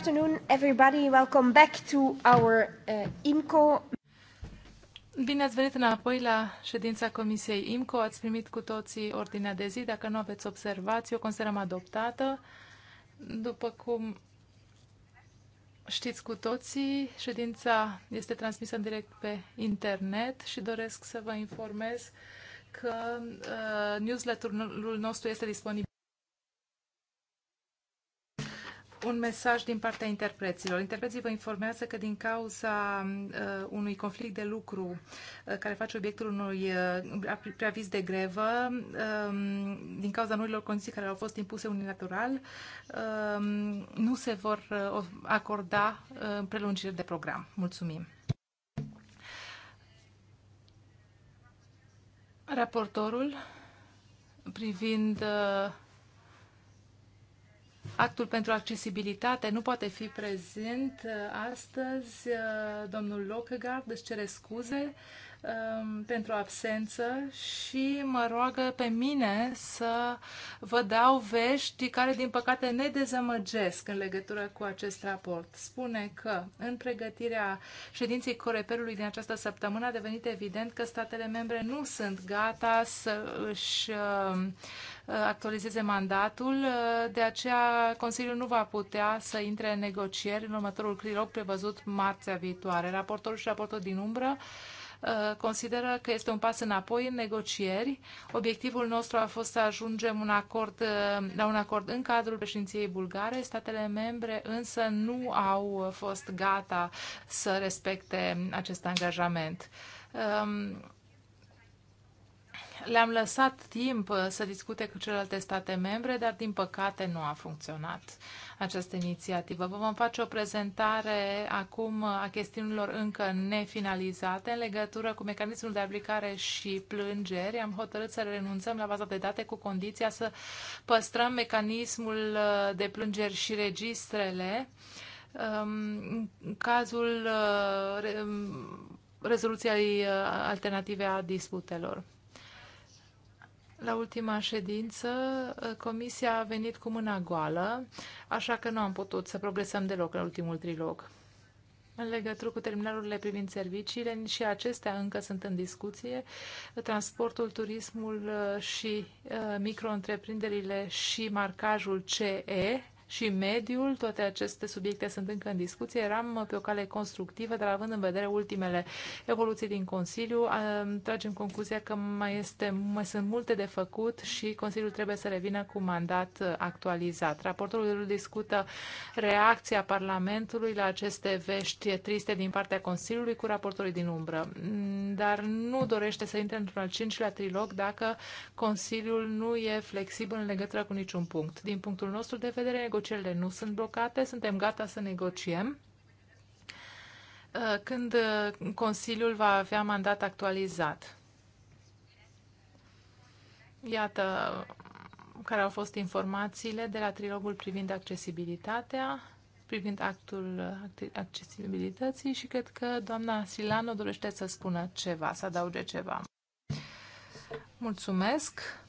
afternoon, everybody. Welcome back to our uh, IMCO. Bine ați venit înapoi la ședința Comisiei IMCO. Ați primit cu toții ordinea de zi. Dacă nu aveți observații, o considerăm adoptată. După cum știți cu toții, ședința este transmisă în direct pe internet și doresc să vă informez că uh, newsletter-ul nostru este disponibil. un mesaj din partea interpreților. Interpreții vă informează că din cauza uh, unui conflict de lucru uh, care face obiectul unui uh, preaviz de grevă, uh, din cauza noilor condiții care au fost impuse unilateral, uh, nu se vor uh, acorda uh, prelungiri de program. Mulțumim! Raportorul privind uh, Actul pentru accesibilitate nu poate fi prezent uh, astăzi. Uh, domnul Lockegaard își cere scuze um, pentru absență și mă roagă pe mine să vă dau vești care, din păcate, ne dezamăgesc în legătură cu acest raport. Spune că, în pregătirea ședinței Coreperului din această săptămână, a devenit evident că statele membre nu sunt gata să își uh, actualizeze mandatul, uh, de aceea Consiliul nu va putea să intre în negocieri în următorul trilog prevăzut marțea viitoare. Raportorul și raportul din umbră uh, consideră că este un pas înapoi în negocieri. Obiectivul nostru a fost să ajungem un acord, uh, la un acord în cadrul președinției bulgare. Statele membre însă nu au fost gata să respecte acest angajament. Um, le-am lăsat timp uh, să discute cu celelalte state membre, dar din păcate nu a funcționat această inițiativă. Vă vom face o prezentare acum uh, a chestiunilor încă nefinalizate în legătură cu mecanismul de aplicare și plângeri. Am hotărât să renunțăm la baza de date cu condiția să păstrăm mecanismul uh, de plângeri și registrele. Um, în cazul um, rezoluției alternative a disputelor. La ultima ședință, ă, comisia a venit cu mâna goală, așa că nu am putut să progresăm deloc la ultimul trilog. În legătură cu terminalurile privind serviciile, și acestea încă sunt în discuție. Transportul, turismul ă, și ă, micro și marcajul CE și mediul, toate aceste subiecte sunt încă în discuție. Eram pe o cale constructivă, dar având în vedere ultimele evoluții din Consiliu, tragem concluzia că mai, este, mai sunt multe de făcut și Consiliul trebuie să revină cu mandat actualizat. Raportul discută reacția Parlamentului la aceste vești triste din partea Consiliului cu raportorii din umbră, dar nu dorește să intre într-un al cincilea trilog dacă Consiliul nu e flexibil în legătură cu niciun punct. Din punctul nostru de vedere, negocierile nu sunt blocate, suntem gata să negociem. Uh, când uh, Consiliul va avea mandat actualizat. Iată uh, care au fost informațiile de la trilogul privind accesibilitatea, privind actul accesibilității și cred că doamna Silano dorește să spună ceva, să adauge ceva. Mulțumesc!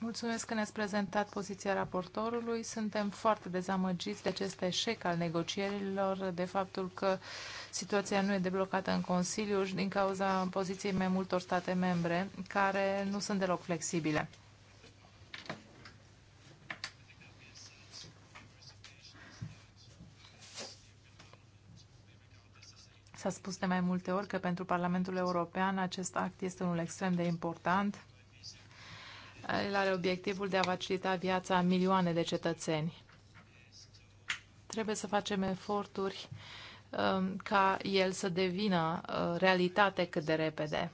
Mulțumesc că ne-ați prezentat poziția raportorului. Suntem foarte dezamăgiți de acest eșec al negocierilor, de faptul că situația nu e deblocată în Consiliu și din cauza poziției mai multor state membre, care nu sunt deloc flexibile. S-a spus de mai multe ori că pentru Parlamentul European acest act este unul extrem de important el are obiectivul de a facilita viața a milioane de cetățeni. Trebuie să facem eforturi um, ca el să devină uh, realitate cât de repede.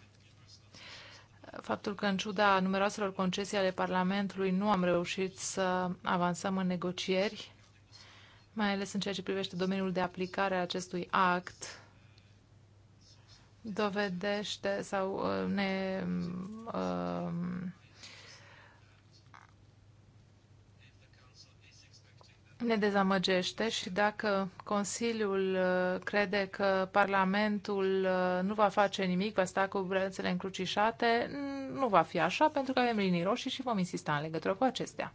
Faptul că, în ciuda numeroaselor concesii ale Parlamentului, nu am reușit să avansăm în negocieri, mai ales în ceea ce privește domeniul de aplicare a acestui act, dovedește sau uh, ne uh, ne dezamăgește și dacă Consiliul uh, crede că Parlamentul uh, nu va face nimic, va sta cu brățele încrucișate, nu va fi așa, pentru că avem linii roșii și vom insista în legătură cu acestea.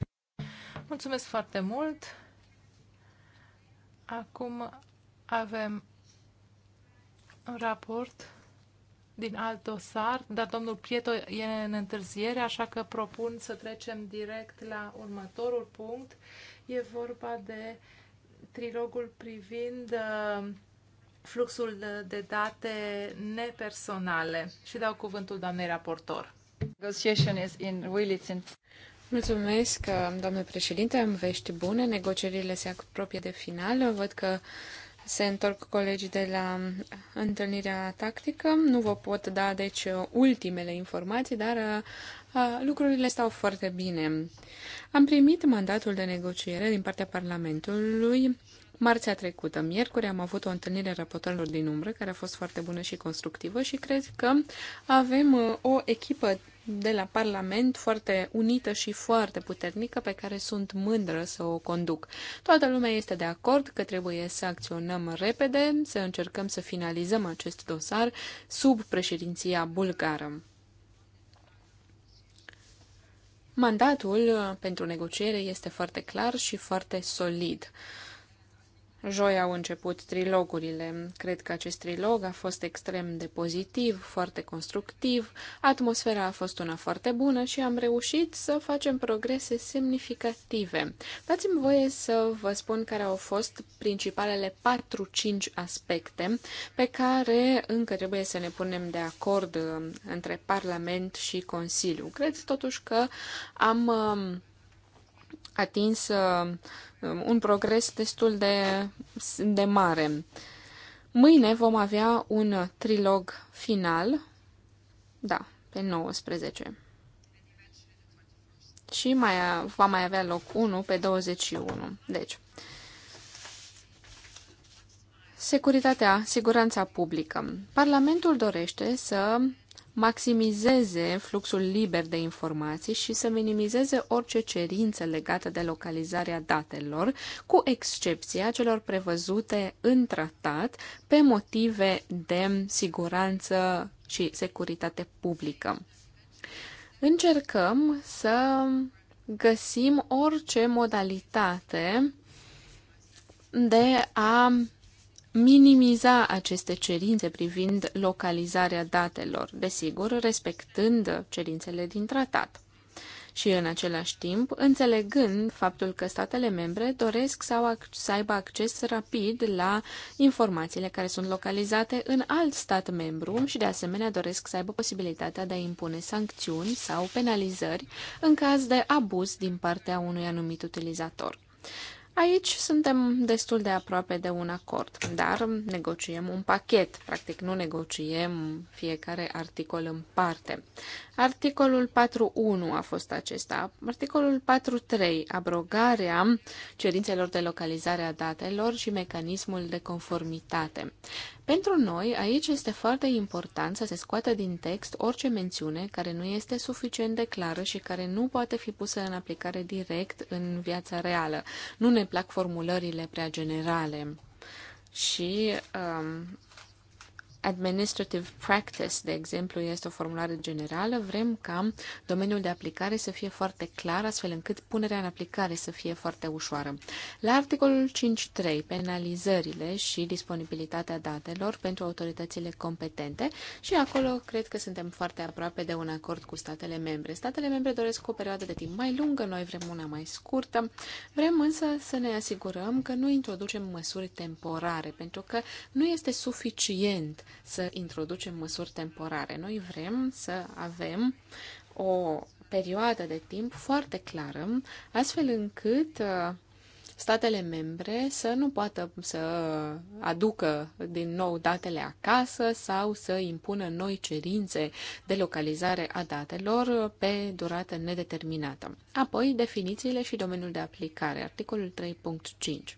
Mulțumesc foarte mult! Acum avem un raport din alt dosar, dar domnul Pieto e în întârziere, așa că propun să trecem direct la următorul punct. E vorba de trilogul privind uh, fluxul de date nepersonale. Și dau cuvântul doamnei raportor. Mulțumesc, uh, doamnă președinte, am vești bune. Negocierile se apropie de final. Văd că se întorc colegii de la uh, întâlnirea tactică. Nu vă pot da, deci, ultimele informații, dar lucrurile stau foarte bine. Am primit mandatul de negociere din partea Parlamentului Marțea trecută, miercuri, am avut o întâlnire a raportorilor din umbră, care a fost foarte bună și constructivă și cred că avem uh, o echipă de la Parlament foarte unită și foarte puternică pe care sunt mândră să o conduc. Toată lumea este de acord că trebuie să acționăm repede, să încercăm să finalizăm acest dosar sub președinția bulgară. Mandatul uh, pentru negociere este foarte clar și foarte solid. Joi au început trilogurile. Cred că acest trilog a fost extrem de pozitiv, foarte constructiv, atmosfera a fost una foarte bună și am reușit să facem progrese semnificative. Dați-mi voie să vă spun care au fost principalele 4-5 aspecte pe care încă trebuie să ne punem de acord uh, între Parlament și Consiliu. Cred totuși că am um, atins uh, um, un progres destul de, de mare. Mâine vom avea un trilog final, da, pe 19. Și mai, va mai avea loc 1 pe 21. Deci, securitatea, siguranța publică. Parlamentul dorește să maximizeze fluxul liber de informații și să minimizeze orice cerință legată de localizarea datelor, cu excepția celor prevăzute în tratat pe motive de siguranță și securitate publică. Încercăm să găsim orice modalitate de a minimiza aceste cerințe privind localizarea datelor, desigur, respectând cerințele din tratat și în același timp înțelegând faptul că statele membre doresc sau să aibă acces rapid la informațiile care sunt localizate în alt stat membru și de asemenea doresc să aibă posibilitatea de a impune sancțiuni sau penalizări în caz de abuz din partea unui anumit utilizator. Aici suntem destul de aproape de un acord, dar negociem un pachet, practic nu negociem fiecare articol în parte. Articolul 4.1 a fost acesta. Articolul 4.3, abrogarea cerințelor de localizare a datelor și mecanismul de conformitate. Pentru noi, aici este foarte important să se scoată din text orice mențiune care nu este suficient de clară și care nu poate fi pusă în aplicare direct în viața reală. Nu ne plac formulările prea generale și um, Administrative practice, de exemplu, este o formulare generală. Vrem ca domeniul de aplicare să fie foarte clar, astfel încât punerea în aplicare să fie foarte ușoară. La articolul 5.3, penalizările și disponibilitatea datelor pentru autoritățile competente și acolo cred că suntem foarte aproape de un acord cu statele membre. Statele membre doresc o perioadă de timp mai lungă, noi vrem una mai scurtă. Vrem însă să ne asigurăm că nu introducem măsuri temporare, pentru că nu este suficient să introducem măsuri temporare. Noi vrem să avem o perioadă de timp foarte clară, astfel încât uh, statele membre să nu poată să aducă din nou datele acasă sau să impună noi cerințe de localizare a datelor pe durată nedeterminată. Apoi, definițiile și domeniul de aplicare, articolul 3.5.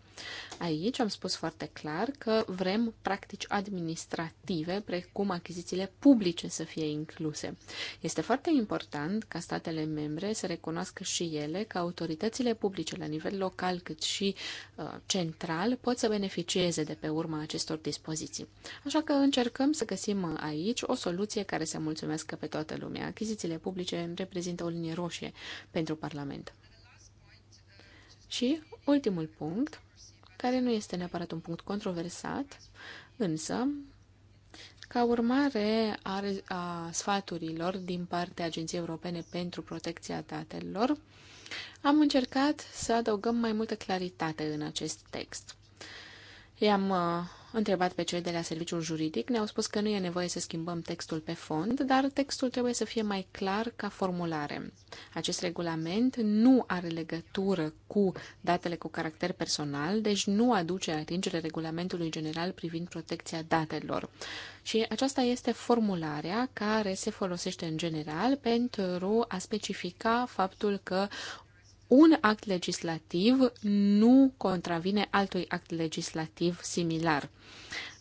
Aici am spus foarte clar că vrem practici administrative, precum achizițiile publice, să fie incluse. Este foarte important ca statele membre să recunoască și ele că autoritățile publice la nivel local cât și uh, central pot să beneficieze de pe urma acestor dispoziții. Așa că încercăm să găsim aici o soluție care să mulțumească pe toată lumea. Achizițiile publice reprezintă o linie roșie pentru Parlament. Și ultimul punct, care nu este neapărat un punct controversat, însă, ca urmare a, a sfaturilor din partea Agenției Europene pentru Protecția Datelor, am încercat să adăugăm mai multă claritate în acest text. I-am uh, întrebat pe cei de la serviciul juridic, ne-au spus că nu e nevoie să schimbăm textul pe fond, dar textul trebuie să fie mai clar ca formulare. Acest regulament nu are legătură cu datele cu caracter personal, deci nu aduce atingere regulamentului general privind protecția datelor. Și aceasta este formularea care se folosește în general pentru a specifica faptul că un act legislativ nu contravine altui act legislativ similar.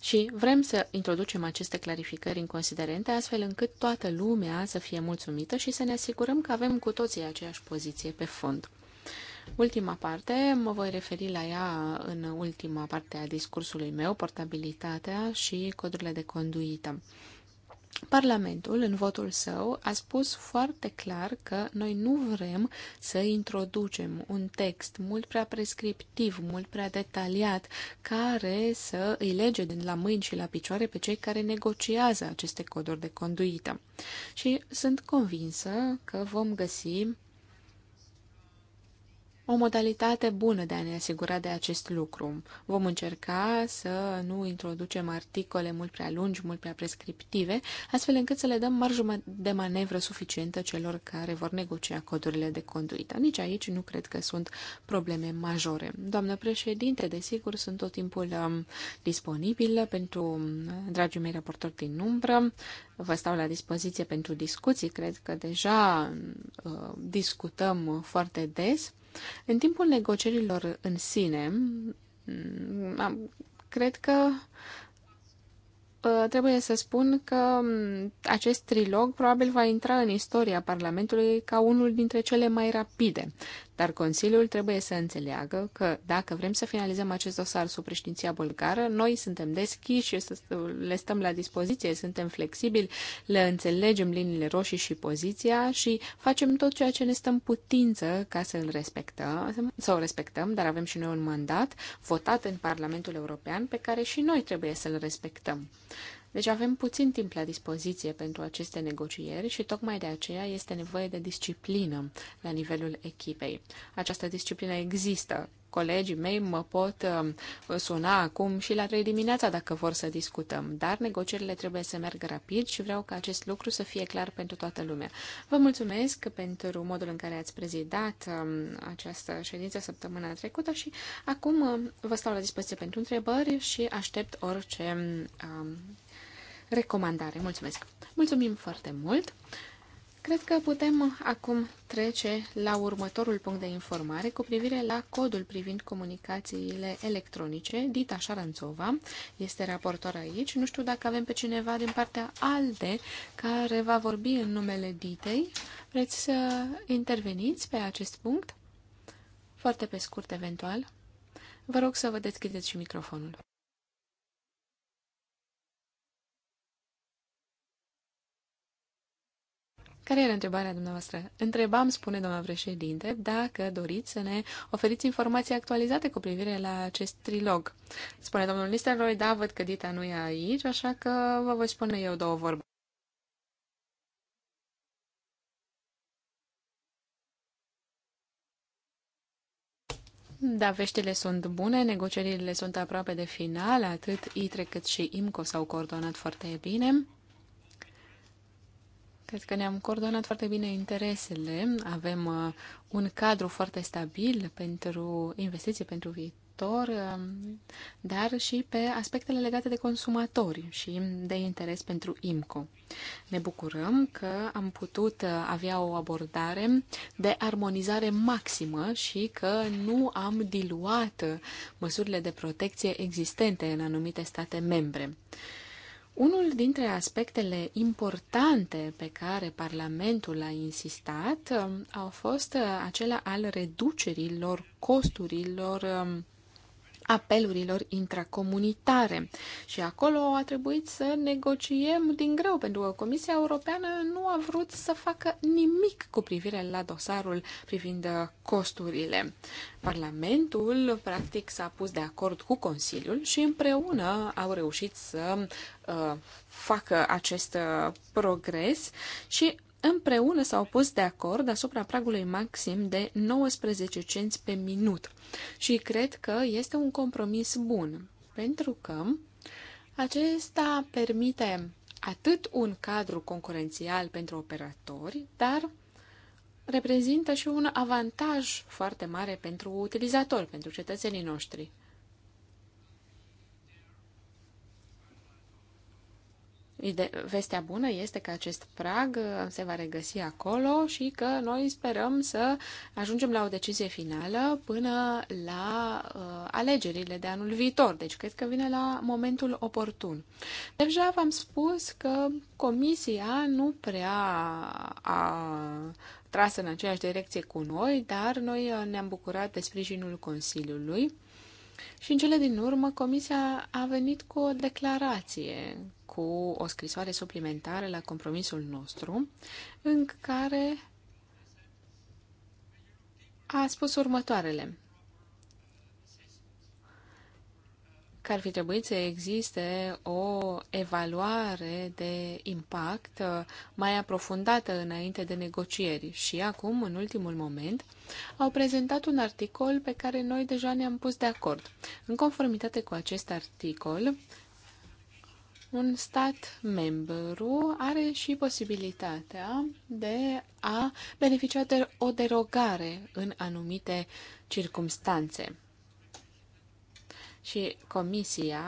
Și vrem să introducem aceste clarificări în considerente, astfel încât toată lumea să fie mulțumită și să ne asigurăm că avem cu toții aceeași poziție pe fond. Ultima parte, mă voi referi la ea în ultima parte a discursului meu, portabilitatea și codurile de conduită. Parlamentul, în votul său, a spus foarte clar că noi nu vrem să introducem un text mult prea prescriptiv, mult prea detaliat, care să îi lege din la mâini și la picioare pe cei care negociază aceste coduri de conduită. Și sunt convinsă că vom găsi o modalitate bună de a ne asigura de acest lucru. Vom încerca să nu introducem articole mult prea lungi, mult prea prescriptive, astfel încât să le dăm marjă de manevră suficientă celor care vor negocia codurile de conduită. Nici aici nu cred că sunt probleme majore. Doamnă președinte, desigur, sunt tot timpul um, disponibilă pentru um, dragii mei raportori din umbră. Vă stau la dispoziție pentru discuții. Cred că deja um, uh, discutăm foarte des. În timpul negocierilor în sine, mm, cred că uh, trebuie să spun că mm, acest trilog probabil va intra în istoria Parlamentului ca unul dintre cele mai rapide. Dar Consiliul trebuie să înțeleagă că dacă vrem să finalizăm acest dosar sub preștinția bulgară, noi suntem deschiși, le stăm la dispoziție, suntem flexibili, le înțelegem liniile roșii și poziția și facem tot ceea ce ne stăm putință ca să îl respectăm, să o respectăm, dar avem și noi un mandat votat în Parlamentul European pe care și noi trebuie să-l respectăm. Deci avem puțin timp la dispoziție pentru aceste negocieri și tocmai de aceea este nevoie de disciplină la nivelul echipei. Această disciplină există. Colegii mei mă pot um, suna acum și la trei dimineața dacă vor să discutăm, dar negocierile trebuie să meargă rapid și vreau ca acest lucru să fie clar pentru toată lumea. Vă mulțumesc pentru modul în care ați prezidat um, această ședință săptămâna trecută și acum um, vă stau la dispoziție pentru întrebări și aștept orice recomandare. Mulțumesc! Mulțumim foarte mult! Cred că putem acum trece la următorul punct de informare cu privire la codul privind comunicațiile electronice. Dita Șaranțova este raportor aici. Nu știu dacă avem pe cineva din partea ALDE care va vorbi în numele Ditei. Vreți să interveniți pe acest punct? Foarte pe scurt, eventual. Vă rog să vă deschideți și microfonul. Care era întrebarea dumneavoastră? Întrebam, spune doamna președinte, dacă doriți să ne oferiți informații actualizate cu privire la acest trilog. Spune domnul Nistelrooy, da, văd că Dita nu e aici, așa că vă voi spune eu două vorbe. Da, veștile sunt bune, negocierile sunt aproape de final, atât ITRE cât și IMCO s-au coordonat foarte bine. Cred că ne-am coordonat foarte bine interesele, avem uh, un cadru foarte stabil pentru investiții pentru viitor, um, dar și pe aspectele legate de consumatori și de interes pentru IMCO. Ne bucurăm că am putut uh, avea o abordare de armonizare maximă și că nu am diluat uh, măsurile de protecție existente în anumite state membre. Unul dintre aspectele importante pe care Parlamentul a insistat um, au fost uh, acela al reducerilor costurilor um, apelurilor intracomunitare. Și acolo a trebuit să negociem din greu, pentru că Comisia Europeană nu a vrut să facă nimic cu privire la dosarul privind costurile. Parlamentul, practic, s-a pus de acord cu Consiliul și împreună au reușit să uh, facă acest uh, progres și împreună s-au pus de acord asupra pragului maxim de 19 cenți pe minut și cred că este un compromis bun, pentru că acesta permite atât un cadru concurențial pentru operatori, dar reprezintă și un avantaj foarte mare pentru utilizatori, pentru cetățenii noștri. Vestea bună este că acest prag uh, se va regăsi acolo și că noi sperăm să ajungem la o decizie finală până la uh, alegerile de anul viitor. Deci cred că vine la momentul oportun. Deja v-am spus că comisia nu prea a tras în aceeași direcție cu noi, dar noi uh, ne-am bucurat de sprijinul Consiliului. Și în cele din urmă, Comisia a venit cu o declarație cu o scrisoare suplimentară la compromisul nostru, în care a spus următoarele. că ar fi trebuit să existe o evaluare de impact uh, mai aprofundată înainte de negocieri și acum, în ultimul moment, au prezentat un articol pe care noi deja ne-am pus de acord. În conformitate cu acest articol, un stat membru are și posibilitatea de a beneficia de o derogare în anumite circumstanțe. Și comisia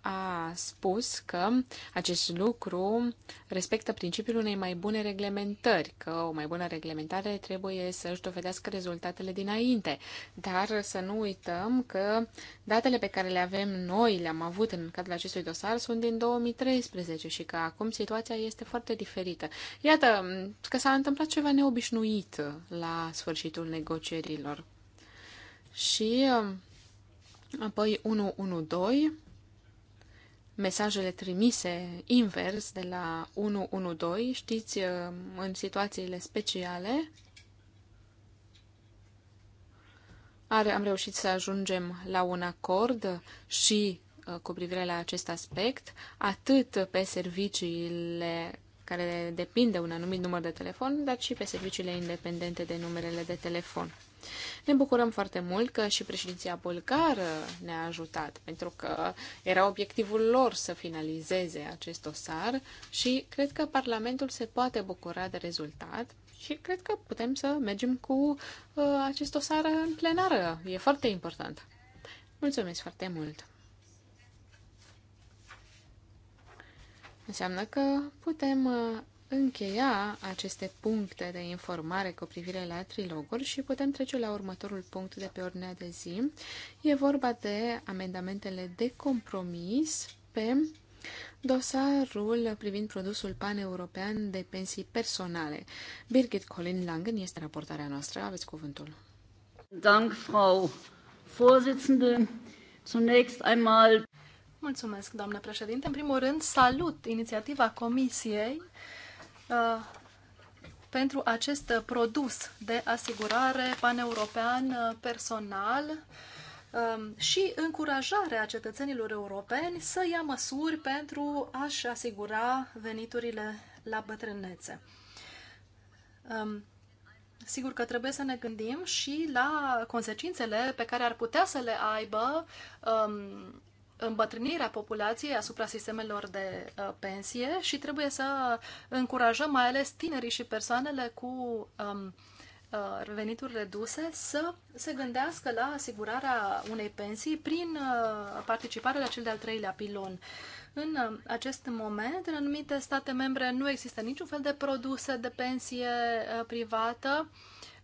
a spus că acest lucru respectă principiul unei mai bune reglementări, că o mai bună reglementare trebuie să își dovedească rezultatele dinainte. Dar să nu uităm că datele pe care le avem noi, le-am avut în cadrul acestui dosar, sunt din 2013 și că acum situația este foarte diferită. Iată că s-a întâmplat ceva neobișnuit la sfârșitul negocierilor. Și um, Apoi 112, mesajele trimise invers de la 112, știți, uh, în situațiile speciale, Are, am reușit să ajungem la un acord și uh, cu privire la acest aspect, atât pe serviciile care depind de un anumit număr de telefon, dar și pe serviciile independente de numerele de telefon. Ne bucurăm foarte mult că și președinția bulgară ne-a ajutat, pentru că era obiectivul lor să finalizeze acest dosar și cred că Parlamentul se poate bucura de rezultat și cred că putem să mergem cu uh, acest dosar în plenară. E foarte important. Mulțumesc foarte mult! Înseamnă că putem uh, încheia aceste puncte de informare cu privire la triloguri și putem trece la următorul punct de pe ordinea de zi. E vorba de amendamentele de compromis pe dosarul privind produsul pan-european de pensii personale. Birgit Colin Langen este raportarea noastră. Aveți cuvântul. Dank, Frau Vorsitzende. Zunächst einmal Mulțumesc, doamnă președinte. În primul rând, salut inițiativa Comisiei Uh, pentru acest produs de asigurare paneuropean uh, personal um, și încurajarea cetățenilor europeni să ia măsuri pentru a-și asigura veniturile la bătrânețe. Um, sigur că trebuie să ne gândim și la consecințele pe care ar putea să le aibă um, îmbătrânirea populației asupra sistemelor de uh, pensie și trebuie să încurajăm mai ales tinerii și persoanele cu um, uh, venituri reduse să se gândească la asigurarea unei pensii prin uh, participarea la cel de-al treilea pilon. În uh, acest moment, în anumite state membre, nu există niciun fel de produse de pensie uh, privată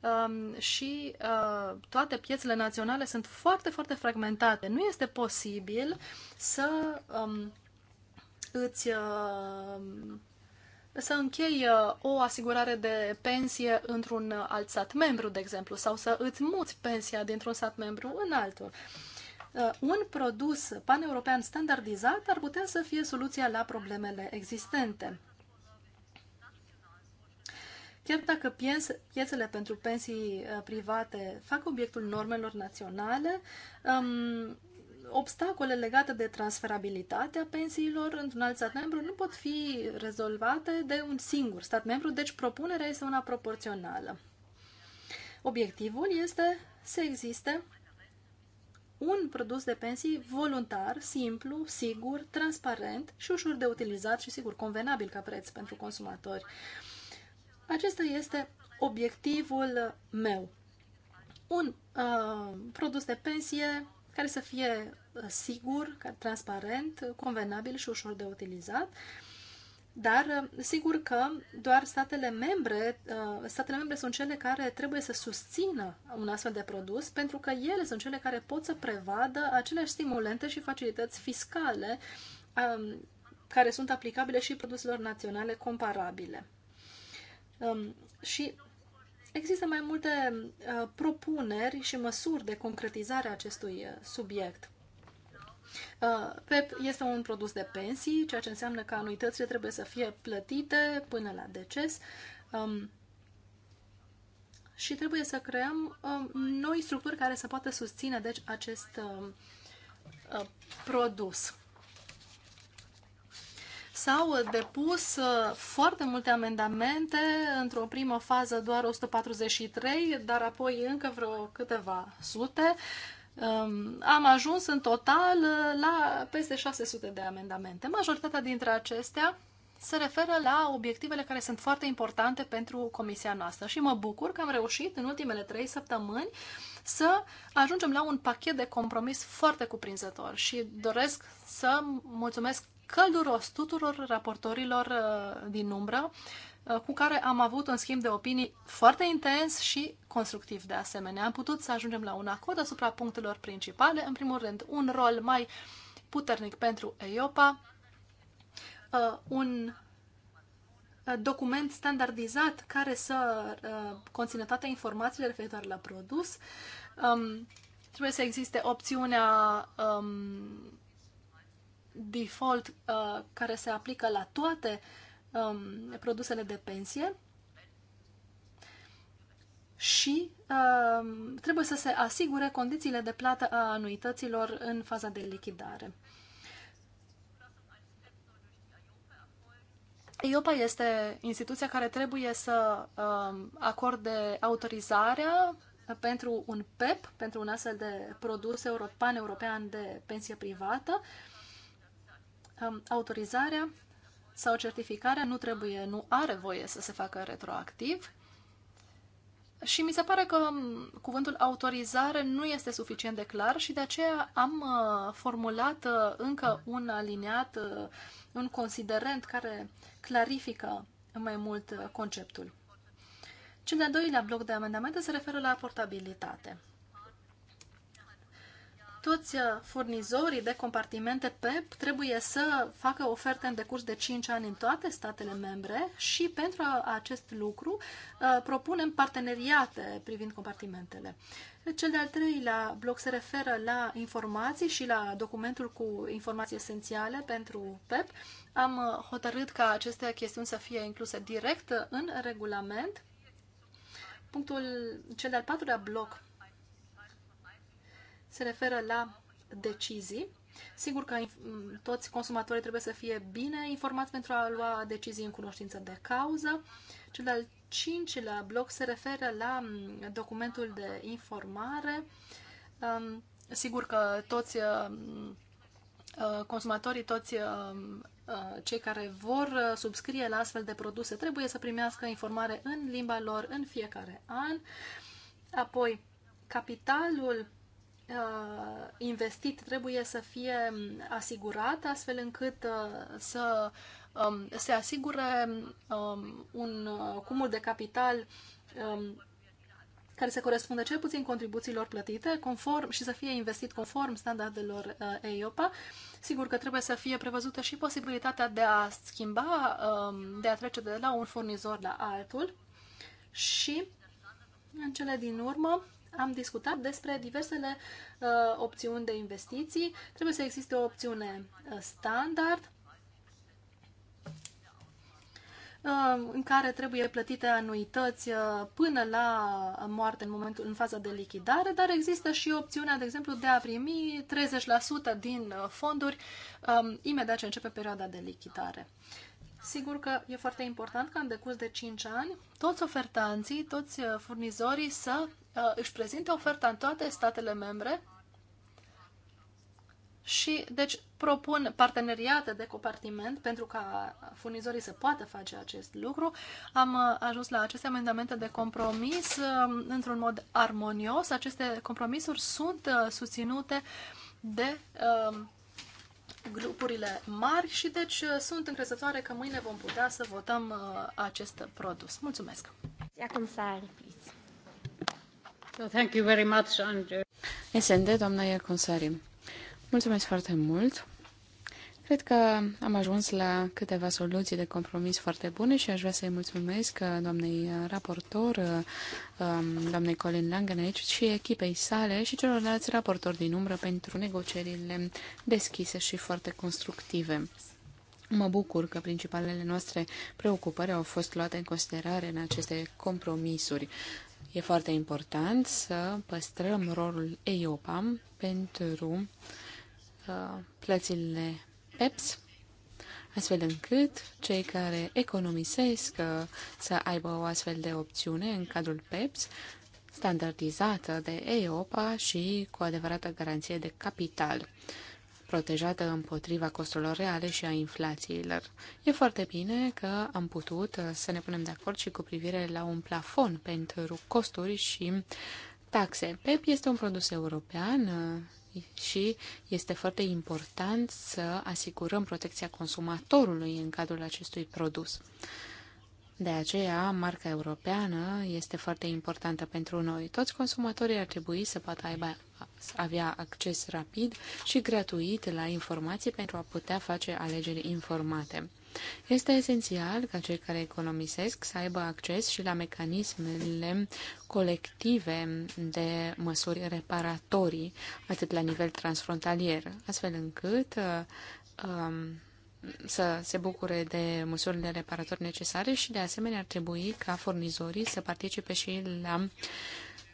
um, și uh, toate piețele naționale sunt foarte, foarte fragmentate. Nu este posibil să um, îți să închei o asigurare de pensie într-un alt stat membru, de exemplu, sau să îți muți pensia dintr-un stat membru în altul. Uh, un produs paneuropean standardizat ar putea să fie soluția la problemele existente. Chiar dacă piețele pentru pensii uh, private fac obiectul normelor naționale, um, obstacole legate de transferabilitatea pensiilor într-un alt stat membru nu pot fi rezolvate de un singur stat membru, deci propunerea este una proporțională. Obiectivul este să existe un produs de pensii voluntar, simplu, sigur, transparent și ușor de utilizat și, sigur, convenabil ca preț pentru consumatori. Acesta este obiectivul meu. Un uh, produs de pensie care să fie uh, sigur, transparent, convenabil și ușor de utilizat. Uh, dar uh, sigur că doar statele membre, uh, statele membre sunt cele care trebuie să susțină un astfel de produs pentru că ele sunt cele care pot să prevadă aceleași stimulente și facilități fiscale um, care sunt aplicabile și produselor naționale comparabile. Um, și există mai multe uh, propuneri și măsuri de concretizare a acestui subiect. PEP uh, este un produs de pensii, ceea ce înseamnă că anuitățile trebuie să fie plătite până la deces um, și trebuie să creăm um, noi structuri care să poată susține deci, acest um, uh, produs. S-au depus uh, foarte multe amendamente, într-o primă fază doar 143, dar apoi încă vreo câteva sute. Um, am ajuns în total uh, la peste 600 de amendamente. Majoritatea dintre acestea se referă la obiectivele care sunt foarte importante pentru comisia noastră și mă bucur că am reușit în ultimele trei săptămâni să ajungem la un pachet de compromis foarte cuprinzător și doresc să mulțumesc călduros tuturor raportorilor uh, din umbră Uh, cu care am avut un schimb de opinii foarte intens și constructiv de asemenea. Am putut să ajungem la un acord asupra punctelor principale. În primul rând, un rol mai puternic pentru EIOPA, uh, un uh, document standardizat care să conțină toate informațiile referitoare la produs. Um, trebuie să existe opțiunea um, default care se aplică la toate um, produsele de pensie și um, trebuie să se asigure condițiile de plată a anuităților în faza de lichidare. IOPA este instituția care trebuie să um, acorde autorizarea pentru un PEP, pentru un astfel de produs european european de pensie privată, um, autorizarea sau certificarea nu trebuie, nu are voie să se facă retroactiv. Și mi se pare că cuvântul autorizare nu este suficient de clar și de aceea am uh, formulat uh, încă un aliniat, uh, un considerent care clarifică mai mult conceptul. Cel de-al doilea bloc de amendamente se referă la portabilitate toți uh, furnizorii de compartimente PEP trebuie să facă oferte în decurs de 5 ani în toate statele membre și pentru uh, acest lucru uh, propunem parteneriate privind compartimentele. Cel de-al treilea bloc se referă la informații și la documentul cu informații esențiale pentru PEP. Am hotărât ca aceste chestiuni să fie incluse direct în regulament. Punctul cel de-al patrulea bloc se referă la decizii. Sigur că toți consumatorii trebuie să fie bine informați pentru a lua decizii în cunoștință de cauză. Cel de-al cincilea bloc se referă la documentul de informare. Sigur că toți uh, uh, consumatorii, toți uh, cei care vor subscrie la astfel de produse trebuie să primească informare în limba lor în fiecare an. Apoi, capitalul Uh, investit trebuie să fie um, asigurat, astfel încât uh, să um, se asigure um, un uh, cumul de capital care se corespunde cel puțin contribuțiilor plătite conform și să fie investit conform standardelor EIOPA. Sigur că trebuie să fie prevăzută și posibilitatea de a schimba, de a trece de la un furnizor la altul și, în cele din urmă, am discutat despre diversele uh, opțiuni de investiții. Trebuie să existe o opțiune uh, standard uh, în care trebuie plătite anuități uh, până la moarte în momentul în faza de lichidare, dar există și opțiunea, de exemplu, de a primi 30% din uh, fonduri um, imediat ce începe perioada de lichidare. Sigur că e foarte important ca în decurs de 5 ani toți ofertanții, toți uh, furnizorii să uh, își prezinte oferta în toate statele membre și, deci, propun parteneriate de compartiment, pentru ca furnizorii să poată face acest lucru. Am uh, ajuns la aceste amendamente de compromis într-un mod armonios. Aceste compromisuri sunt susținute de grupurile mari și deci sunt încrezătoare că mâine vom putea să votăm uh, acest produs. Mulțumesc! Acum sari, please. So, thank you very much, Andrew. SND, doamna Iaconsari. Mulțumesc foarte mult! Cred că am ajuns la câteva soluții de compromis foarte bune și aș vrea să-i mulțumesc uh, doamnei uh, raportor, uh, um, doamnei Colin Langen aici și echipei sale și celorlalți raportori din umbră pentru negocierile deschise și foarte constructive. Mă bucur că principalele noastre preocupări au fost luate în considerare în aceste compromisuri. E foarte important să păstrăm rolul EIOPAM pentru plățile PEPS, astfel încât cei care economisesc uh, să aibă o astfel de opțiune în cadrul PEPS, standardizată de EOPA și cu adevărată garanție de capital, protejată împotriva costurilor reale și a inflațiilor. E foarte bine că am putut uh, să ne punem de acord și cu privire la un plafon pentru costuri și taxe. PEP este un produs european uh, și este foarte important să asigurăm protecția consumatorului în cadrul acestui produs. De aceea, marca europeană este foarte importantă pentru noi. Toți consumatorii ar trebui să poată aibă, avea acces rapid și gratuit la informații pentru a putea face alegeri informate. Este esențial ca cei care economisesc să aibă acces și la mecanismele colective de măsuri reparatorii, atât la nivel transfrontalier, astfel încât um, să se bucure de măsurile reparatori necesare și, de asemenea, ar trebui ca furnizorii să participe și la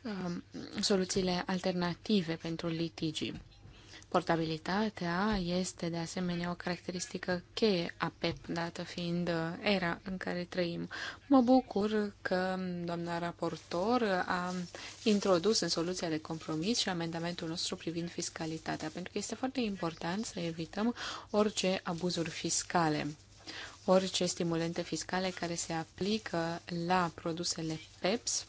um, soluțiile alternative pentru litigii. Portabilitatea este de asemenea o caracteristică cheie a PEP, dată fiind uh, era în care trăim. Mă bucur că doamna raportor a introdus în soluția de compromis și amendamentul nostru privind fiscalitatea, pentru că este foarte important să evităm orice abuzuri fiscale orice stimulente fiscale care se aplică la produsele PEPS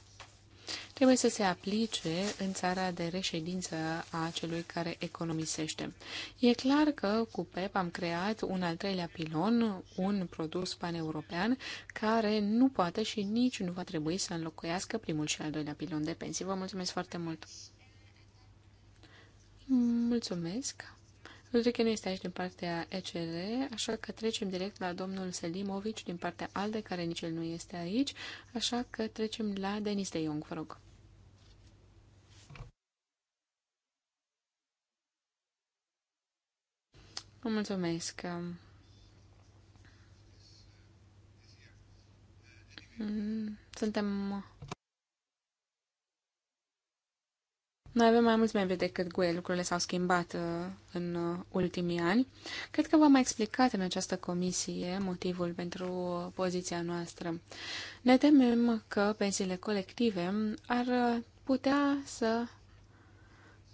trebuie să se aplice în țara de reședință a celui care economisește. E clar că cu PEP am creat un al treilea pilon, un produs paneuropean, care nu poate și nici nu va trebui să înlocuiască primul și al doilea pilon de pensii. Vă mulțumesc foarte mult! Mulțumesc! că nu este aici din partea ECR, așa că trecem direct la domnul Selimovici din partea ALDE, care nici el nu este aici, așa că trecem la Denis de Jong, vă rog. Vă mulțumesc. Mm, suntem Noi avem mai mulți membri decât GUE, lucrurile s-au schimbat uh, în uh, ultimii ani. Cred că v-am mai explicat în această comisie motivul pentru uh, poziția noastră. Ne temem că pensiile colective ar putea să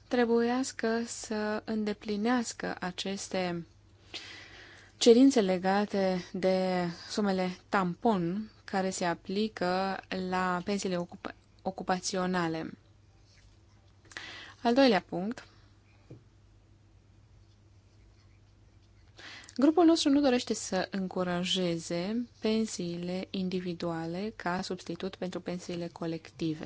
trebuiască să îndeplinească aceste cerințe legate de sumele tampon care se aplică la pensiile ocup- ocupaționale. Al doilea punct. Grupul nostru nu dorește să încurajeze pensiile individuale ca substitut pentru pensiile colective.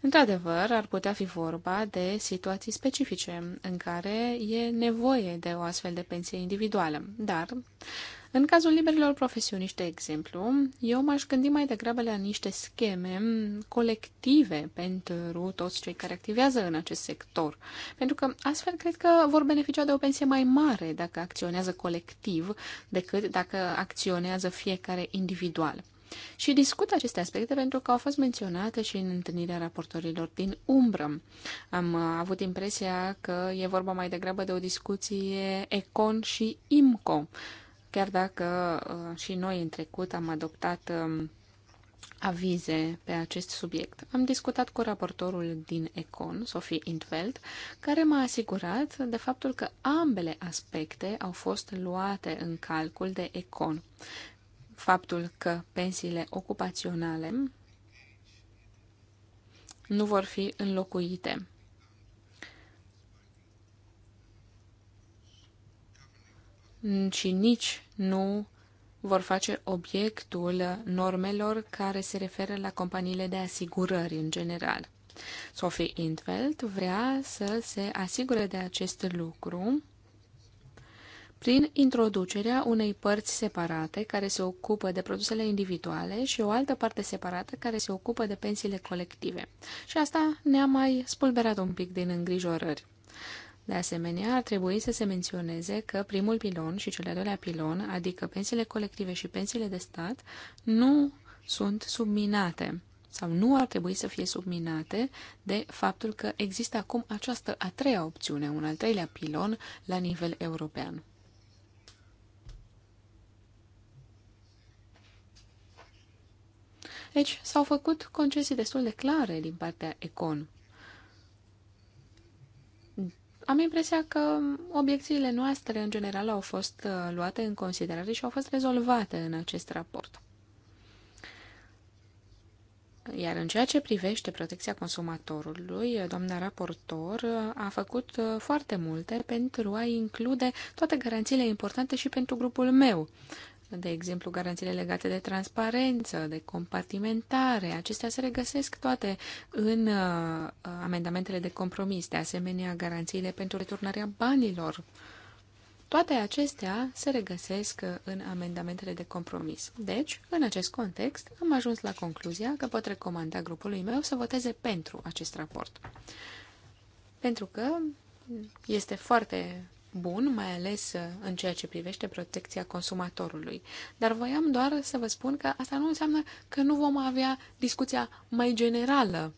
Într-adevăr, ar putea fi vorba de situații specifice în care e nevoie de o astfel de pensie individuală, dar în cazul liberilor profesioniști, de exemplu, eu m-aș gândi mai degrabă la niște scheme colective pentru toți cei care activează în acest sector, pentru că astfel cred că vor beneficia de o pensie mai mare dacă acționează colectiv decât dacă acționează fiecare individual. Și discut aceste aspecte pentru că au fost menționate și în întâlnirea raportorilor din umbră. Am avut impresia că e vorba mai degrabă de o discuție Econ și IMCO chiar dacă uh, și noi în trecut am adoptat um, avize pe acest subiect. Am discutat cu raportorul din Econ, Sophie Intveld, care m-a asigurat de faptul că ambele aspecte au fost luate în calcul de Econ. Faptul că pensiile ocupaționale nu vor fi înlocuite. Și nici nu vor face obiectul normelor care se referă la companiile de asigurări în general. Sophie Intveld vrea să se asigure de acest lucru prin introducerea unei părți separate care se ocupă de produsele individuale și o altă parte separată care se ocupă de pensiile colective. Și asta ne-a mai spulberat un pic din îngrijorări. De asemenea, ar trebui să se menționeze că primul pilon și cel de-al doilea pilon, adică pensiile colective și pensiile de stat, nu sunt subminate sau nu ar trebui să fie subminate de faptul că există acum această a treia opțiune, un al treilea pilon la nivel european. Deci s-au făcut concesii destul de clare din partea Econ. Am impresia că obiecțiile noastre, în general, au fost uh, luate în considerare și au fost rezolvate în acest raport. Iar în ceea ce privește protecția consumatorului, doamna raportor a făcut uh, foarte multe pentru a include toate garanțiile importante și pentru grupul meu de exemplu, garanțiile legate de transparență, de compartimentare, acestea se regăsesc toate în uh, amendamentele de compromis, de asemenea, garanțiile pentru returnarea banilor. Toate acestea se regăsesc în amendamentele de compromis. Deci, în acest context, am ajuns la concluzia că pot recomanda grupului meu să voteze pentru acest raport. Pentru că este foarte bun, mai ales uh, în ceea ce privește protecția consumatorului. Dar voiam doar să vă spun că asta nu înseamnă că nu vom avea discuția mai generală.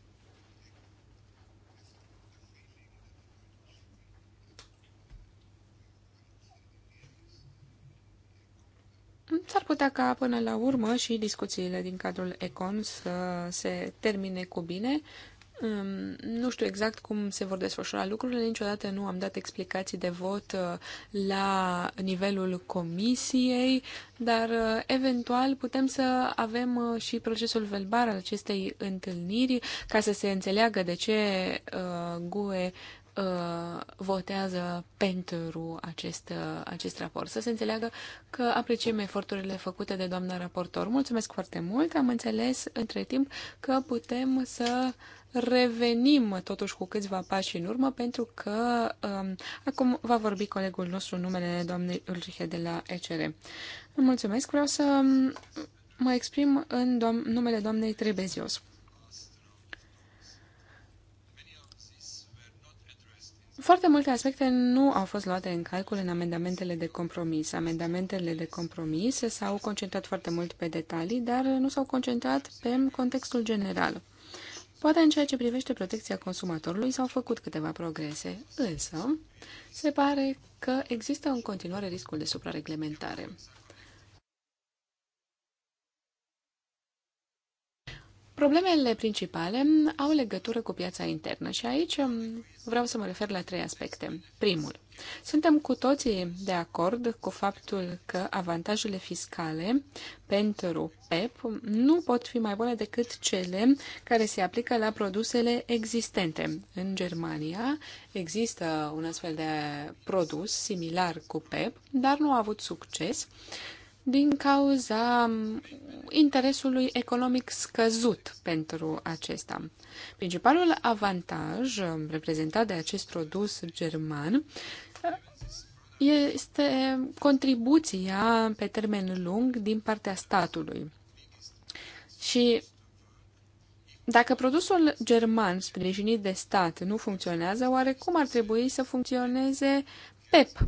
S-ar putea ca până la urmă și discuțiile din cadrul ECON să se termine cu bine nu știu exact cum se vor desfășura lucrurile, niciodată nu am dat explicații de vot uh, la nivelul comisiei, dar uh, eventual putem să avem uh, și procesul verbal al acestei întâlniri ca să se înțeleagă de ce GUE Uh, votează pentru acest, uh, acest raport. Să se înțeleagă că apreciem eforturile făcute de doamna raportor. Mulțumesc foarte mult. Am înțeles între timp că putem să revenim totuși cu câțiva pași în urmă pentru că um, acum va vorbi colegul nostru numele doamnei Ulrihe de la ECR. Mulțumesc. Vreau să mă exprim în doam- numele doamnei Trebezios. Foarte multe aspecte nu au fost luate în calcul în amendamentele de compromis. Amendamentele de compromis s-au concentrat foarte mult pe detalii, dar nu s-au concentrat pe contextul general. Poate în ceea ce privește protecția consumatorului s-au făcut câteva progrese, însă se pare că există în continuare riscul de suprareglementare. Problemele principale au legătură cu piața internă și aici um, vreau să mă refer la trei aspecte. Primul, suntem cu toții de acord cu faptul că avantajele fiscale pentru PEP nu pot fi mai bune decât cele care se aplică la produsele existente. În Germania există un astfel de produs similar cu PEP, dar nu a avut succes din cauza interesului economic scăzut pentru acesta. Principalul avantaj reprezentat de acest produs german este contribuția pe termen lung din partea statului. Și dacă produsul german sprijinit de stat nu funcționează, oare cum ar trebui să funcționeze PEP,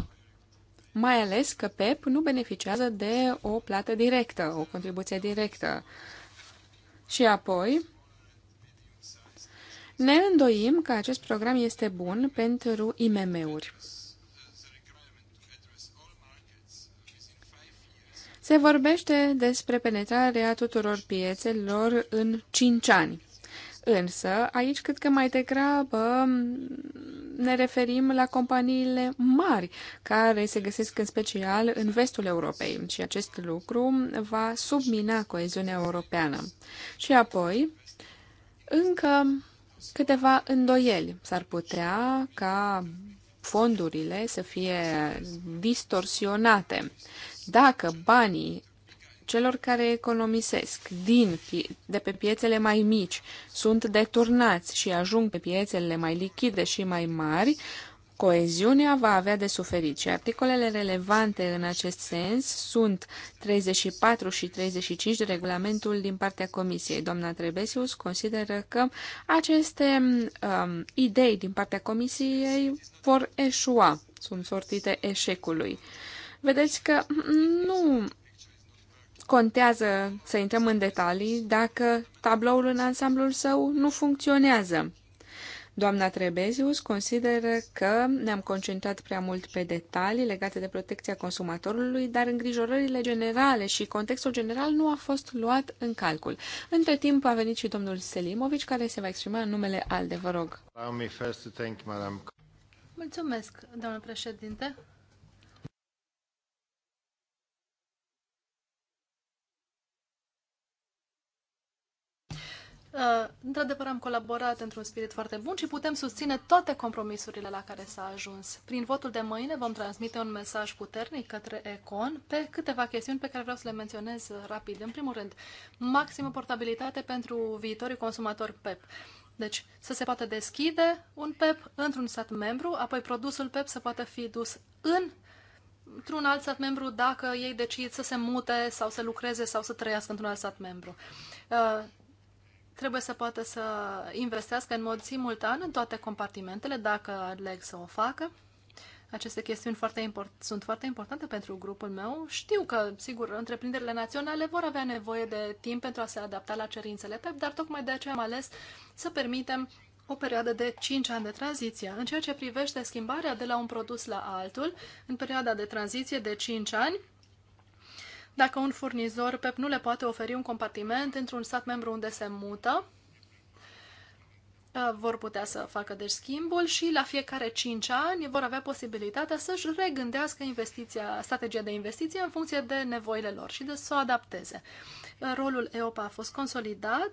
mai ales că PEP nu beneficiază de o plată directă, o contribuție directă. Și apoi, ne îndoim că acest program este bun pentru IMM-uri. Se vorbește despre penetrarea tuturor piețelor în 5 ani. Însă, aici cred că mai degrabă ne referim la companiile mari, care se găsesc în special în vestul Europei și acest lucru va submina coeziunea europeană. Și apoi, încă câteva îndoieli. S-ar putea ca fondurile să fie distorsionate. Dacă banii celor care economisesc din, de pe piețele mai mici sunt deturnați și ajung pe piețele mai lichide și mai mari, coeziunea va avea de suferit și articolele relevante în acest sens sunt 34 și 35 de regulamentul din partea Comisiei. Doamna Trebesius consideră că aceste um, idei din partea Comisiei vor eșua, sunt sortite eșecului. Vedeți că nu contează să intrăm în detalii dacă tabloul în ansamblul său nu funcționează. Doamna Trebezius consideră că ne-am concentrat prea mult pe detalii legate de protecția consumatorului, dar îngrijorările generale și contextul general nu a fost luat în calcul. Între timp a venit și domnul Selimovici, care se va exprima în numele ALDE. Vă rog. Mulțumesc, doamnă președinte. Uh, într-adevăr, am colaborat într-un spirit foarte bun și putem susține toate compromisurile la care s-a ajuns. Prin votul de mâine vom transmite un mesaj puternic către Econ pe câteva chestiuni pe care vreau să le menționez rapid. În primul rând, maximă portabilitate pentru viitorii consumatori PEP. Deci, să se poată deschide un PEP într-un stat membru, apoi produsul PEP să poată fi dus în într-un alt stat membru dacă ei decid să se mute sau să lucreze sau să trăiască într-un alt stat membru. Uh, trebuie să poată să investească în mod simultan în toate compartimentele, dacă aleg să o facă. Aceste chestiuni foarte import, sunt foarte importante pentru grupul meu. Știu că, sigur, întreprinderile naționale vor avea nevoie de timp pentru a se adapta la cerințele PEP, dar tocmai de aceea am ales să permitem o perioadă de 5 ani de tranziție. În ceea ce privește schimbarea de la un produs la altul, în perioada de tranziție de 5 ani, dacă un furnizor PEP nu le poate oferi un compartiment într-un stat membru unde se mută, uh, vor putea să facă deci schimbul și la fiecare 5 ani vor avea posibilitatea să-și regândească investiția, strategia de investiție în funcție de nevoile lor și de să o adapteze rolul EOPA a fost consolidat,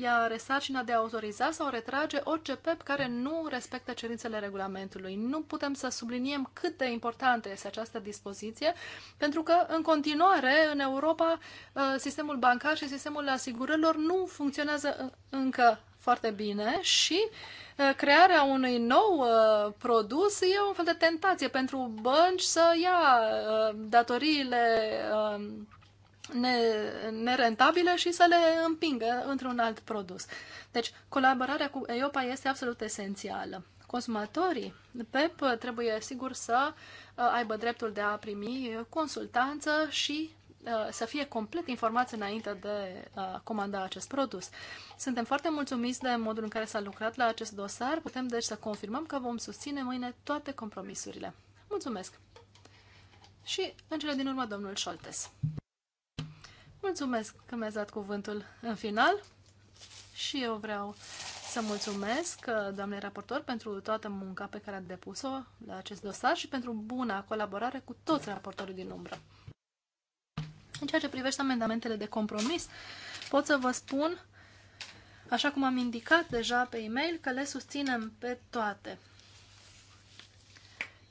iar um, sarcina de a autoriza sau retrage orice PEP care nu respectă cerințele regulamentului. Nu putem să subliniem cât de importantă este această dispoziție, pentru că, în continuare, în Europa, uh, sistemul bancar și sistemul asigurărilor nu funcționează uh, încă foarte bine și uh, crearea unui nou produs e un fel de tentație pentru bănci să ia datoriile um, nerentabile și să le împingă într-un alt produs. Deci, colaborarea cu EIOPA este absolut esențială. Consumatorii PEP trebuie, sigur, să uh, aibă dreptul de a primi consultanță și uh, să fie complet informați înainte de a uh, comanda acest produs. Suntem foarte mulțumiți de modul în care s-a lucrat la acest dosar. Putem deci să confirmăm că vom susține mâine toate compromisurile. Mulțumesc! Și în cele din urmă, domnul Scholtes. Mulțumesc că mi-ați dat cuvântul în final și eu vreau să mulțumesc, uh, doamne raportor, pentru toată munca pe care a depus-o la acest dosar și pentru buna colaborare cu toți raportorii din umbră. În ceea ce privește amendamentele de compromis, pot să vă spun, așa cum am indicat deja pe e-mail, că le susținem pe toate.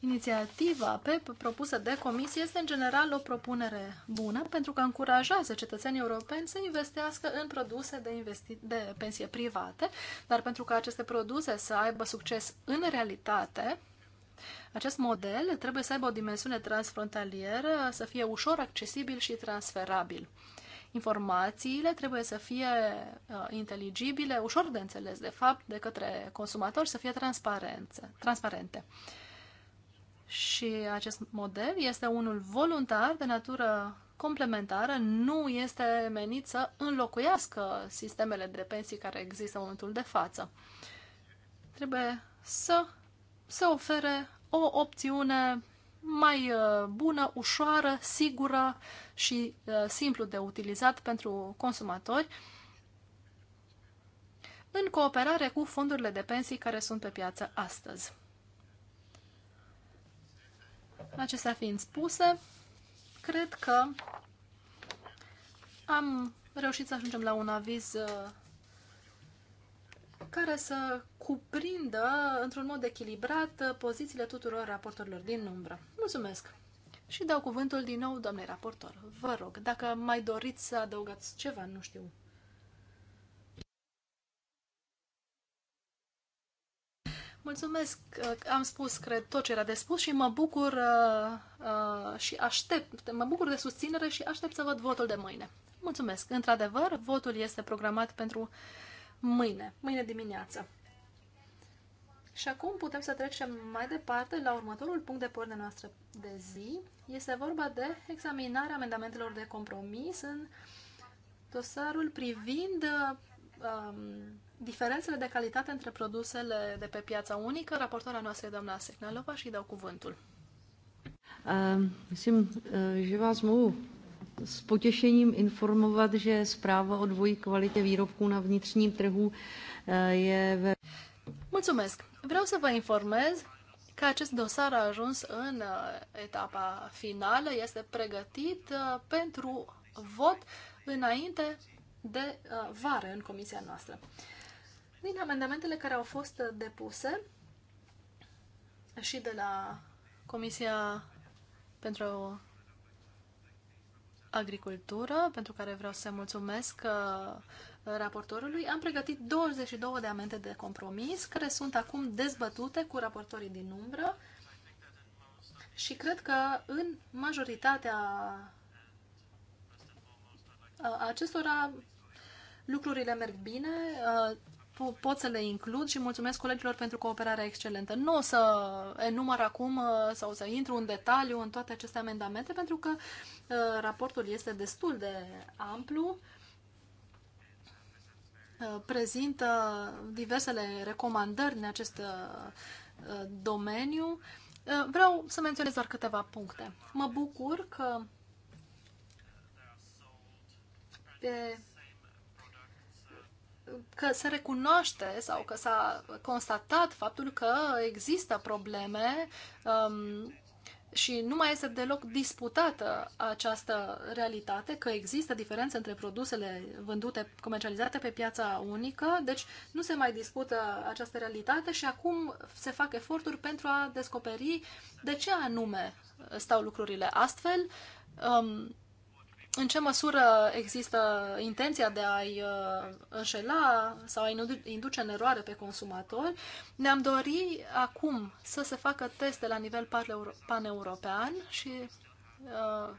Inițiativa PEP propusă de comisie este în general o propunere bună pentru că încurajează cetățenii europeni să investească în produse de, investi- de pensie private, dar pentru că aceste produse să aibă succes în realitate, acest model trebuie să aibă o dimensiune transfrontalieră, să fie ușor accesibil și transferabil. Informațiile trebuie să fie uh, inteligibile, ușor de înțeles, de fapt, de către consumatori, să fie transparente. Și acest model este unul voluntar de natură complementară, nu este menit să înlocuiască sistemele de pensii care există în momentul de față. Trebuie să se ofere o opțiune mai uh, bună, ușoară, sigură și uh, simplu de utilizat pentru consumatori, în cooperare cu fondurile de pensii care sunt pe piață astăzi. Acestea fiind spuse, cred că am reușit să ajungem la un aviz uh, care să cuprindă într-un mod echilibrat uh, pozițiile tuturor raportorilor din umbră. Mulțumesc! Și dau cuvântul din nou, doamnei raportor. Vă rog, dacă mai doriți să adăugați ceva, nu știu, Mulțumesc că uh, am spus, cred, tot ce era de spus și mă bucur uh, uh, și aștept, mă bucur de susținere și aștept să văd votul de mâine. Mulțumesc! Într-adevăr, votul este programat pentru mâine, mâine dimineață. Și acum putem să trecem mai departe la următorul punct de pornire noastră de zi. Este vorba de examinarea amendamentelor de compromis în dosarul privind uh, um, diferențele de calitate între produsele de pe piața unică. Raportoarea noastră e doamna Secnalova și îi dau cuvântul. Ehm, myslím, eh, že vás mohu s potěšením informovat, že zpráva o dvojí kvalitě výrobků na vnitřním trhu eh, je ve... Mulțumesc! Vreau să vă informez că acest dosar a ajuns în eh, etapa finală, este pregătit pentru vot înainte de uh, vară în comisia noastră. Din amendamentele care au fost uh, depuse și de la Comisia pentru Agricultură, pentru care vreau să mulțumesc uh, raportorului, am pregătit 22 de amende de compromis care sunt acum dezbătute cu raportorii din umbră și cred că în majoritatea acestora lucrurile merg bine, pot să le includ și mulțumesc colegilor pentru cooperarea excelentă. Nu o să enumăr acum sau să intru în detaliu în toate aceste amendamente, pentru că raportul este destul de amplu, prezintă diversele recomandări în acest domeniu. Vreau să menționez doar câteva puncte. Mă bucur că e, că se recunoaște sau că s-a constatat faptul că există probleme um, și nu mai este deloc disputată această realitate, că există diferențe între produsele vândute, comercializate pe piața unică, deci nu se mai dispută această realitate și acum se fac eforturi pentru a descoperi de ce anume stau lucrurile astfel. Um, în ce măsură există intenția de a-i uh, înșela sau a-i induce în eroare pe consumatori, ne-am dori acum să se facă teste la nivel paneuropean și uh,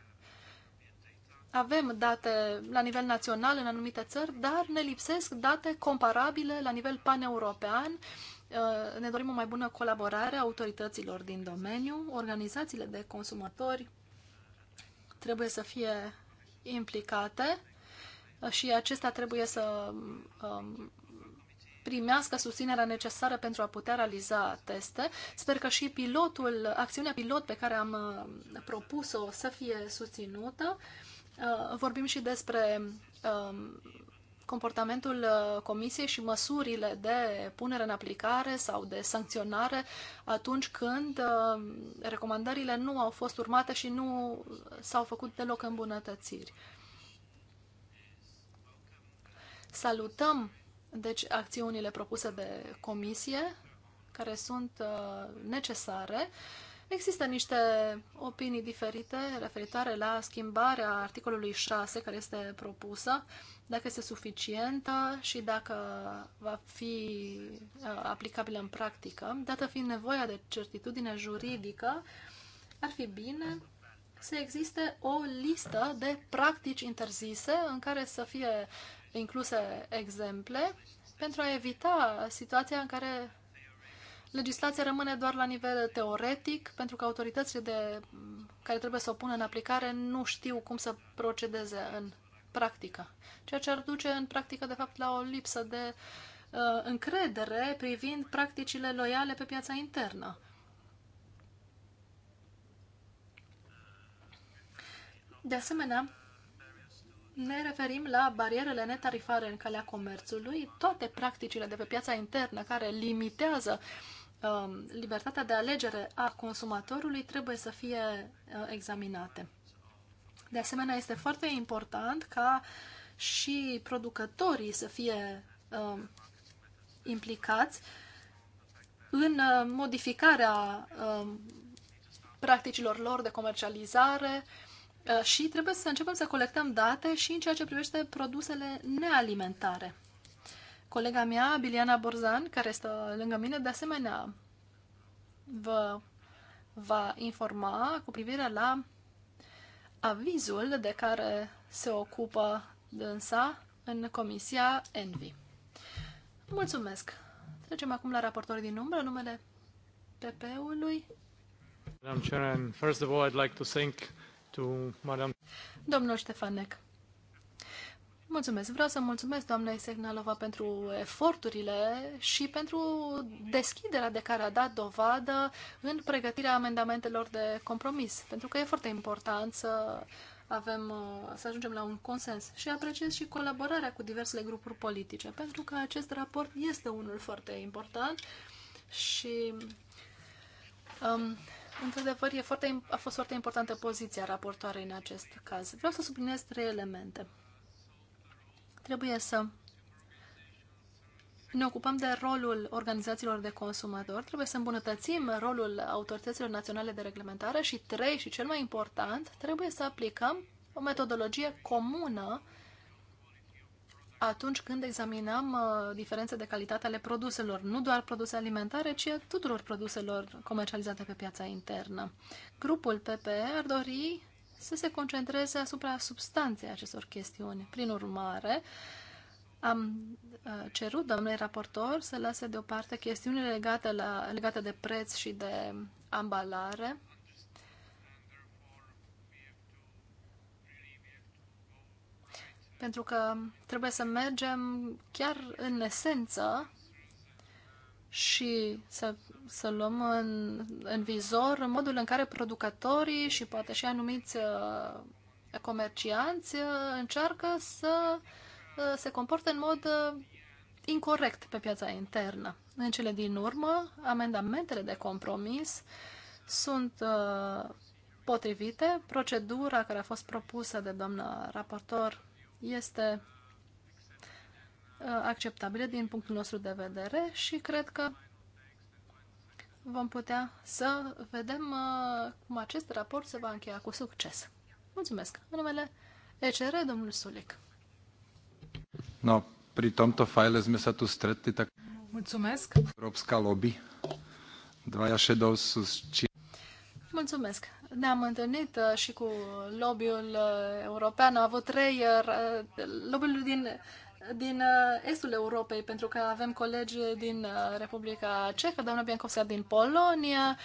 avem date la nivel național în anumite țări, dar ne lipsesc date comparabile la nivel paneuropean. Uh, ne dorim o mai bună colaborare a autorităților din domeniu, organizațiile de consumatori trebuie să fie implicate și acestea trebuie să um, primească susținerea necesară pentru a putea realiza teste. Sper că și pilotul, acțiunea pilot pe care am uh, propus-o să fie susținută. Uh, vorbim și despre um, comportamentul uh, Comisiei și măsurile de punere în aplicare sau de sancționare atunci când uh, recomandările nu au fost urmate și nu s-au făcut deloc îmbunătățiri. Salutăm, deci, acțiunile propuse de Comisie, care sunt uh, necesare. Există niște opinii diferite referitoare la schimbarea articolului 6 care este propusă dacă este suficientă și dacă va fi uh, aplicabilă în practică. Dată fiind nevoia de certitudine juridică, ar fi bine să existe o listă de practici interzise în care să fie incluse exemple pentru a evita situația în care legislația rămâne doar la nivel teoretic, pentru că autoritățile de, care trebuie să o pună în aplicare nu știu cum să procedeze în practică. Ceea ce ar duce în practică, de fapt, la o lipsă de uh, încredere privind practicile loiale pe piața internă. De asemenea, ne referim la barierele netarifare în calea comerțului, toate practicile de pe piața internă care limitează um, libertatea de alegere a consumatorului trebuie să fie uh, examinate. De asemenea, este foarte important ca și producătorii să fie uh, implicați în uh, modificarea uh, practicilor lor de comercializare uh, și trebuie să începem să colectăm date și în ceea ce privește produsele nealimentare. Colega mea, Biliana Borzan, care este lângă mine, de asemenea vă va informa cu privire la avizul de care se ocupă dânsa în Comisia Envi. Mulțumesc! Trecem acum la raportorii din umbră, numele PP-ului. Madam Chair, and first of all, I'd like to thank to Madam... Domnul Ștefanec, Mulțumesc. Vreau să mulțumesc doamnei Segnalova pentru eforturile și pentru deschiderea de care a dat dovadă în pregătirea amendamentelor de compromis, pentru că e foarte important să avem, uh, să ajungem la un consens și apreciez și colaborarea cu diversele grupuri politice, pentru că acest raport este unul foarte important și um, într-adevăr a fost foarte importantă poziția raportoarei în acest caz. Vreau să subliniez trei elemente trebuie să ne ocupăm de rolul organizațiilor de consumatori, trebuie să îmbunătățim rolul autorităților naționale de reglementare și, trei, și cel mai important, trebuie să aplicăm o metodologie comună atunci când examinăm uh, diferențe de calitate ale produselor, nu doar produse alimentare, ci a tuturor produselor comercializate pe piața internă. Grupul PPE ar dori să se concentreze asupra substanței acestor chestiuni. Prin urmare, am uh, cerut domnului raportor să lase deoparte chestiunile legate, la, legate de preț și de ambalare. Pentru că trebuie să mergem chiar în esență și să, să luăm în, în vizor modul în care producătorii și poate și anumiți uh, comercianți uh, încearcă să uh, se comporte în mod incorrect pe piața internă. În cele din urmă, amendamentele de compromis sunt potrivite. Procedura care a fost propusă de doamna raportor este Uh, acceptabile din punctul nostru de vedere și cred că vom putea să vedem uh, cum acest raport se va încheia cu succes. Mulțumesc. În numele ECR, domnul Sulic. No, pri tomto file sme sa tu stretli, tak... Mulțumesc. Európska lobby. Dvaja shadows sú z Mulțumesc. Ne-am întâlnit uh, și cu lobby-ul uh, european. A avut trei uh, lobby-ul din, din estul Europei, pentru că avem colegi din Republica Cehă, doamna Biancovsea din Polonia,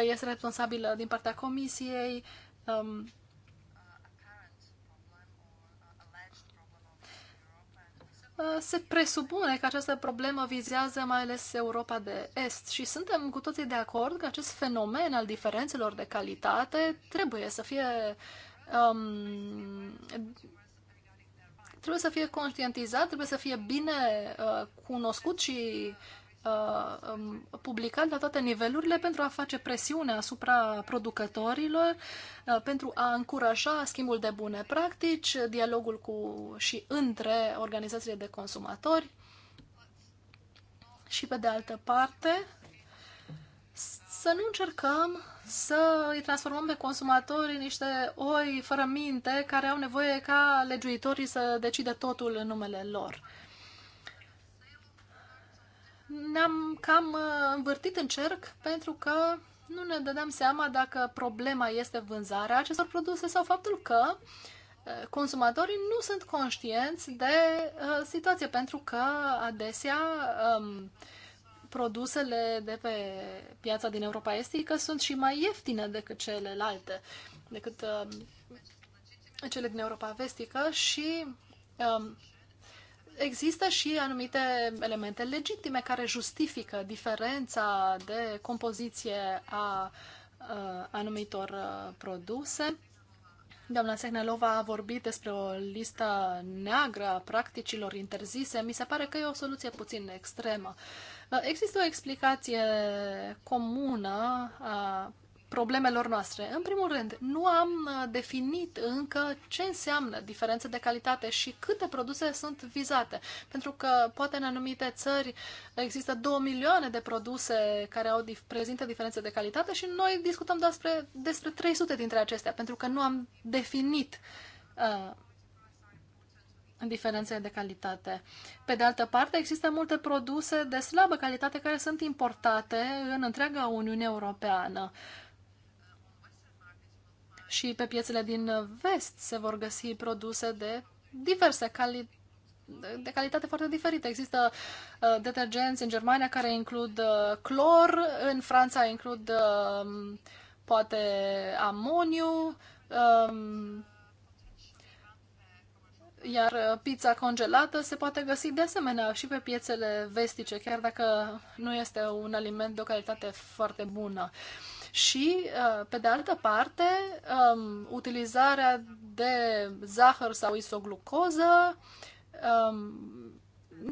este responsabilă din partea Comisiei. Um, Uh, se presupune că această problemă vizează mai ales Europa de Est și suntem cu toții de acord că acest fenomen al diferențelor de calitate trebuie să fie um, trebuie să fie conștientizat, trebuie să fie bine uh, cunoscut și Uh, um, publicat la toate nivelurile pentru a face presiune asupra producătorilor, uh, pentru a încuraja schimbul de bune practici, dialogul cu și între organizațiile de consumatori. Și pe de altă parte, să nu încercăm să îi transformăm pe consumatori în niște oi fără minte care au nevoie ca legiuitorii să decide totul în numele lor ne-am cam uh, învârtit în cerc pentru că nu ne dădeam seama dacă problema este vânzarea acestor produse sau faptul că uh, consumatorii nu sunt conștienți de uh, situație pentru că adesea um, produsele de pe piața din Europa Estică sunt și mai ieftine decât celelalte, decât um, cele din Europa Vestică și um, există și anumite elemente legitime care justifică diferența de compoziție a anumitor produse. Doamna Sehnelova a vorbit despre o listă neagră a practicilor interzise. Mi se pare că e o soluție puțin extremă. Există o explicație comună a problemelor noastre. În primul rând, nu am uh, definit încă ce înseamnă diferențe de calitate și câte produse sunt vizate. Pentru că poate în anumite țări există 2 milioane de produse care au, prezintă diferențe de calitate și noi discutăm despre, despre 300 dintre acestea, pentru că nu am definit uh, diferențe de calitate. Pe de altă parte, există multe produse de slabă calitate care sunt importate în întreaga Uniune Europeană. Uh, și pe piețele din vest se vor găsi produse de diverse cali de calitate foarte diferită. Există uh, detergenți în Germania care includ uh, clor, în Franța includ uh, poate amoniu, um, uh, iar pizza congelată se poate găsi de asemenea și pe piețele vestice, chiar dacă nu este un aliment de o calitate foarte bună. Uh, și, uh, pe de altă parte, um, utilizarea de zahăr sau isoglucoză. Um,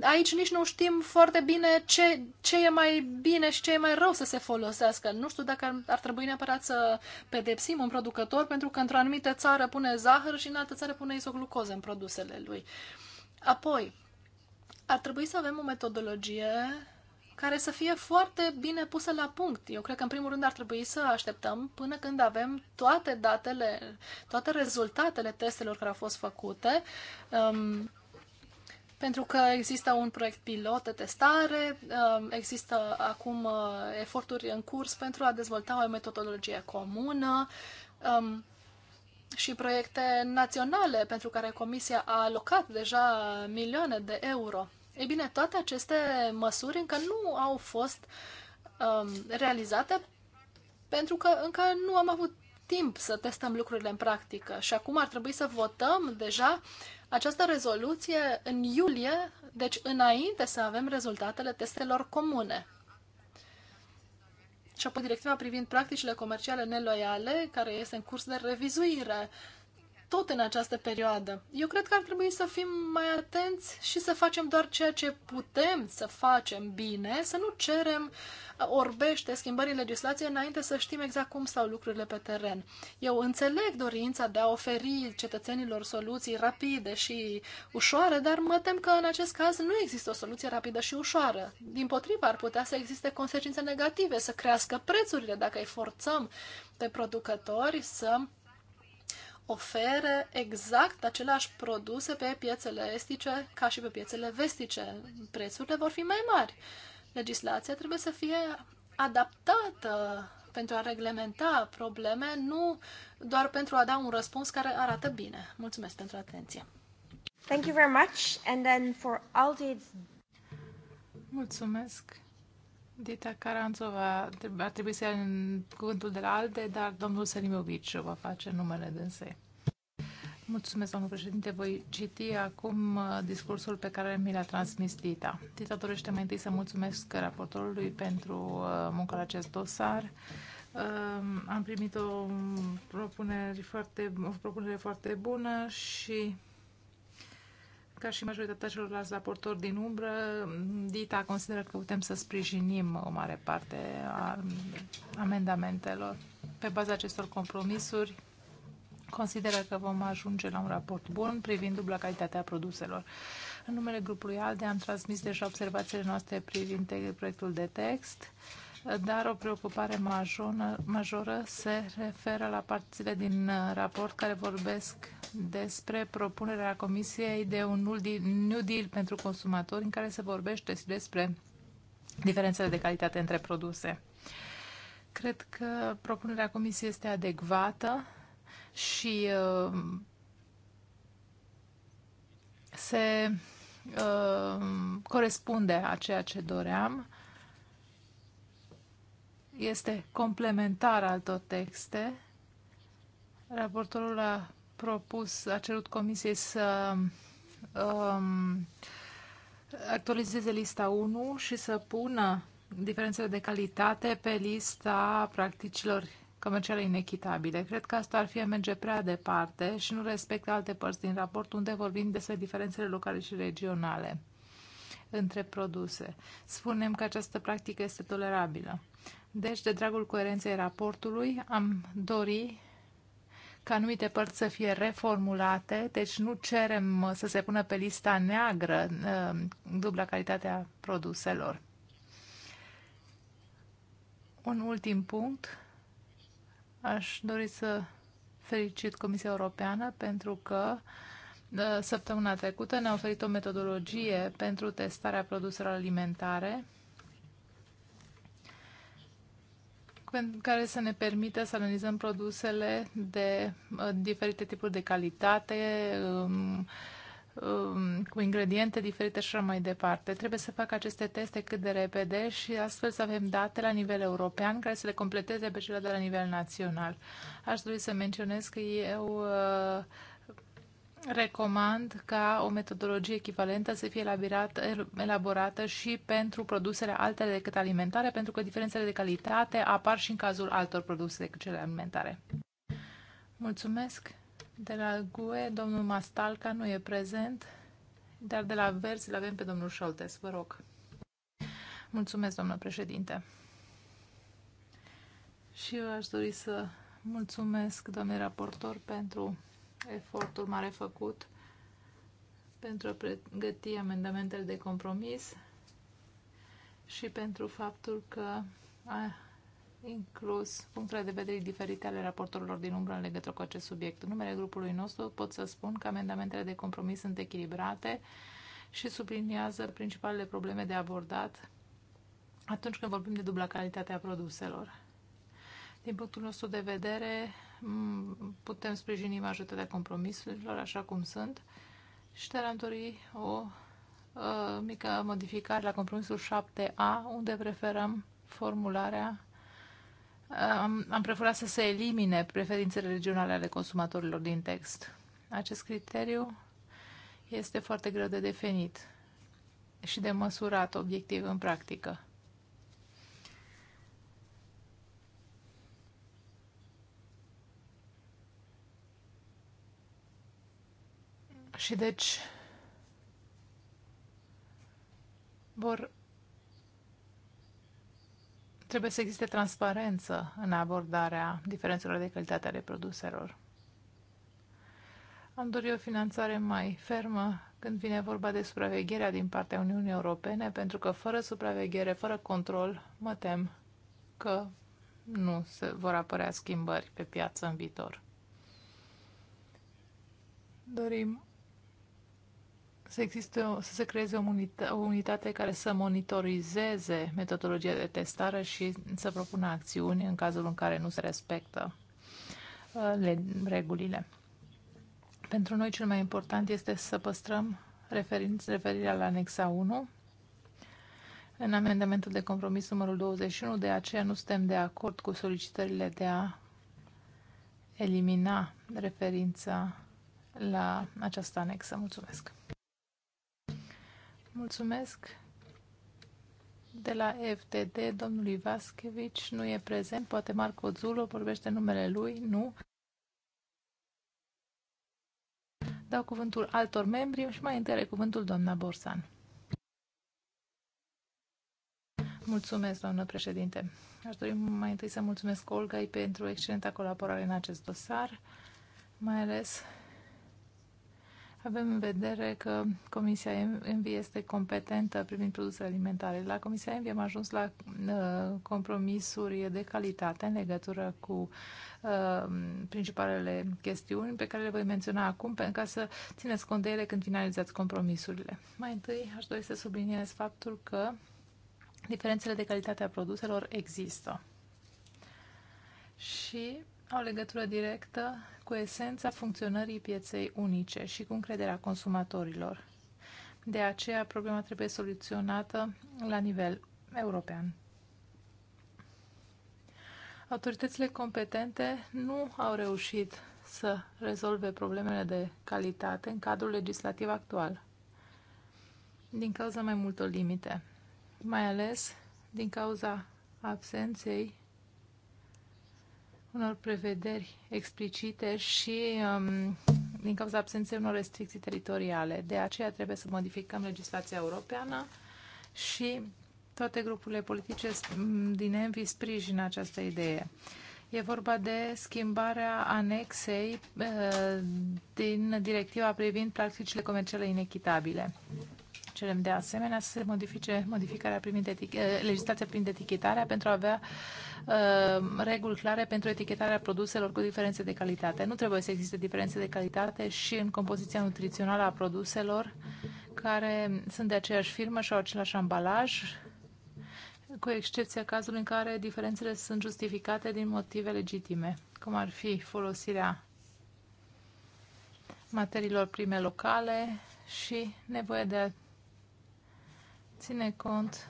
aici nici nu știm foarte bine ce, ce e mai bine și ce e mai rău să se folosească. Nu știu dacă ar, ar trebui neapărat să pedepsim un producător pentru că într-o anumită țară pune zahăr și în altă țară pune isoglucoză în produsele lui. Apoi, ar trebui să avem o metodologie care să fie foarte bine pusă la punct. Eu cred că, în primul rând, ar trebui să așteptăm până când avem toate datele, toate rezultatele testelor care au fost făcute, um, pentru că există un proiect pilot de testare, um, există acum uh, eforturi în curs pentru a dezvolta o metodologie comună. Um, și proiecte naționale pentru care Comisia a alocat deja milioane de euro. Ei bine, toate aceste măsuri încă nu au fost um, realizate pentru că încă nu am avut timp să testăm lucrurile în practică și acum ar trebui să votăm deja această rezoluție în iulie, deci înainte să avem rezultatele testelor comune. Și apoi directiva privind practicile comerciale neloiale, care este în curs de revizuire. Uh, tot în această perioadă. Eu cred că ar trebui să fim mai atenți și să facem doar ceea ce putem să facem bine, să nu cerem uh, orbește schimbării în legislație înainte să știm exact cum stau lucrurile pe teren. Eu înțeleg dorința de a oferi cetățenilor soluții rapide și ușoare, dar mă tem că în acest caz nu există o soluție rapidă și ușoară. Din potriva, ar putea să existe consecințe negative, să crească prețurile dacă îi forțăm pe producători să ofere exact aceleași produse pe piețele estice ca și pe piețele vestice. Prețurile vor fi mai mari. Legislația trebuie să fie adaptată pentru a reglementa probleme, nu doar pentru a da un răspuns care arată bine. Mulțumesc pentru atenție. Thank you very much and then for Aldi Mulțumesc. Dita Caranțova ar trebui să ia în cuvântul de la ALDE, dar domnul Selimovic va face numele dânsei. Mulțumesc, domnul președinte. Voi citi acum uh, discursul pe care mi l-a transmis Dita. Dita dorește mai întâi să mulțumesc raportorului pentru uh, munca la acest dosar. Uh, am primit o propunere foarte, o propunere foarte bună și ca și majoritatea celorlalți raportori din umbră, Dita consideră că putem să sprijinim o mare parte a amendamentelor. Pe baza acestor compromisuri, consideră că vom ajunge la un raport bun privind dubla calitatea produselor. În numele grupului ALDE am transmis deja observațiile noastre privind proiectul de text dar o preocupare majoră, majoră se referă la părțile din uh, raport care vorbesc despre propunerea Comisiei de un New Deal pentru consumatori în care se vorbește și despre diferențele de calitate între produse. Cred că propunerea Comisiei este adecvată și uh, se uh, corespunde a ceea ce doream este complementar altor texte. Raportorul a propus, a cerut comisiei să um, actualizeze lista 1 și să pună diferențele de calitate pe lista practicilor comerciale inechitabile. Cred că asta ar fi a merge prea departe și nu respectă alte părți din raport unde vorbim despre diferențele locale și regionale între produse. Spunem că această practică este tolerabilă. Deci, de dragul coerenței raportului, am dori ca anumite părți să fie reformulate, deci nu cerem uh, să se pună pe lista neagră uh, dubla calitatea produselor. Un ultim punct. Aș dori să felicit Comisia Europeană pentru că uh, da, săptămâna trecută ne-a oferit o metodologie pentru testarea produselor alimentare care să ne permită să analizăm produsele de uh, diferite tipuri de calitate, um, um, cu ingrediente diferite și așa mai departe. Trebuie să fac aceste teste cât de repede și astfel să avem date la nivel european care să le completeze pe cele de la nivel național. Aș dori să menționez că eu uh, recomand ca o metodologie echivalentă să fie elaborată, elaborată și pentru produsele altele decât alimentare, pentru că diferențele de calitate apar și în cazul altor produse decât cele alimentare. Mulțumesc! De la GUE, domnul Mastalca nu e prezent, dar de la Verzi îl avem pe domnul Șoltes, vă rog. Mulțumesc, domnul președinte! Și eu aș dori să mulțumesc, domnule raportor, pentru efortul mare făcut pentru a pregăti amendamentele de compromis și pentru faptul că a inclus punctele de vedere diferite ale raportorilor din umbră în legătură cu acest subiect. În numele grupului nostru pot să spun că amendamentele de compromis sunt echilibrate și subliniază principalele probleme de abordat atunci când vorbim de dubla calitate a produselor. Din punctul nostru de vedere, putem sprijini majoritatea compromisurilor așa cum sunt și te am dori o uh, mică modificare la compromisul 7A, unde preferăm formularea Um, am preferat să se elimine preferințele regionale ale consumatorilor din text. Acest criteriu este foarte greu de definit și de măsurat obiectiv în practică. și deci vor trebuie să existe transparență în abordarea diferențelor de calitate ale produselor. Am dorit o finanțare mai fermă când vine vorba de supravegherea din partea Uniunii Europene, pentru că fără supraveghere, fără control, mă tem că nu se vor apărea schimbări pe piață în viitor. Dorim să, existe să se creeze o, unita, o unitate care să monitorizeze metodologia de testare și să propună acțiuni în cazul în care nu se respectă uh, le, regulile. Pentru noi cel mai important este să păstrăm referin, referirea la anexa 1 în amendamentul de compromis numărul 21, de aceea nu suntem de acord cu solicitările de a elimina referința la această anexă. Mulțumesc! Mulțumesc. De la FTD, domnului Vaskevici nu e prezent. Poate Marco Zulo vorbește numele lui? Nu. Dau cuvântul altor membri și mai întâi cuvântul doamna Borsan. Mulțumesc, doamnă președinte. Aș dori mai întâi să mulțumesc Olgai pentru excelenta colaborare în acest dosar, mai ales avem în vedere că Comisia Envi este competentă privind produsele alimentare. La Comisia Envi am ajuns la uh, compromisuri de calitate în legătură cu uh, principalele chestiuni pe care le voi menționa acum, pentru ca să țineți cont de ele când finalizați compromisurile. Mai întâi aș dori să subliniez faptul că diferențele de calitate a produselor există și au legătură directă cu esența funcționării pieței unice și cu încrederea consumatorilor. De aceea, problema trebuie soluționată la nivel european. Autoritățile competente nu au reușit să rezolve problemele de calitate în cadrul legislativ actual, din cauza mai multor limite, mai ales din cauza absenței unor prevederi explicite și um, din cauza absenței unor restricții teritoriale. De aceea trebuie să modificăm legislația europeană și toate grupurile politice mm, din Envi sprijină această idee. E vorba de schimbarea anexei uh, din directiva privind practicile comerciale inechitabile. Cerem de asemenea să se modifice modificarea prin eh, legislația privind etichetarea pentru a avea eh, reguli clare pentru etichetarea produselor cu diferențe de calitate. Nu trebuie să existe diferențe de calitate și în compoziția nutrițională a produselor care sunt de aceeași firmă și au același ambalaj, cu excepția cazului în care diferențele sunt justificate din motive legitime, cum ar fi folosirea materiilor prime locale și nevoie de ține cont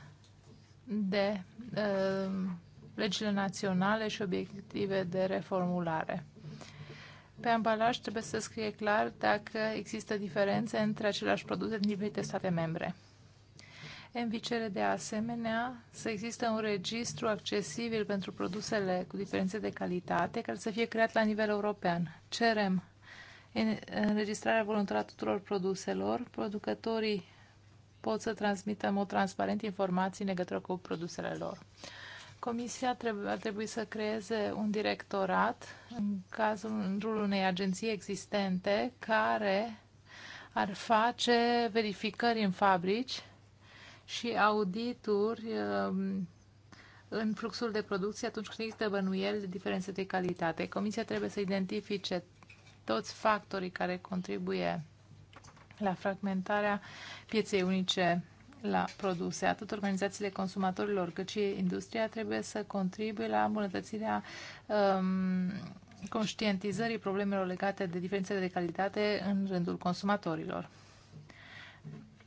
de uh, legile naționale și obiective de reformulare. Pe ambalaj trebuie să scrie clar dacă există diferențe între aceleași produse din diferite state membre. Envi cere de asemenea să existe un registru accesibil pentru produsele cu diferențe de calitate care să fie creat la nivel european. Cerem înregistrarea voluntară a tuturor produselor. Producătorii pot să transmită în mod transparent informații în legătură cu produsele lor. Comisia trebuie, ar trebui să creeze un directorat în cazul în rolul unei agenții existente care ar face verificări în fabrici și audituri um, în fluxul de producție atunci când există bănuieli de diferențe de calitate. Comisia trebuie să identifice toți factorii care contribuie la fragmentarea pieței unice la produse. Atât organizațiile consumatorilor cât și industria trebuie să contribuie la îmbunătățirea um, conștientizării problemelor legate de diferențele de calitate în rândul consumatorilor.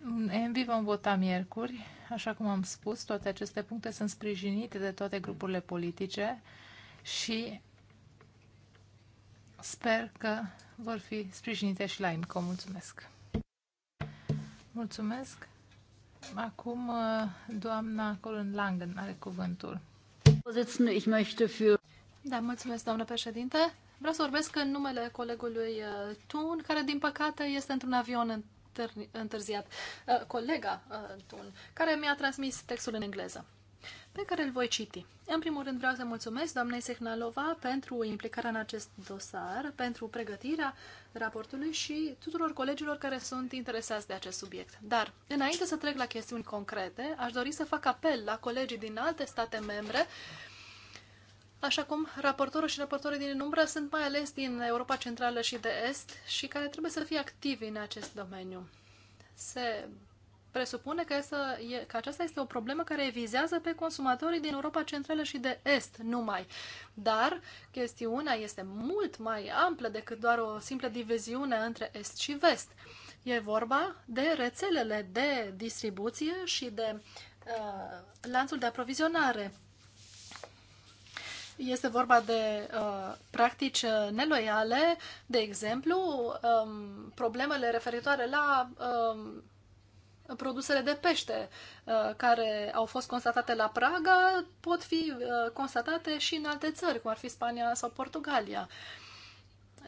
În ENVI vom vota miercuri. Așa cum am spus, toate aceste puncte sunt sprijinite de toate grupurile politice și sper că vor fi sprijinite și la IMCO. Mulțumesc! Mulțumesc. Acum uh, doamna Colin Langen are cuvântul. Da, mulțumesc, doamnă președinte. Vreau să vorbesc în numele colegului uh, Tun, care din păcate este într-un avion întârziat. Uh, colega Tun, care mi-a transmis textul în engleză pe care îl voi citi. În primul rând vreau să mulțumesc doamnei Sehnalova pentru implicarea în acest dosar, pentru pregătirea raportului și tuturor colegilor care sunt interesați de acest subiect. Dar, înainte să trec la chestiuni concrete, aș dori să fac apel la colegii din alte state membre Așa cum raportorul și raportorii din umbră sunt mai ales din Europa Centrală și de Est și care trebuie să fie activi în acest domeniu. Se presupune că, este, că aceasta este o problemă care vizează pe consumatorii din Europa Centrală și de Est numai. Dar chestiunea este mult mai amplă decât doar o simplă diviziune între Est și Vest. E vorba de rețelele de distribuție și de uh, lanțul de aprovizionare. Este vorba de uh, practici neloiale, de exemplu, um, problemele referitoare la um, produsele de pește uh, care au fost constatate la Praga pot fi uh, constatate și în alte țări, cum ar fi Spania sau Portugalia.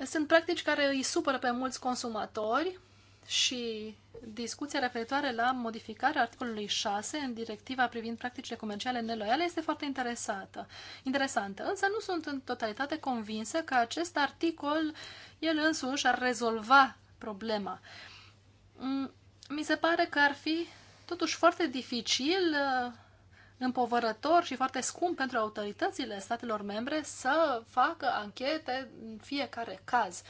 Sunt practici care îi supără pe mulți consumatori și discuția referitoare la modificarea articolului 6 în directiva privind practicile comerciale neloiale este foarte interesată, interesantă, însă nu sunt în totalitate convinsă că acest articol el însuși ar rezolva problema mm, mi se pare că ar fi totuși foarte dificil, uh, împovărător și foarte scump pentru autoritățile statelor membre să facă anchete în fiecare caz.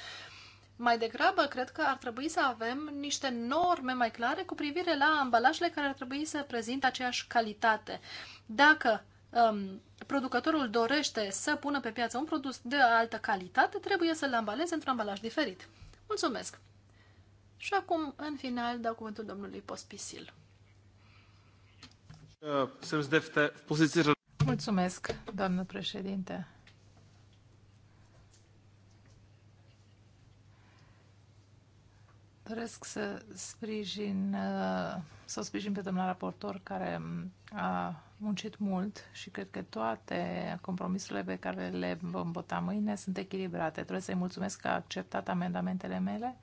Mai degrabă, cred că ar trebui să avem niște norme mai clare cu privire la ambalajele care ar trebui să prezinte aceeași calitate. Dacă um, producătorul dorește să pună pe piață un produs de altă calitate, trebuie să-l ambaleze într-un ambalaj diferit. Mulțumesc! Și acum, în final, dau cuvântul domnului Pospisil. Uh, mulțumesc, doamnă președinte. Doresc să sprijin, uh, să o sprijin pe domnul raportor care um, a muncit mult și cred că toate compromisurile pe care le vom vota mâine sunt echilibrate. Trebuie să-i mulțumesc că a acceptat amendamentele mele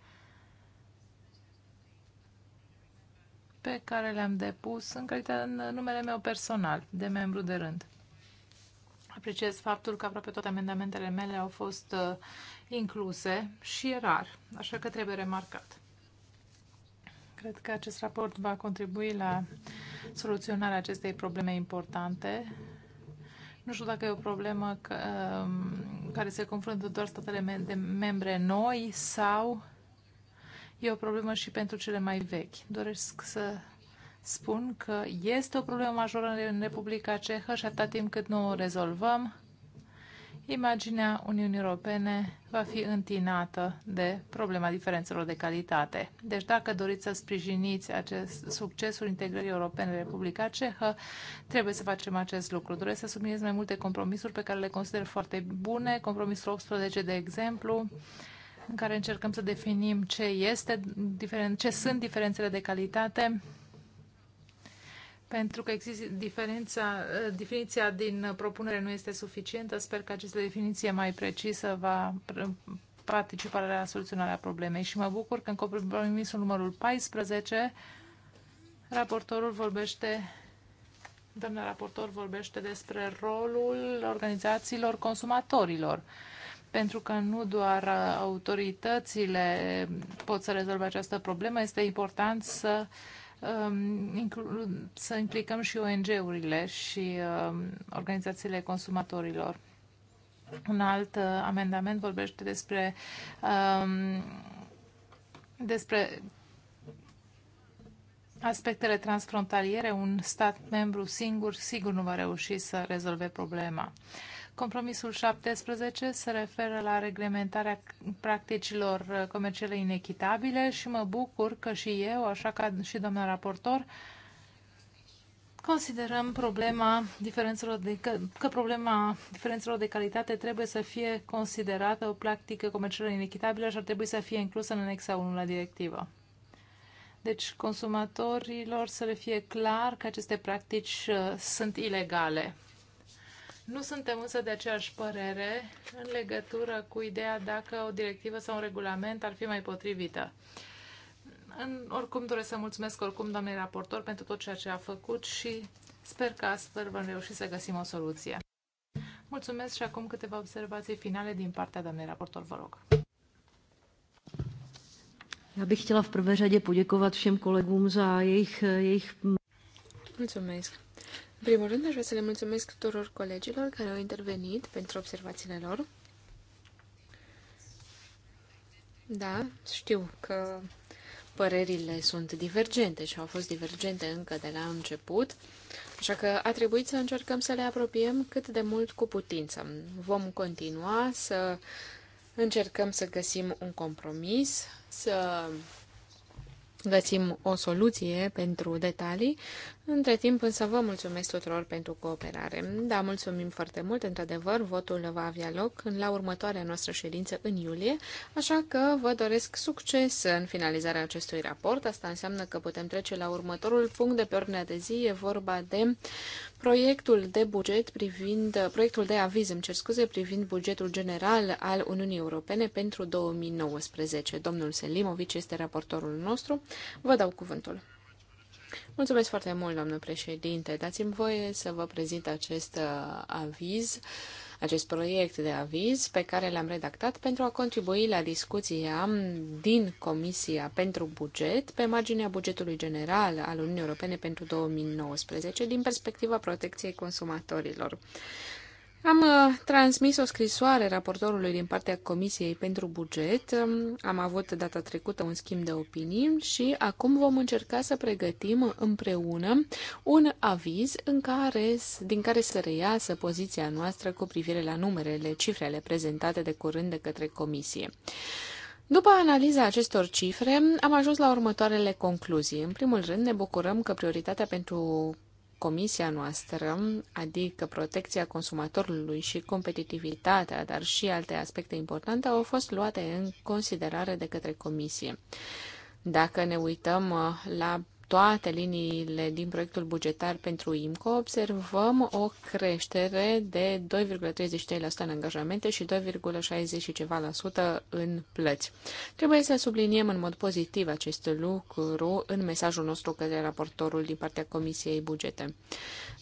pe care le-am depus în, calitate, în numele meu personal, de membru de rând. Apreciez faptul că aproape toate amendamentele mele au fost uh, incluse și e rar, așa că trebuie remarcat. Cred că acest raport va contribui la soluționarea acestei probleme importante. Nu știu dacă e o problemă că, uh, care se confruntă doar statele de membre noi sau e o problemă și pentru cele mai vechi. Doresc să spun că este o problemă majoră în Republica Cehă și atâta timp cât nu o rezolvăm, imaginea Uniunii Europene va fi întinată de problema diferențelor de calitate. Deci dacă doriți să sprijiniți acest succesul integrării europene în Republica Cehă, trebuie să facem acest lucru. Doresc să subliniez mai multe compromisuri pe care le consider foarte bune. Compromisul 18, de exemplu, în care încercăm să definim ce, este, ce sunt diferențele de calitate, pentru că există diferența, definiția din propunere nu este suficientă. Sper că această definiție mai precisă va participa la soluționarea problemei și mă bucur că în compromisul numărul 14 raportorul vorbește Doamna raportor vorbește despre rolul organizațiilor consumatorilor pentru că nu doar uh, autoritățile pot să rezolve această problemă, este important să, um, să implicăm și ONG-urile și um, organizațiile consumatorilor. Un alt uh, amendament vorbește despre, um, despre aspectele transfrontaliere. Un stat membru singur sigur nu va reuși să rezolve problema. Compromisul 17 se referă la reglementarea practicilor comerciale inechitabile și mă bucur că și eu, așa ca și doamna raportor, considerăm problema diferențelor de, că, că problema diferențelor de calitate trebuie să fie considerată o practică comercială inechitabilă și ar trebui să fie inclusă în anexa 1 la directivă. Deci consumatorilor să le fie clar că aceste practici uh, sunt ilegale. Nu suntem însă de aceeași părere în legătură cu ideea dacă o directivă sau un regulament ar fi mai potrivită. În, oricum doresc să mulțumesc oricum doamnei raportor pentru tot ceea ce a făcut și sper că astfel vom reuși să găsim o soluție. Mulțumesc și acum câteva observații finale din partea doamnei raportor, vă rog. Já bych chtěla v prvé řadě poděkovat všem kolegům za jejich, jejich... Mulțumesc. În primul rând, aș vrea să le mulțumesc tuturor colegilor care au intervenit pentru observațiile lor. Da, știu că părerile sunt divergente și au fost divergente încă de la început, așa că a trebuit să încercăm să le apropiem cât de mult cu putință. Vom continua să încercăm să găsim un compromis, să găsim o soluție pentru detalii, între timp însă vă mulțumesc tuturor pentru cooperare. Da, mulțumim foarte mult, într-adevăr, votul va avea loc în la următoarea noastră ședință în iulie, așa că vă doresc succes în finalizarea acestui raport. Asta înseamnă că putem trece la următorul punct de pe ordinea de zi, e vorba de proiectul de buget privind, proiectul de aviz, îmi cer scuze, privind bugetul general al Uniunii Europene pentru 2019. Domnul Selimovic este raportorul nostru. Vă dau cuvântul. Mulțumesc foarte mult, doamnă președinte. Dați-mi voie să vă prezint acest uh, aviz, acest proiect de aviz pe care l-am redactat pentru a contribui la discuția din Comisia pentru Buget pe marginea bugetului general al Uniunii Europene pentru 2019 din perspectiva protecției consumatorilor. Am uh, transmis o scrisoare raportorului din partea Comisiei pentru Buget. Um, am avut data trecută un schimb de opinii și acum vom încerca să pregătim împreună un aviz în care, din care să reiasă poziția noastră cu privire la numerele, cifrele prezentate de curând de către Comisie. După analiza acestor cifre, am ajuns la următoarele concluzii. În primul rând, ne bucurăm că prioritatea pentru comisia noastră, adică protecția consumatorului și competitivitatea, dar și alte aspecte importante, au fost luate în considerare de către comisie. Dacă ne uităm uh, la toate liniile din proiectul bugetar pentru IMCO, observăm o creștere de 2,33% în angajamente și 2,60 ceva la sută în plăți. Trebuie să subliniem în mod pozitiv acest lucru în mesajul nostru către raportorul din partea Comisiei Bugete.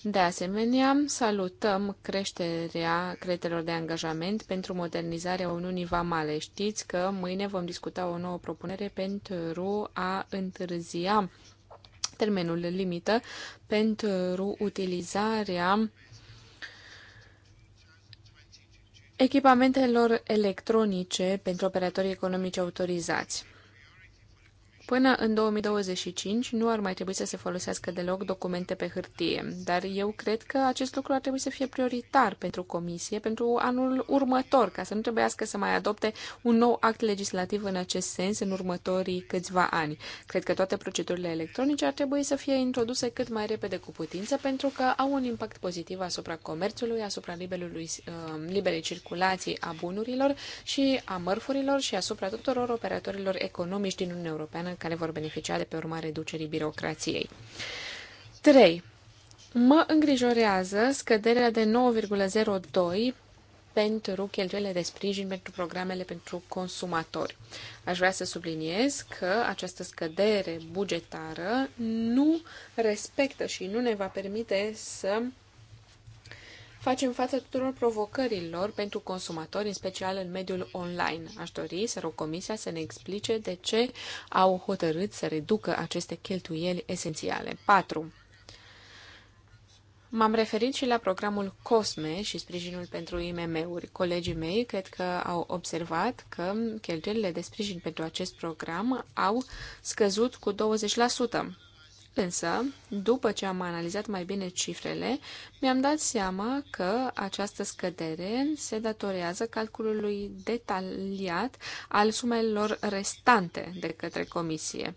De asemenea, salutăm creșterea cretelor de angajament pentru modernizarea Uniunii Vamale. Știți că mâine vom discuta o nouă propunere pentru a întârzia termenul limită pentru utilizarea echipamentelor electronice pentru operatorii economici autorizați. Până în 2025 nu ar mai trebui să se folosească deloc documente pe hârtie, dar eu cred că acest lucru ar trebui să fie prioritar pentru comisie pentru anul următor, ca să nu trebuiască să mai adopte un nou act legislativ în acest sens în următorii câțiva ani. Cred că toate procedurile electronice ar trebui să fie introduse cât mai repede cu putință pentru că au un impact pozitiv asupra comerțului, asupra liberului, uh, liberei circulații a bunurilor și a mărfurilor și asupra tuturor operatorilor economici din Uniunea Europeană care vor beneficia de pe urma reducerii birocrației. 3. Mă îngrijorează scăderea de 9,02 pentru cheltuielile de sprijin pentru programele pentru consumatori. Aș vrea să subliniez că această scădere bugetară nu respectă și nu ne va permite să facem față tuturor provocărilor pentru consumatori, în special în mediul online. Aș dori să rog Comisia să ne explice de ce au hotărât să reducă aceste cheltuieli esențiale. 4. M-am referit și la programul COSME și sprijinul pentru IMM-uri. Colegii mei cred că au observat că cheltuielile de sprijin pentru acest program au scăzut cu 20%. Însă, după ce am analizat mai bine cifrele, mi-am dat seama că această scădere se datorează calculului detaliat al sumelor restante de către comisie.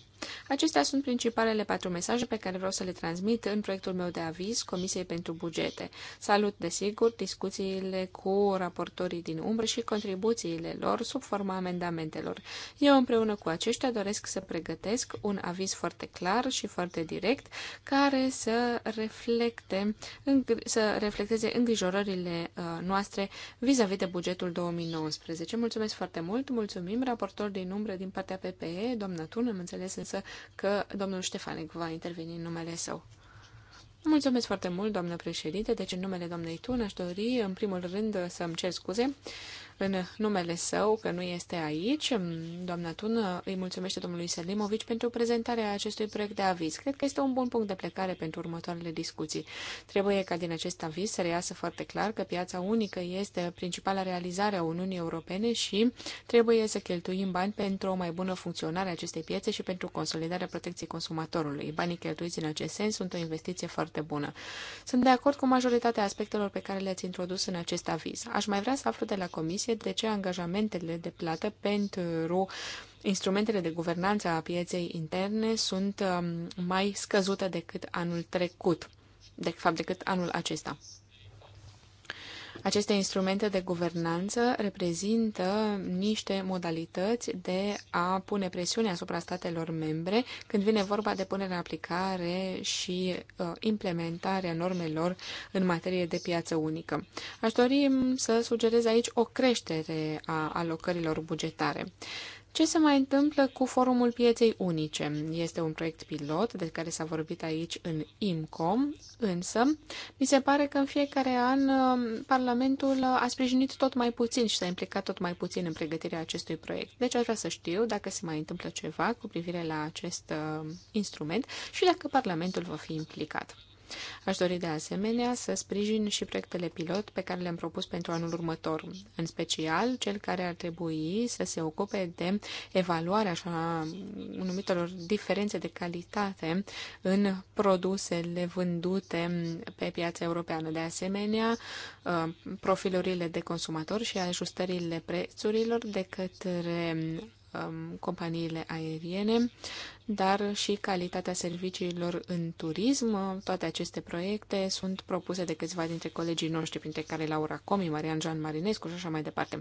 Acestea sunt principalele patru mesaje pe care vreau să le transmit în proiectul meu de aviz Comisiei pentru Bugete. Salut, desigur, discuțiile cu raportorii din umbră și contribuțiile lor sub forma amendamentelor. Eu împreună cu aceștia doresc să pregătesc un aviz foarte clar și foarte direct care să, reflecte, să reflecteze îngrijorările uh, noastre vis-a-vis -vis de bugetul 2019. Mulțumesc foarte mult, mulțumim raportor din umbră din partea PPE, doamna Tun, am înțeles în siguranță că domnul Ștefanic va interveni în numele său. Mulțumesc foarte mult, doamnă președinte. Deci, în numele doamnei Tun, aș dori, în primul rând, să-mi cer scuze în numele său, că nu este aici. Mm, doamna Tun îi mulțumește domnului Selimovici pentru prezentarea acestui proiect de aviz. Cred că este un bun punct de plecare pentru următoarele discuții. Trebuie ca din acest aviz să reiasă foarte clar că piața unică este principala realizare a Uniunii Europene și trebuie să cheltuim bani pentru o mai bună funcționare a acestei piețe și pentru consolidarea protecției consumatorului. Banii cheltuiți în acest sens sunt o investiție foarte bună. Sunt de acord cu majoritatea aspectelor pe care le-ați introdus în acest aviz. Aș mai vrea să aflu de la Comisie Comisie de ce angajamentele de plată pentru instrumentele de guvernanță a pieței interne sunt um, mai scăzute decât anul trecut, de fapt decât anul acesta. Aceste instrumente de guvernanță reprezintă niște modalități de a pune presiune asupra statelor membre când vine vorba de punerea aplicare și uh, implementarea normelor în materie de piață unică. Aș dori să sugerez aici o creștere a alocărilor bugetare. Ce se mai întâmplă cu Forumul Pieței Unice? Este un proiect pilot de care s-a vorbit aici în IMCOM, însă mi se pare că în fiecare an um, Parlamentul a sprijinit tot mai puțin și s-a implicat tot mai puțin în pregătirea acestui proiect. Deci aș vrea să știu dacă se mai întâmplă ceva cu privire la acest uh, instrument și dacă Parlamentul va fi implicat. Aș dori de asemenea să sprijin și proiectele pilot pe care le-am propus pentru anul următor, în special cel care ar trebui să se ocupe de evaluarea așa numitelor diferențe de calitate în produsele vândute pe piața europeană. De asemenea, uh, profilurile de consumator și ajustările prețurilor de către Um, companiile aeriene, dar și calitatea serviciilor în turism. Toate aceste proiecte sunt propuse de câțiva dintre colegii noștri, printre care Laura Comi, Marian Jean Marinescu și așa mai departe.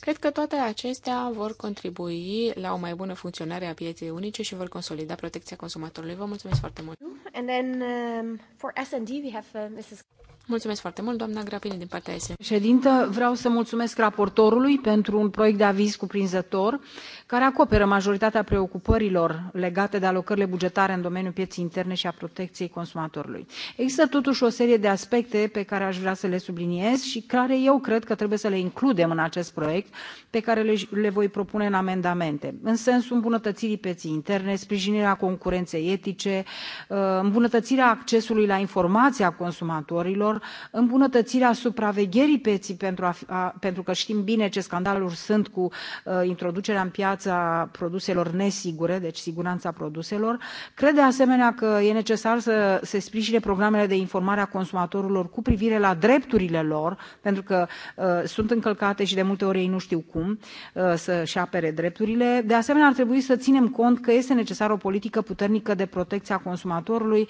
Cred că toate acestea vor contribui la o mai bună funcționare a pieței unice și vor consolida protecția consumatorului. Vă mulțumesc foarte mult! And then, um, for S&D, we have, uh, Mrs. Mulțumesc foarte mult, doamna Grapini, din partea ESE. Ședintă, vreau să mulțumesc raportorului pentru un proiect de aviz cuprinzător care acoperă majoritatea preocupărilor legate de alocările bugetare în domeniul pieței interne și a protecției consumatorului. Există totuși o serie de aspecte pe care aș vrea să le subliniez și care eu cred că trebuie să le includem în acest proiect pe care le, le voi propune în amendamente în sensul îmbunătățirii pieței interne, sprijinirea concurenței etice, uh, îmbunătățirea accesului la informația consumatorilor, îmbunătățirea supravegherii pieții pentru, a, a, pentru că știm bine ce scandaluri sunt cu uh, introducerea în piață piața produselor nesigure, deci siguranța produselor. Cred de asemenea că e necesar să se sprijine programele de informare a consumatorilor cu privire la drepturile lor, pentru că uh, sunt încălcate și de multe ori ei nu știu cum uh, să-și apere drepturile. De asemenea, ar trebui să ținem cont că este necesară o politică puternică de protecție a consumatorului, uh,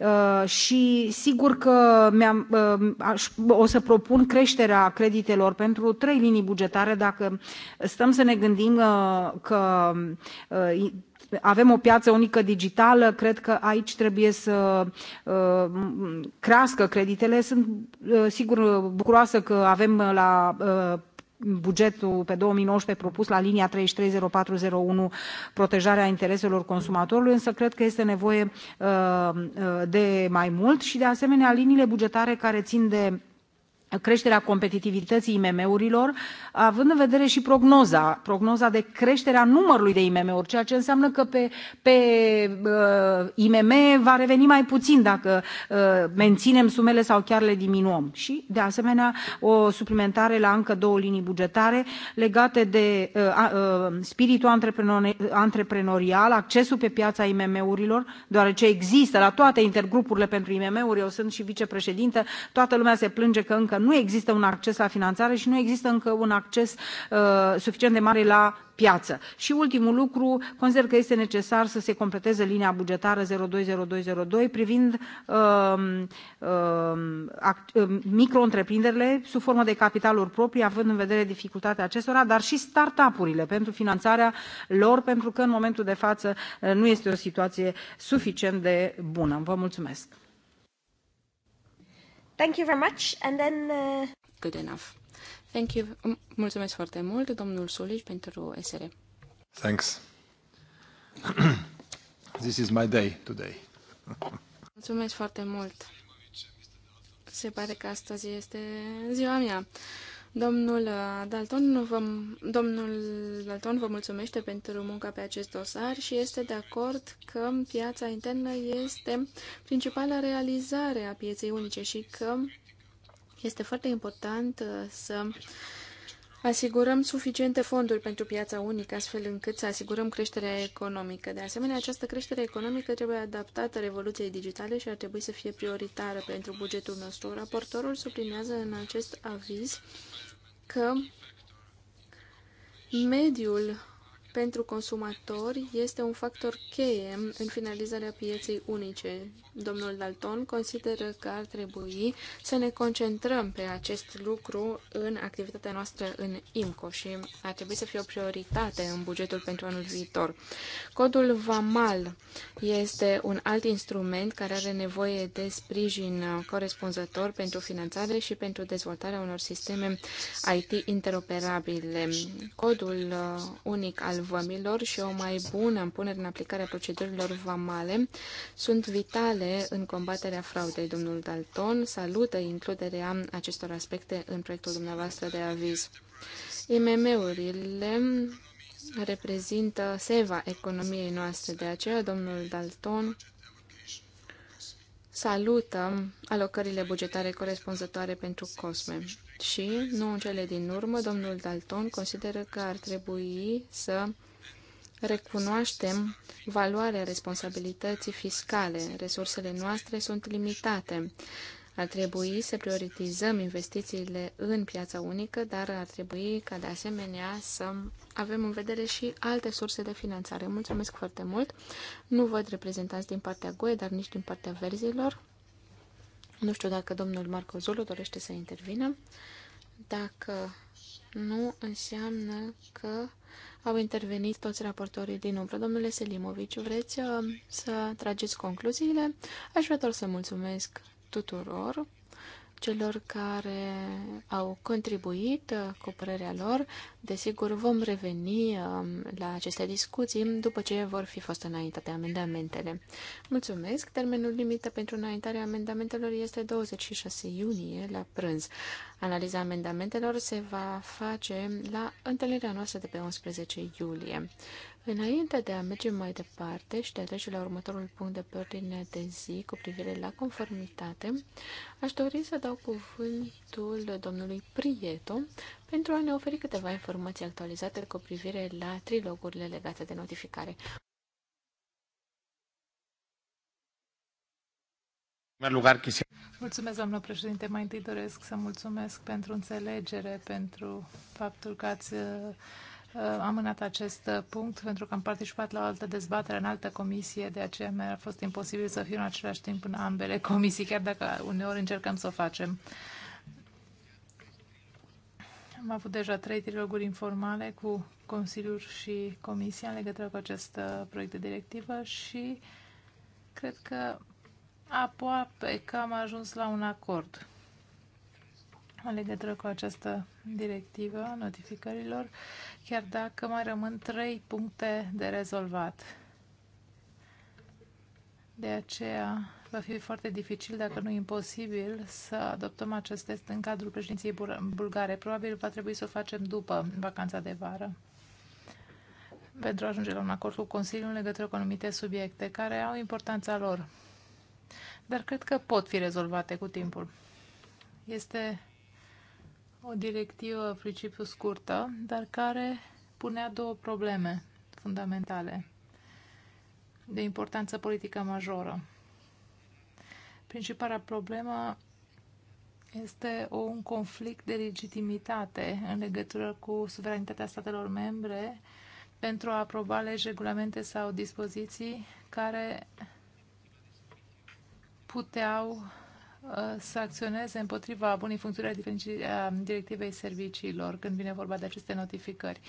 Uh, și sigur că uh, aș, o să propun creșterea creditelor pentru trei linii bugetare dacă stăm să ne gândim uh, că avem o piață unică digitală cred că aici trebuie să crească creditele. sunt sigur bucuroasă că avem la bugetul pe două mii nouăsprezece propus la linia trei patru unu protejarea intereselor consumatorului însă cred că este nevoie uh, uh, de mai mult și de asemenea liniile bugetare care țin de creșterea competitivității imm urilor având în vedere și prognoza prognoza de creștere a numărului de imm uri ceea ce înseamnă că pe, pe uh, imm va reveni mai puțin dacă uh, menținem sumele sau chiar le diminuăm și de asemenea o suplimentare la încă două linii bugetare legate de uh, spiritul antreprenorial accesul pe piața imm urilor deoarece există la toate intergrupurile pentru imm uri eu sunt și vicepreședintă toată lumea se plânge că încă nu există un acces la finanțare și nu există încă un acces uh, suficient de mare la piață. Și ultimul lucru, consider că este necesar să se completeze linia bugetară 020202 privind uh, uh, micro-întreprinderile sub formă de capitaluri proprii, având în vedere dificultatea acestora, dar și start-up-urile pentru finanțarea lor, pentru că în momentul de față uh, nu este o situație suficient de bună. Vă mulțumesc! Thank you very much. And then... Uh... Good enough. Thank you. Mulțumesc foarte mult, domnul Sulici, pentru SR. Thanks. This is my day today. Mulțumesc foarte mult. Se pare că astăzi este ziua mea. Domnul uh, Dalton, vă, domnul Dalton vă mulțumește pentru munca pe acest dosar și este de acord că piața internă este principala realizare a pieței unice și că este foarte important uh, să asigurăm suficiente fonduri pentru piața unică, astfel încât să asigurăm creșterea economică. De asemenea, această creștere economică trebuie adaptată revoluției digitale și ar trebui să fie prioritară pentru bugetul nostru. Raportorul sublinează în acest aviz că mediul pentru consumatori este un factor cheie în finalizarea pieței unice. Domnul Dalton consideră că ar trebui să ne concentrăm pe acest lucru în activitatea noastră în IMCO și ar trebui să fie o prioritate în bugetul pentru anul viitor. Codul VAMAL este un alt instrument care are nevoie de sprijin corespunzător pentru finanțare și pentru dezvoltarea unor sisteme IT interoperabile. Codul unic al vămilor și o mai bună împunere în aplicare a procedurilor vamale sunt vitale în combaterea fraudei. Domnul Dalton salută includerea acestor aspecte în proiectul dumneavoastră de aviz. IMM-urile reprezintă seva economiei noastre, de aceea domnul Dalton salută alocările bugetare corespunzătoare pentru COSME. Și, nu în cele din urmă, domnul Dalton consideră că ar trebui să recunoaștem valoarea responsabilității fiscale. Resursele noastre sunt limitate. Ar trebui să prioritizăm investițiile în piața unică, dar ar trebui ca de asemenea să avem în vedere și alte surse de finanțare. Mulțumesc foarte mult! Nu văd reprezentanți din partea GUE, dar nici din partea verzilor. Nu știu dacă domnul Marco Zulu dorește să intervină. Dacă nu, înseamnă că au intervenit toți raportorii din umbră. Domnule Selimovici, vreți uh, să trageți concluziile? Aș vrea doar să mulțumesc tuturor celor care au contribuit uh, cu părerea lor. Desigur, vom reveni um, la aceste discuții după ce vor fi fost înaintate amendamentele. Mulțumesc! Termenul limită pentru înaintarea amendamentelor este 26 iunie la prânz. Analiza amendamentelor se va face la întâlnirea noastră de pe 11 iulie. Înainte de a merge mai departe și de a trece la următorul punct de pe ordine de zi cu privire la conformitate, aș dori să dau cuvântul domnului Prieto pentru a ne oferi câteva informații actualizate cu privire la trilogurile legate de notificare. Mulțumesc, doamnă președinte. Mai întâi doresc să mulțumesc pentru înțelegere, pentru faptul că ați Uh, amânat acest uh, punct pentru că am participat la o altă dezbatere în altă comisie, de aceea mi-a fost imposibil să fiu în același timp în ambele comisii, chiar dacă uneori încercăm să o facem. Am avut deja trei triloguri informale cu Consiliul și Comisia în legătură cu acest uh, proiect de directivă și cred că aproape că am ajuns la un acord în legătură cu această directivă a notificărilor, chiar dacă mai rămân trei puncte de rezolvat. De aceea va fi foarte dificil, dacă nu imposibil, să adoptăm acest test în cadrul președinției bulgare. Probabil va trebui să o facem după vacanța de vară pentru a ajunge la un acord cu Consiliul în legătură cu anumite subiecte care au importanța lor, dar cred că pot fi rezolvate cu timpul. Este o directivă principiu scurtă, dar care punea două probleme fundamentale de importanță politică majoră. Principala problemă este un conflict de legitimitate în legătură cu suveranitatea statelor membre pentru a aproba legi, regulamente sau dispoziții care puteau să acționeze împotriva bunii funcționări a directivei serviciilor când vine vorba de aceste notificări.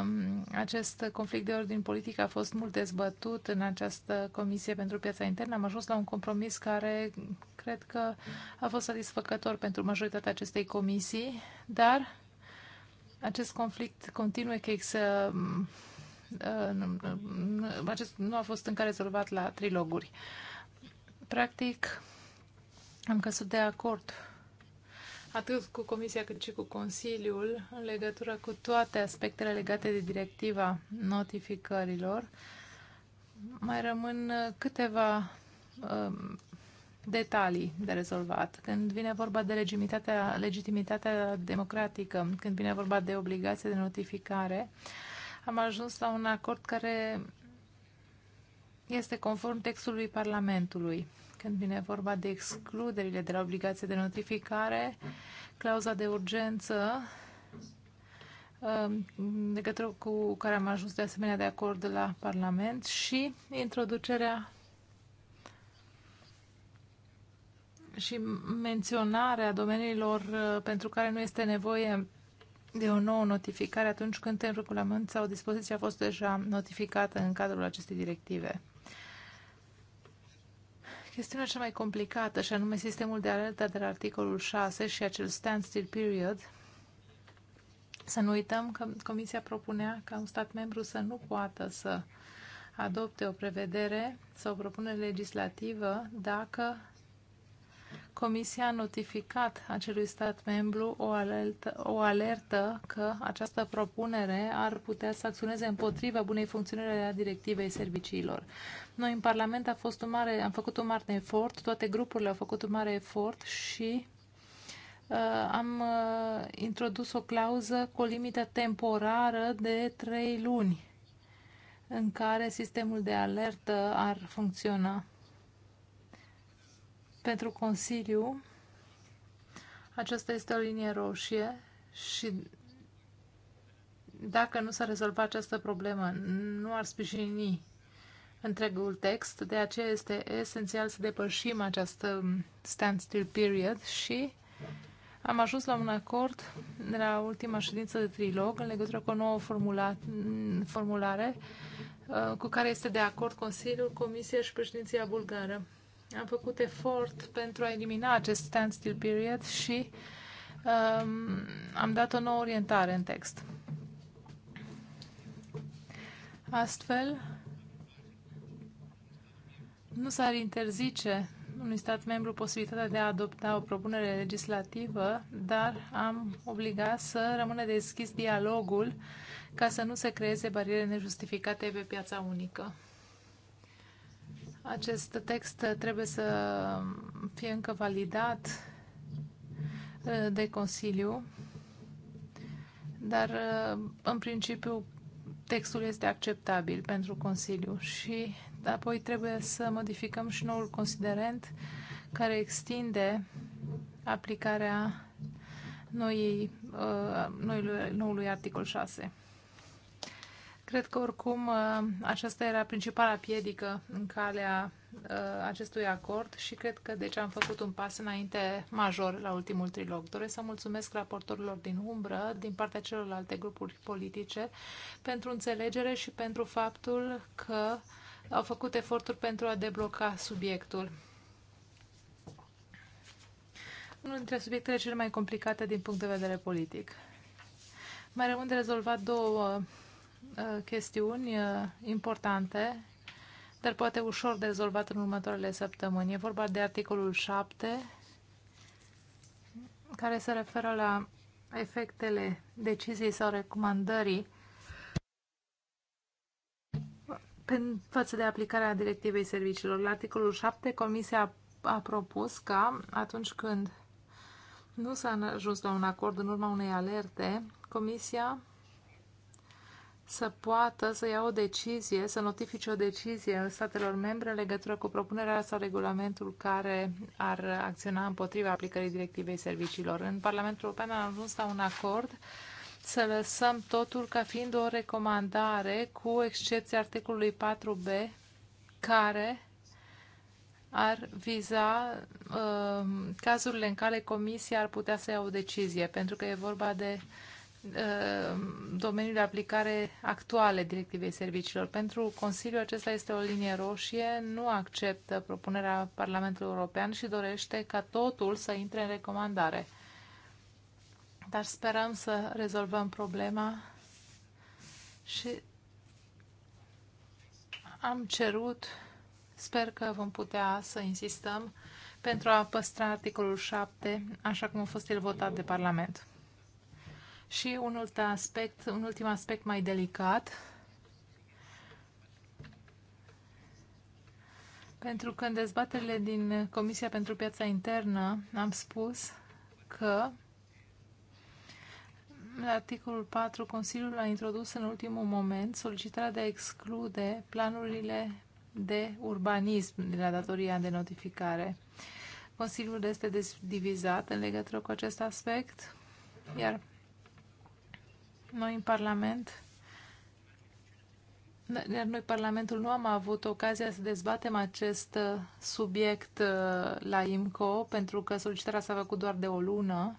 Um, acest conflict de ordin politic a fost mult dezbătut în această comisie pentru piața internă. Am ajuns la un compromis care cred că a fost satisfăcător pentru majoritatea acestei comisii, dar acest conflict continuă că să um, uh, acest nu a fost încă rezolvat la triloguri. Practic, am că de acord atât cu Comisia cât și cu Consiliul în legătură cu toate aspectele legate de directiva notificărilor. Mai rămân uh, câteva um, detalii de rezolvat. Când vine vorba de legitimitatea, legitimitatea democratică, când vine vorba de obligația de notificare, am ajuns la un acord care este conform textului Parlamentului. Când vine vorba de excluderile de la obligație de notificare, clauza de urgență um, legătură cu care am ajuns de asemenea de acord la Parlament și introducerea și menționarea domeniilor uh, pentru care nu este nevoie de o nouă notificare atunci când în regulament sau dispoziția a fost deja notificată în cadrul acestei directive chestiunea cea mai complicată, și anume sistemul de alertă de la articolul 6 și acel standstill period, să nu uităm că Comisia propunea ca un stat membru să nu poată să adopte o prevedere sau o propunere legislativă dacă Comisia a notificat acelui stat membru o alertă, o alertă că această propunere ar putea să acționeze împotriva bunei funcționări a directivei serviciilor. Noi în Parlament a fost un mare, am făcut un mare efort, toate grupurile au făcut un mare efort și uh, am uh, introdus o clauză cu o limită temporară de trei luni în care sistemul de alertă ar funcționa. Pentru Consiliu, aceasta este o linie roșie și dacă nu s-a rezolvat această problemă, nu ar sprijini întregul text, de aceea este esențial să depășim această standstill period și am ajuns la un acord la ultima ședință de trilog în legătură cu o nouă formula, formulare uh, cu care este de acord Consiliul, Comisia și președinția bulgară. Am făcut efort pentru a elimina acest standstill period și um, am dat o nouă orientare în text. Astfel, nu s-ar interzice unui stat membru posibilitatea de a adopta o propunere legislativă, dar am obligat să rămână deschis dialogul ca să nu se creeze bariere nejustificate pe piața unică. Acest text trebuie să fie încă validat uh, de Consiliu, dar uh, în principiu textul este acceptabil pentru Consiliu și apoi trebuie să modificăm și noul considerent care extinde aplicarea noii, uh, noului, noului articol 6. Cred că oricum uh, aceasta era principala piedică în calea uh, acestui acord și cred că deci am făcut un pas înainte major la ultimul trilog. Doresc să mulțumesc raportorilor din umbră, din partea celorlalte grupuri politice, pentru înțelegere și pentru faptul că au făcut eforturi pentru a debloca subiectul. Unul dintre subiectele cele mai complicate din punct de vedere politic. Mai rămân de rezolvat două Uh, chestiuni uh, importante, dar poate ușor de rezolvat în următoarele săptămâni. E vorba de articolul 7, care se referă la efectele deciziei sau recomandării față de aplicarea directivei serviciilor. La articolul 7, Comisia a propus ca atunci când nu s-a ajuns la un acord în urma unei alerte, Comisia să poată să ia o decizie, să notifice o decizie în statelor membre în legătură cu propunerea sau regulamentul care ar acționa împotriva aplicării directivei serviciilor. În Parlamentul European am ajuns la un acord să lăsăm totul ca fiind o recomandare, cu excepția articolului 4b, care ar viza uh, cazurile în care Comisia ar putea să ia o decizie, pentru că e vorba de uh, Uh, domeniul de aplicare actuale Directivei Serviciilor. Pentru Consiliu acesta este o linie roșie, nu acceptă propunerea Parlamentului European și dorește ca totul să intre în recomandare. Dar sperăm să rezolvăm problema și am cerut, sper că vom putea să insistăm pentru a păstra articolul 7 așa cum a fost el votat de Parlament. Și un, alt aspect, un ultim aspect mai delicat, pentru că în dezbaterile din Comisia pentru Piața Internă am spus că articolul 4 Consiliul a introdus în ultimul moment solicitarea de a exclude planurile de urbanism de la datoria de notificare. Consiliul este divizat în legătură cu acest aspect, iar noi în Parlament, iar noi Parlamentul nu am avut ocazia să dezbatem acest uh, subiect uh, la IMCO, pentru că solicitarea s-a făcut doar de o lună,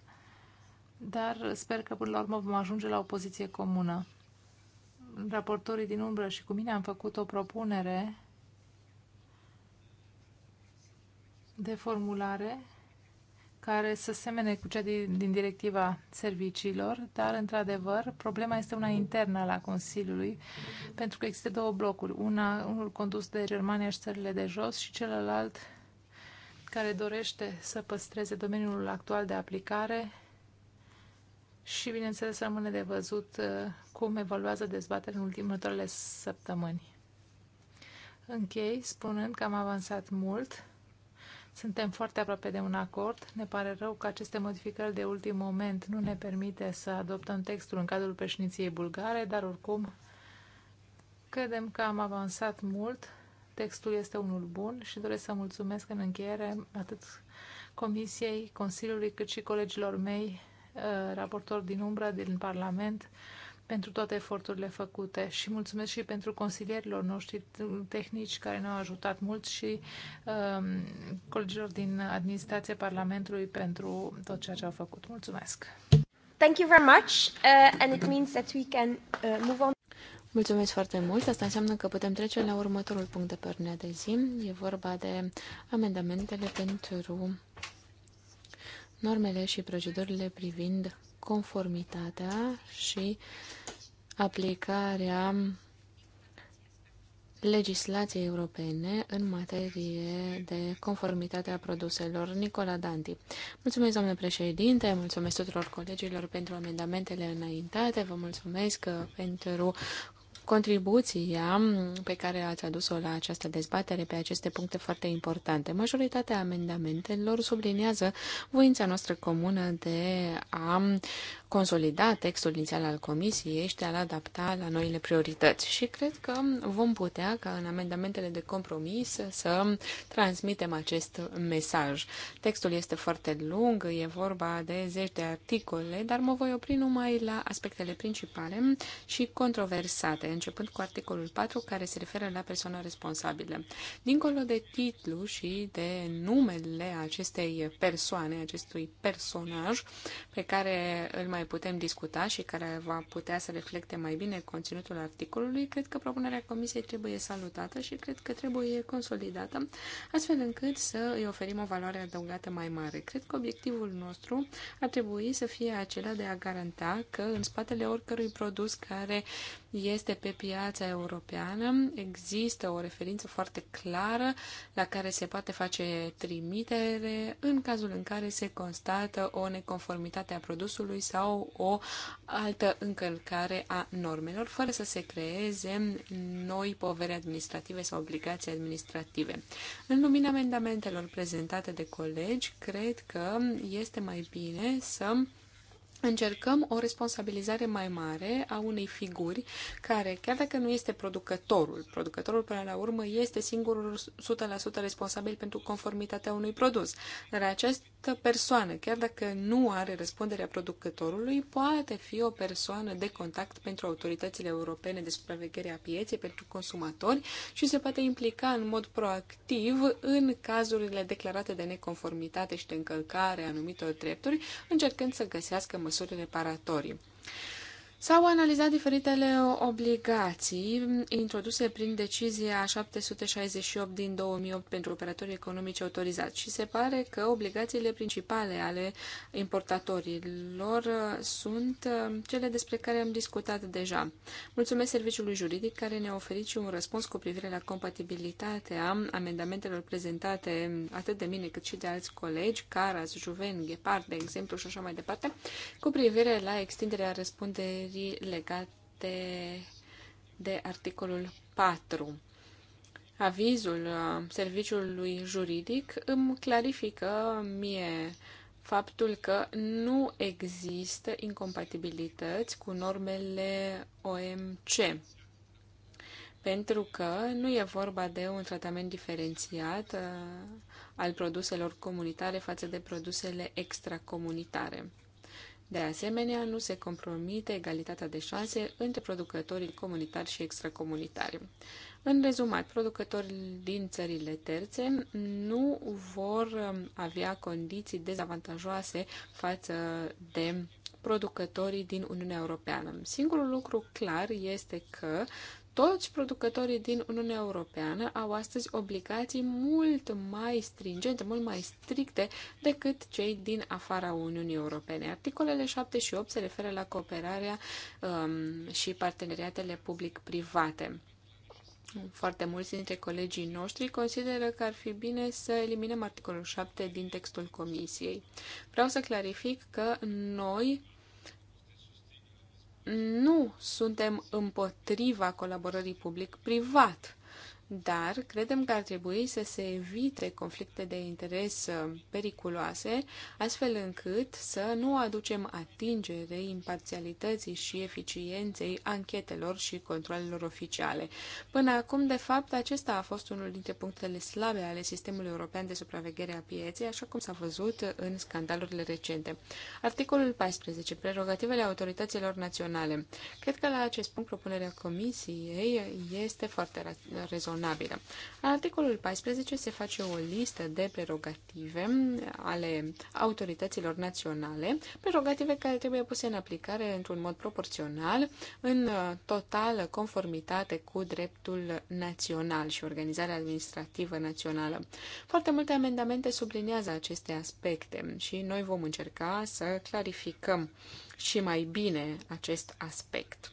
dar sper că până la urmă vom ajunge la o poziție comună. Raportorii din umbră și cu mine am făcut o propunere de formulare care să semene cu cea din, din directiva serviciilor, dar, într-adevăr, problema este una internă la Consiliului, pentru că există două blocuri. Una, unul condus de Germania și țările de jos și celălalt care dorește să păstreze domeniul actual de aplicare și, bineînțeles, rămâne de văzut uh, cum evoluează dezbaterea în următoarele săptămâni. Închei spunând că am avansat mult suntem foarte aproape de un acord. Ne pare rău că aceste modificări de ultim moment nu ne permite să adoptăm textul în cadrul președinției bulgare, dar oricum credem că am avansat mult. Textul este unul bun și doresc să mulțumesc în încheiere atât Comisiei, Consiliului, cât și colegilor mei, uh, raportori din umbră, din Parlament, pentru toate eforturile făcute și mulțumesc și pentru consilierilor noștri tehnici care ne-au ajutat mult și um, colegilor din administrația Parlamentului pentru tot ceea ce au făcut. Mulțumesc! Thank you very much uh, and it means that we can uh, move on. Mulțumesc foarte mult. Asta înseamnă că putem trece la următorul punct de părnea de zi. E vorba de amendamentele pentru normele și procedurile privind conformitatea și aplicarea legislației europene în materie de conformitate a produselor. Nicola Danti. Mulțumesc, domnule președinte, mulțumesc tuturor colegilor pentru amendamentele înaintate, vă mulțumesc uh, pentru contribuția pe care ați adus-o la această dezbatere pe aceste puncte foarte importante. Majoritatea amendamentelor subliniază voința noastră comună de a consolida textul inițial al Comisiei și de a-l adapta la noile priorități. Și cred că vom putea, ca în amendamentele de compromis, să transmitem acest mesaj. Textul este foarte lung, e vorba de zeci de articole, dar mă voi opri numai la aspectele principale și controversate începând cu articolul 4, care se referă la persoana responsabilă. Dincolo de titlu și de numele acestei persoane, acestui personaj, pe care îl mai putem discuta și care va putea să reflecte mai bine conținutul articolului, cred că propunerea Comisiei trebuie salutată și cred că trebuie consolidată, astfel încât să îi oferim o valoare adăugată mai mare. Cred că obiectivul nostru ar trebui să fie acela de a garanta că în spatele oricărui produs care este pe piața europeană. Există o referință foarte clară la care se poate face trimitere în cazul în care se constată o neconformitate a produsului sau o altă încălcare a normelor, fără să se creeze noi povere administrative sau obligații administrative. În lumina amendamentelor prezentate de colegi, cred că este mai bine să încercăm o responsabilizare mai mare a unei figuri care, chiar dacă nu este producătorul, producătorul până la urmă este singurul 100% responsabil pentru conformitatea unui produs, dar această persoană, chiar dacă nu are răspunderea producătorului, poate fi o persoană de contact pentru autoritățile europene de supraveghere a pieței, pentru consumatori și se poate implica în mod proactiv în cazurile declarate de neconformitate și de încălcare a anumitor drepturi, încercând să găsească măsuri măsuri reparatorii. S-au analizat diferitele obligații introduse prin decizia 768 din 2008 pentru operatorii economici autorizați și se pare că obligațiile principale ale importatorilor sunt uh, cele despre care am discutat deja. Mulțumesc serviciului juridic care ne-a oferit și un răspuns cu privire la compatibilitatea amendamentelor prezentate atât de mine cât și de alți colegi, Caras, Juven, Ghepard, de exemplu și așa mai departe, cu privire la extinderea răspunderii propuneri legate de articolul 4. Avizul uh, serviciului juridic îmi clarifică mie faptul că nu există incompatibilități cu normele OMC, pentru că nu e vorba de un tratament diferențiat uh, al produselor comunitare față de produsele extracomunitare. De asemenea, nu se compromite egalitatea de șanse între producătorii comunitari și extracomunitari. În rezumat, producătorii din țările terțe nu vor um, avea condiții dezavantajoase față de producătorii din Uniunea Europeană. Singurul lucru clar este că toți producătorii din Uniunea Europeană au astăzi obligații mult mai stringente, mult mai stricte decât cei din afara Uniunii Europene. Articolele 7 și 8 se referă la cooperarea um, și parteneriatele public-private. Foarte mulți dintre colegii noștri consideră că ar fi bine să eliminăm articolul 7 din textul comisiei. Vreau să clarific că noi nu suntem împotriva colaborării public-privat dar credem că ar trebui să se evite conflicte de interes uh, periculoase, astfel încât să nu aducem atingere imparțialității și eficienței anchetelor și controlelor oficiale. Până acum, de fapt, acesta a fost unul dintre punctele slabe ale sistemului european de supraveghere a pieței, așa cum s-a văzut în scandalurile recente. Articolul 14. Prerogativele autorităților naționale. Cred că la acest punct propunerea Comisiei este foarte rezonabilă rezonabilă. În articolul 14 se face o listă de prerogative ale autorităților naționale, prerogative care trebuie puse în aplicare într-un mod proporțional, în uh, totală conformitate cu dreptul național și organizarea administrativă națională. Foarte multe amendamente subliniază aceste aspecte și noi vom încerca să clarificăm și mai bine acest aspect.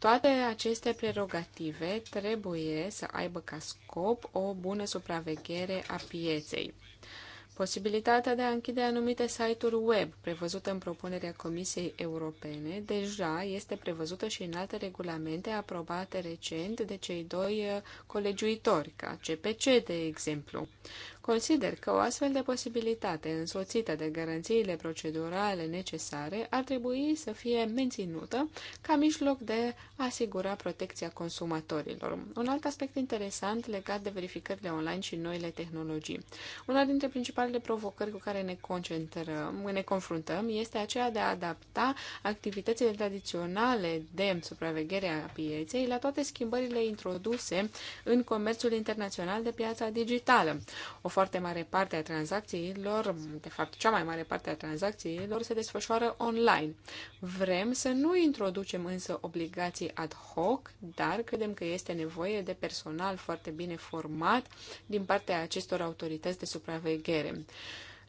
Toate aceste prerogative trebuie să aibă ca scop o bună supraveghere a pieței. Posibilitatea de a închide anumite site-uri web prevăzută în propunerea Comisiei Europene deja este prevăzută și în alte regulamente aprobate recent de cei doi uh, colegiuitori, ca CPC, de exemplu. Consider că o astfel de posibilitate, însoțită de garanțiile procedurale necesare, ar trebui să fie menținută ca mijloc de a asigura protecția consumatorilor. Un alt aspect interesant legat de verificările online și noile tehnologii. Una dintre principalele provocări cu care ne concentrăm, ne confruntăm, este aceea de a adapta activitățile tradiționale de supraveghere a pieței la toate schimbările introduse în comerțul internațional de piața digitală. O foarte mare parte a tranzacțiilor, de fapt cea mai mare parte a tranzacțiilor, se desfășoară online. Vrem să nu introducem însă obligații ad hoc, dar credem că este nevoie de personal foarte bine format din partea acestor autorități de supraveghere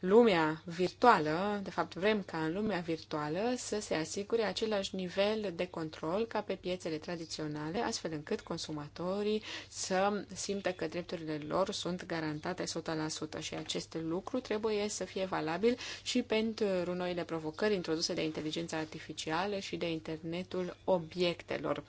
lumea virtuală, de fapt vrem ca în lumea virtuală să se asigure același nivel de control ca pe piețele tradiționale, astfel încât consumatorii să simtă că drepturile lor sunt garantate 100% și acest lucru trebuie să fie valabil și pentru noile provocări introduse de inteligența artificială și de internetul obiectelor.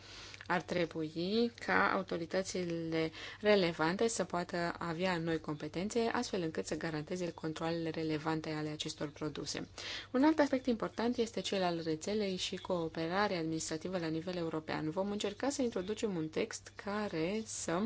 Ar trebui ca autoritățile relevante să poată avea noi competențe, astfel încât să garanteze controlele relevante ale acestor produse. Un alt aspect important este cel al rețelei și cooperare administrativă la nivel european. Vom încerca să introducem un text care să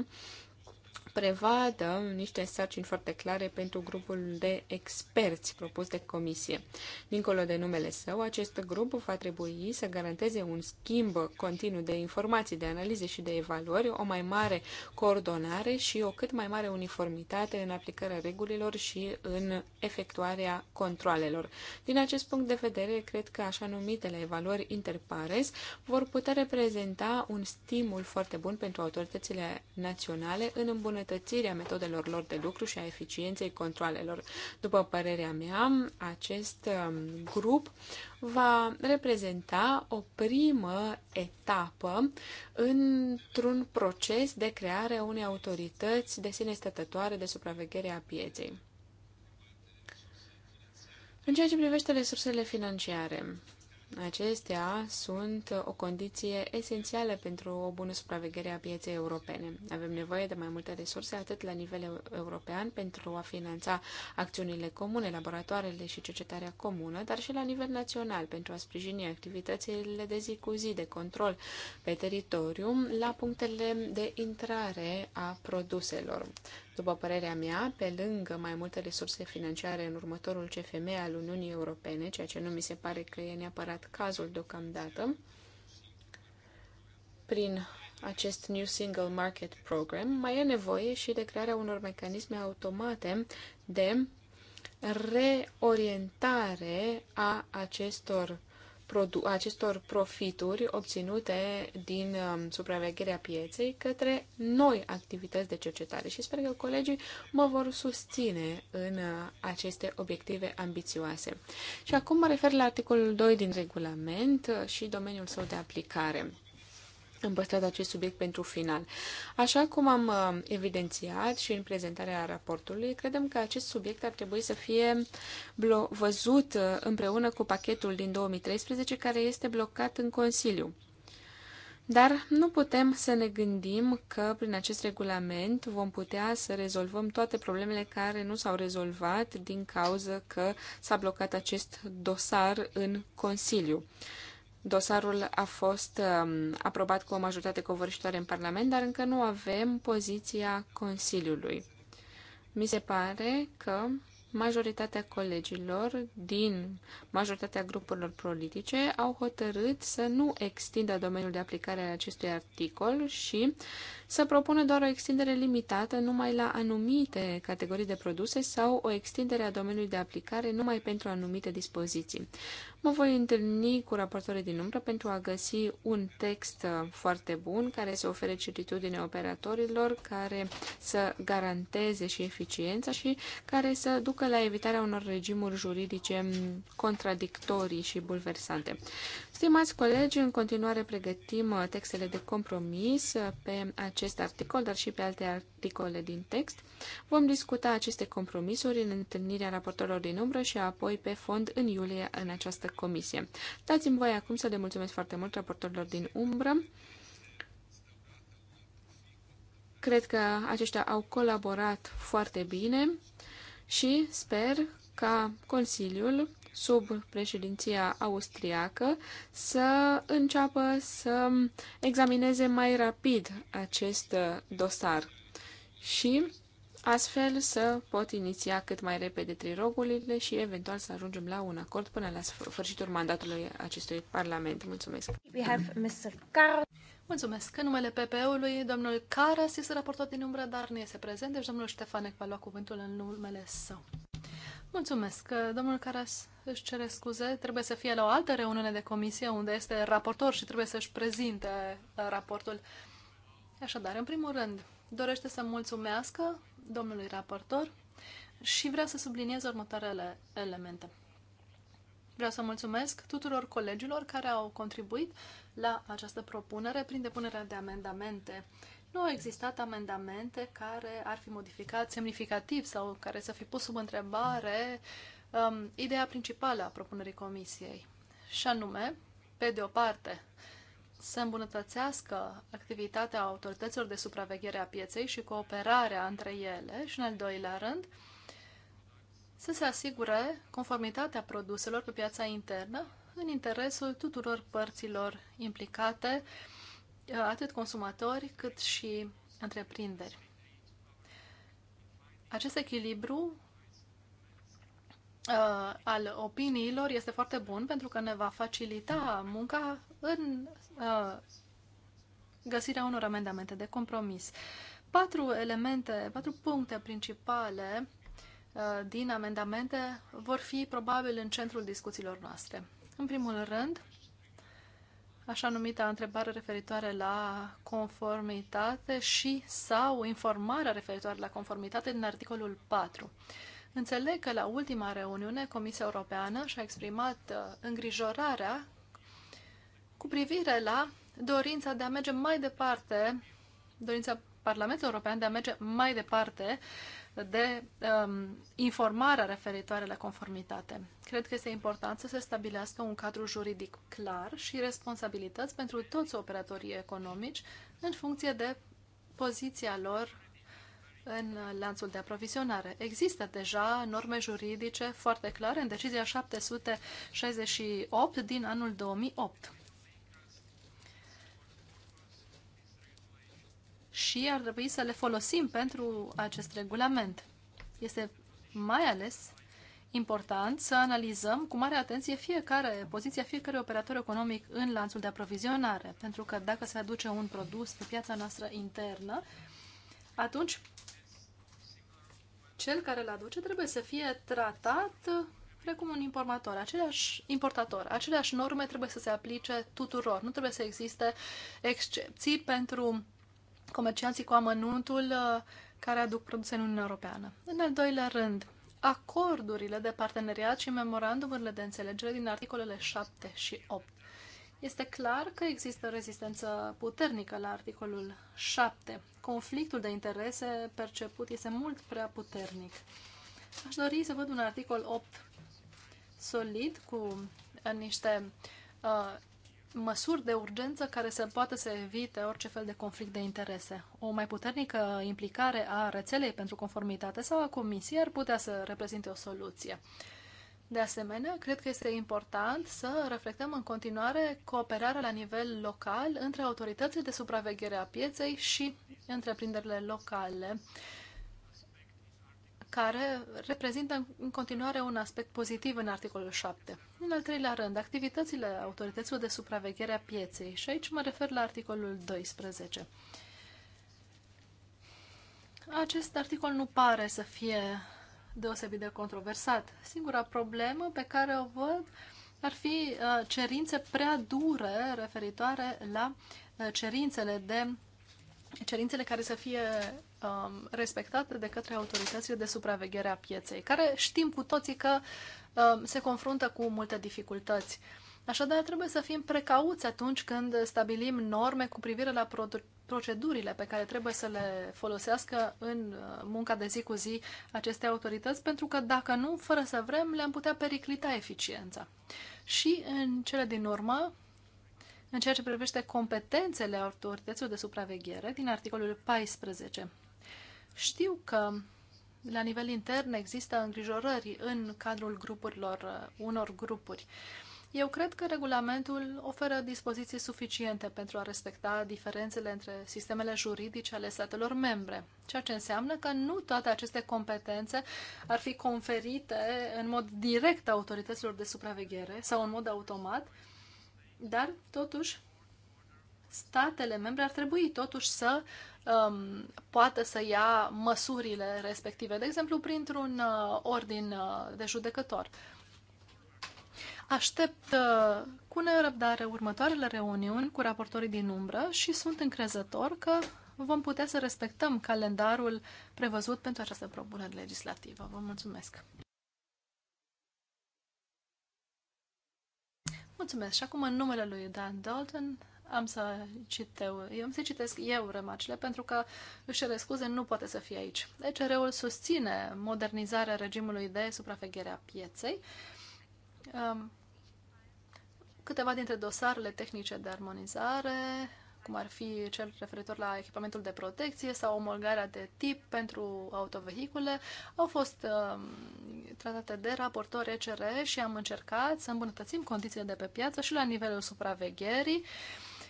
prevadă niște sarcini foarte clare pentru grupul de experți propus de comisie. Dincolo de numele său, acest grup va trebui să garanteze un schimb continuu de informații, de analize și de evaluări, o mai mare coordonare și o cât mai mare uniformitate în aplicarea regulilor și în efectuarea controalelor. Din acest punct de vedere, cred că așa numitele evaluări interpares vor putea reprezenta un stimul foarte bun pentru autoritățile naționale în îmbunătățirea îmbunătățirea metodelor lor de lucru și a eficienței controalelor. După părerea mea, acest um, grup va reprezenta o primă etapă într-un proces de creare a unei autorități de sine stătătoare de supraveghere a pieței. În ceea ce privește resursele financiare, Acestea sunt o condiție esențială pentru o bună supraveghere a pieței europene. Avem nevoie de mai multe resurse, atât la nivel european, pentru a finanța acțiunile comune, laboratoarele și cercetarea comună, dar și la nivel național, pentru a sprijini activitățile de zi cu zi de control pe teritoriu la punctele de intrare a produselor. După părerea mea, pe lângă mai multe resurse financiare în următorul CFM al Uniunii Europene, ceea ce nu mi se pare că e neapărat cazul deocamdată, prin acest New Single Market Program, mai e nevoie și de crearea unor mecanisme automate de reorientare a acestor acestor profituri obținute din um, supravegherea pieței către noi activități de cercetare și sper că colegii mă vor susține în uh, aceste obiective ambițioase. Și acum mă refer la articolul 2 din regulament uh, și domeniul său de aplicare am păstrat acest subiect pentru final. Așa cum am uh, evidențiat și în prezentarea raportului, credem că acest subiect ar trebui să fie văzut uh, împreună cu pachetul din 2013 care este blocat în Consiliu. Dar nu putem să ne gândim că prin acest regulament vom putea să rezolvăm toate problemele care nu s-au rezolvat din cauza că s-a blocat acest dosar în Consiliu. Dosarul a fost um, aprobat cu o majoritate covârșitoare în Parlament, dar încă nu avem poziția Consiliului. Mi se pare că majoritatea colegilor din majoritatea grupurilor politice au hotărât să nu extindă domeniul de aplicare a acestui articol și să propună doar o extindere limitată numai la anumite categorii de produse sau o extindere a domeniului de aplicare numai pentru anumite dispoziții. Mă voi întâlni cu raportorii din umbră pentru a găsi un text uh, foarte bun care să ofere certitudine operatorilor, care să garanteze și eficiența și care să ducă la evitarea unor regimuri juridice mm, contradictorii și bulversante. Stimați colegi, în continuare pregătim uh, textele de compromis uh, pe acest articol, dar și pe alte articole din text. Vom discuta aceste compromisuri în întâlnirea raportorilor din umbră și apoi pe fond în iulie în această comisie. Dați-mi voi acum să le mulțumesc foarte mult raportorilor din umbră. Cred că aceștia au colaborat foarte bine și sper ca Consiliul sub președinția austriacă să înceapă să examineze mai rapid acest dosar și astfel să pot iniția cât mai repede trirogurile și eventual să ajungem la un acord până la sfârșitul mandatului acestui Parlament. Mulțumesc! We have Mr. Car Mulțumesc! În numele PPE-ului, domnul Caras este raportat din umbră, dar nu este prezent, deci domnul Ștefanec va lua cuvântul în numele său. Mulțumesc. Domnul Caras își cere scuze. Trebuie să fie la o altă reuniune de comisie unde este raportor și trebuie să-și prezinte uh, raportul. Așadar, în primul rând, dorește să mulțumească domnului raportor și vrea să subliniez următoarele elemente. Vreau să mulțumesc tuturor colegilor care au contribuit la această propunere prin depunerea de amendamente nu au existat amendamente care ar fi modificat semnificativ sau care să fi pus sub întrebare um, ideea principală a propunerii comisiei. Și anume, pe de o parte, să îmbunătățească activitatea autorităților de supraveghere a pieței și cooperarea între ele și, în al doilea rând, să se asigure conformitatea produselor pe piața internă în interesul tuturor părților implicate uh, atât consumatori cât și întreprinderi. Acest echilibru uh, al opiniilor este foarte bun pentru că ne va facilita munca în uh, găsirea unor amendamente de compromis. Patru elemente, patru puncte principale uh, din amendamente vor fi probabil în centrul discuțiilor noastre. În primul rând, așa numita întrebare referitoare la conformitate și sau informarea referitoare la conformitate din articolul 4. Înțeleg că la ultima reuniune Comisia Europeană și-a exprimat uh, îngrijorarea cu privire la dorința de a merge mai departe, dorința Parlamentului European de a merge mai departe de um, informare referitoare la conformitate. Cred că este important să se stabilească un cadru juridic clar și responsabilități pentru toți operatorii economici în funcție de poziția lor în lanțul de aprovizionare. Există deja norme juridice foarte clare în decizia 768 din anul 2008. și ar trebui să le folosim pentru acest regulament. Este mai ales important să analizăm cu mare atenție fiecare, poziția fiecare operator economic în lanțul de aprovizionare, pentru că dacă se aduce un produs pe piața noastră internă, atunci cel care îl aduce trebuie să fie tratat precum un importator, aceleași, importator. Aceleași norme trebuie să se aplice tuturor. Nu trebuie să existe excepții pentru comercianții cu amănuntul uh, care aduc produse în Uniunea Europeană. În al doilea rând, acordurile de parteneriat și memorandumurile de înțelegere din articolele 7 și 8. Este clar că există rezistență puternică la articolul 7. Conflictul de interese perceput este mult prea puternic. Aș dori să văd un articol 8 solid cu uh, niște uh, măsuri de urgență care să poată să evite orice fel de conflict de interese. O mai puternică implicare a rețelei pentru conformitate sau a comisiei ar putea să reprezinte o soluție. De asemenea, cred că este important să reflectăm în continuare cooperarea la nivel local între autoritățile de supraveghere a pieței și întreprinderile locale care reprezintă în continuare un aspect pozitiv în articolul 7. În al treilea rând, activitățile autorităților de supraveghere a pieței. Și aici mă refer la articolul 12. Acest articol nu pare să fie deosebit de controversat. Singura problemă pe care o văd ar fi uh, cerințe prea dure referitoare la uh, cerințele de cerințele care să fie um, de către autoritățile de supraveghere a pieței, care știm cu toții că um, se confruntă cu multe dificultăți. Așadar, trebuie să fim precauți atunci când stabilim norme cu privire la procedurile pe care trebuie să le folosească în uh, munca de zi cu zi aceste autorități, pentru că dacă nu, fără să vrem, le-am putea periclita eficiența. Și, în cele din urmă, în ceea ce privește competențele autorităților de supraveghere din articolul 14 știu că la nivel intern există îngrijorări în cadrul grupurilor, uh, unor grupuri. Eu cred că regulamentul oferă dispoziții suficiente pentru a respecta diferențele între sistemele juridice ale statelor membre, ceea ce înseamnă că nu toate aceste competențe ar fi conferite în mod direct autorităților de supraveghere sau în mod automat, dar totuși statele membre ar trebui totuși să uh, um, poată să ia măsurile respective, de exemplu, printr-un uh, ordin uh, de judecător. Aștept uh, cu nerăbdare următoarele reuniuni cu raportorii din umbră și sunt încrezător că vom putea să respectăm calendarul prevăzut pentru această propunere legislativă. Vă mulțumesc! Mulțumesc! Și acum, în numele lui Dan Dalton, am să, citeu, eu, am să citesc eu remarcile, pentru că își cere scuze, nu poate să fie aici. ECR-ul susține modernizarea regimului de supraveghere a pieței. Um, câteva dintre dosarele tehnice de armonizare, cum ar fi cel referitor la echipamentul de protecție sau omolgarea de tip pentru autovehicule, au fost um, tratate de raportori ECR și am încercat să îmbunătățim condițiile de pe piață și la nivelul supravegherii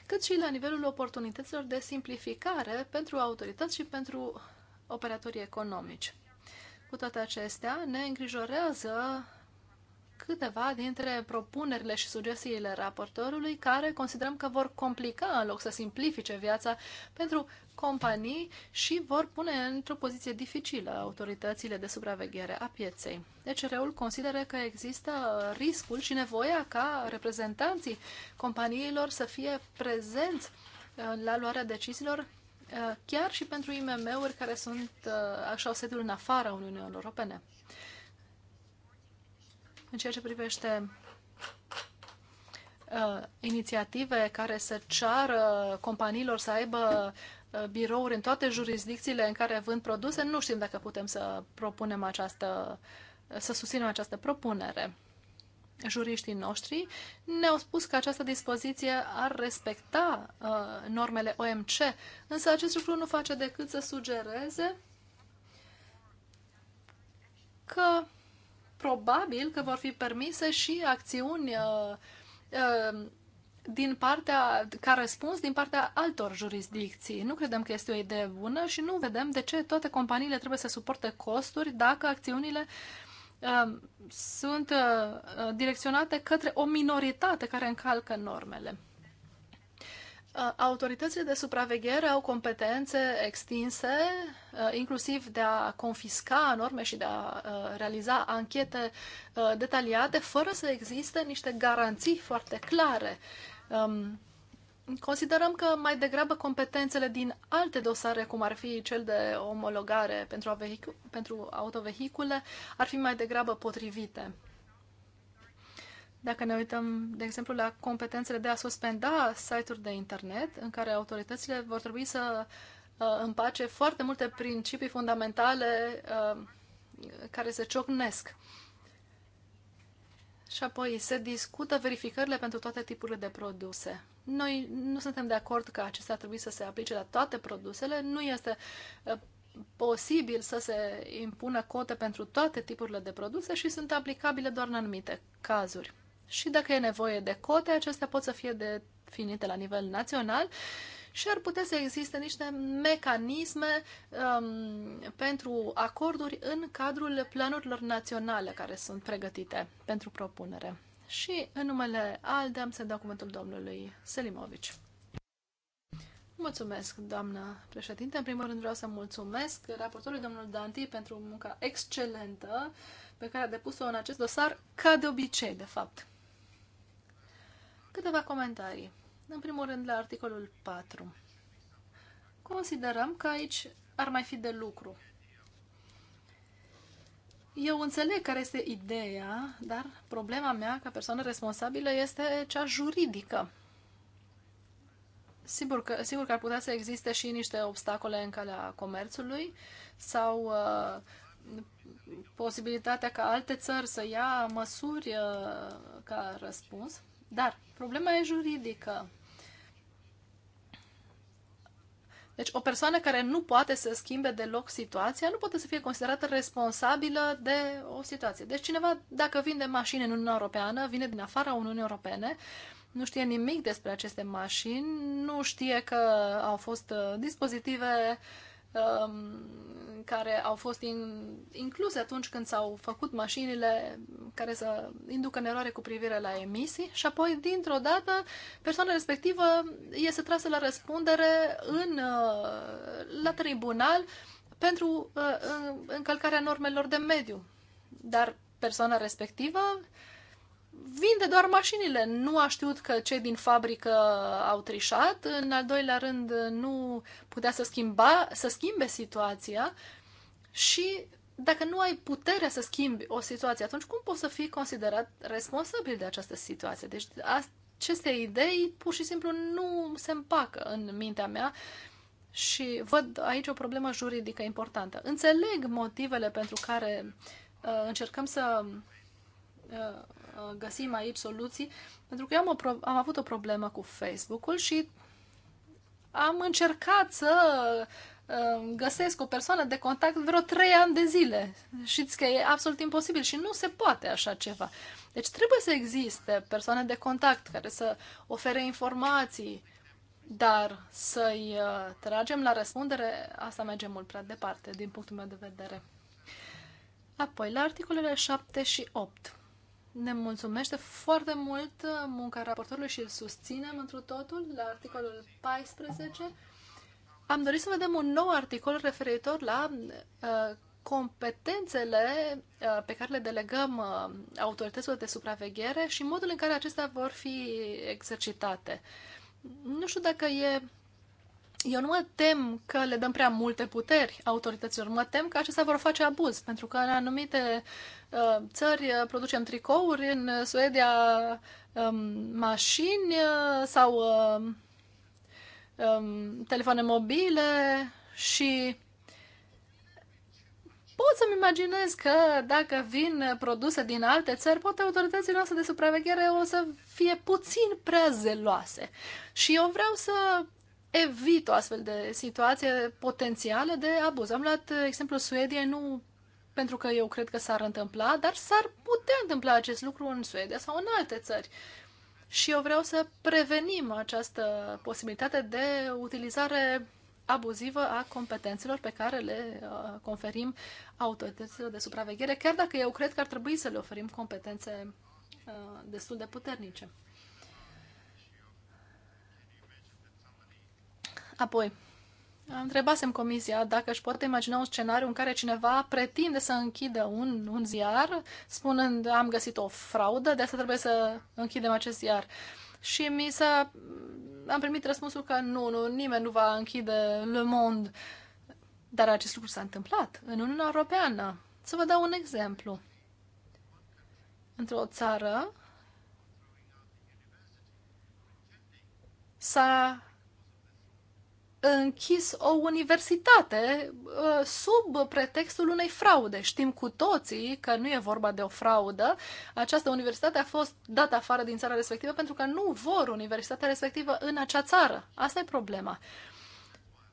cât și la nivelul oportunităților de simplificare pentru autorități și pentru operatorii economici. Cu toate acestea, ne îngrijorează câteva dintre propunerile și sugestiile raportorului care considerăm că vor complica în loc să simplifice viața pentru companii și vor pune într-o poziție dificilă autoritățile de supraveghere a pieței. Deci, reul consideră că există riscul și nevoia ca reprezentanții companiilor să fie prezenți uh, la luarea deciziilor uh, chiar și pentru IMM-uri care sunt uh, așa o sediul în afara Uniunii Europene. În ceea ce privește uh, inițiative care să ceară companiilor să aibă uh, birouri în toate jurisdicțiile în care vând produse, nu știm dacă putem să propunem această, uh, să susținem această propunere. Juriștii noștri ne-au spus că această dispoziție ar respecta uh, normele OMC, însă acest lucru nu face decât să sugereze că probabil că vor fi permise și acțiuni uh, uh, din partea, ca răspuns din partea altor jurisdicții. Nu credem că este o idee bună și nu vedem de ce toate companiile trebuie să suporte costuri dacă acțiunile uh, sunt direcționate către o minoritate care încalcă normele. Uh, autoritățile de supraveghere au competențe extinse, uh, inclusiv de a confisca norme și de a uh, realiza anchete detaliate, fără să existe niște garanții foarte clare. Um, considerăm că mai degrabă competențele din alte dosare, cum ar fi cel de omologare pentru, pentru autovehicule, ar fi mai degrabă potrivite. Dacă ne uităm, de exemplu, la competențele de a suspenda site-uri de internet, în care autoritățile vor trebui să uh, împace foarte multe principii fundamentale uh, care se ciocnesc. Și apoi se discută verificările pentru toate tipurile de produse. Noi nu suntem de acord că acestea trebuie să se aplice la toate produsele. Nu este uh, posibil să se impună cote pentru toate tipurile de produse și sunt aplicabile doar în anumite cazuri și dacă e nevoie de cote, acestea pot să fie definite la nivel național și ar putea să existe niște mecanisme um, pentru acorduri în cadrul planurilor naționale care sunt pregătite pentru propunere. Și în numele ALDE am să dau cuvântul domnului Selimovici. Mulțumesc, doamnă președinte. În primul rând vreau să mulțumesc raportorului domnul Danti pentru munca excelentă pe care a depus-o în acest dosar, ca de obicei, de fapt. Câteva comentarii. În primul rând, la articolul 4. Considerăm că aici ar mai fi de lucru. Eu înțeleg care este ideea, dar problema mea ca persoană responsabilă este cea juridică. Sigur că, sigur că ar putea să existe și niște obstacole în calea comerțului sau uh, posibilitatea ca alte țări să ia măsuri uh, ca răspuns. Dar problema e juridică. Deci o persoană care nu poate să schimbe deloc situația nu poate să fie considerată responsabilă de o situație. Deci cineva, dacă vinde mașini în Uniunea Europeană, vine din afara Uniunii Europene, nu știe nimic despre aceste mașini, nu știe că au fost uh, dispozitive uh, Um, care au fost in, incluse atunci când s-au făcut mașinile care să inducă în eroare cu privire la emisii și apoi, dintr-o dată, persoana respectivă este trasă la răspundere în, uh, la tribunal pentru uh, încălcarea normelor de mediu. Dar persoana respectivă uh, vinde doar mașinile. Nu a știut că cei din fabrică au trișat. În al doilea rând, nu putea să, schimba, să schimbe situația. Și dacă nu ai puterea să schimbi o situație, atunci cum poți să fii considerat responsabil de această situație? Deci aceste idei pur și simplu nu se împacă în mintea mea și văd aici o problemă juridică importantă. Înțeleg motivele pentru care uh, încercăm să Uh, uh, găsim aici soluții, pentru că eu am, o am avut o problemă cu Facebook-ul și am încercat să uh, găsesc o persoană de contact vreo trei ani de zile. Știți că e absolut imposibil și nu se poate așa ceva. Deci trebuie să existe persoane de contact care să ofere informații, dar să-i tragem la răspundere, asta merge mult prea departe, din punctul meu de vedere. Apoi, la articolele 7 și 8 ne mulțumește foarte mult uh, munca raportorului și îl susținem într totul la articolul 14. Am dorit să vedem un nou articol referitor la uh, competențele uh, pe care le delegăm uh, autorităților de supraveghere și modul în care acestea vor fi exercitate. Nu știu dacă e eu nu mă tem că le dăm prea multe puteri autorităților, mă tem că acestea vor face abuz, pentru că în anumite uh, țări uh, producem tricouri, în Suedia um, mașini uh, sau uh, um, telefoane mobile și pot să-mi imaginez că dacă vin produse din alte țări, poate autoritățile noastre de supraveghere o să fie puțin prea zeloase. Și eu vreau să evit o astfel de situație potențială de abuz. Am luat exemplul Suediei, nu pentru că eu cred că s-ar întâmpla, dar s-ar putea întâmpla acest lucru în Suedia sau în alte țări. Și eu vreau să prevenim această posibilitate de utilizare abuzivă a competențelor pe care le uh, conferim autorităților de supraveghere, chiar dacă eu cred că ar trebui să le oferim competențe uh, destul de puternice. Apoi, întrebasem comisia dacă își poate imagina un scenariu în care cineva pretinde să închidă un, un ziar, spunând am găsit o fraudă, de asta trebuie să închidem acest ziar. Și mi s-a... am primit răspunsul că nu, nu, nimeni nu va închide Le Monde. Dar acest lucru s-a întâmplat în Uniunea Europeană. Să vă dau un exemplu. Într-o țară s-a închis o universitate uh, sub pretextul unei fraude. Știm cu toții că nu e vorba de o fraudă. Această universitate a fost dată afară din țara respectivă pentru că nu vor universitatea respectivă în acea țară. Asta e problema.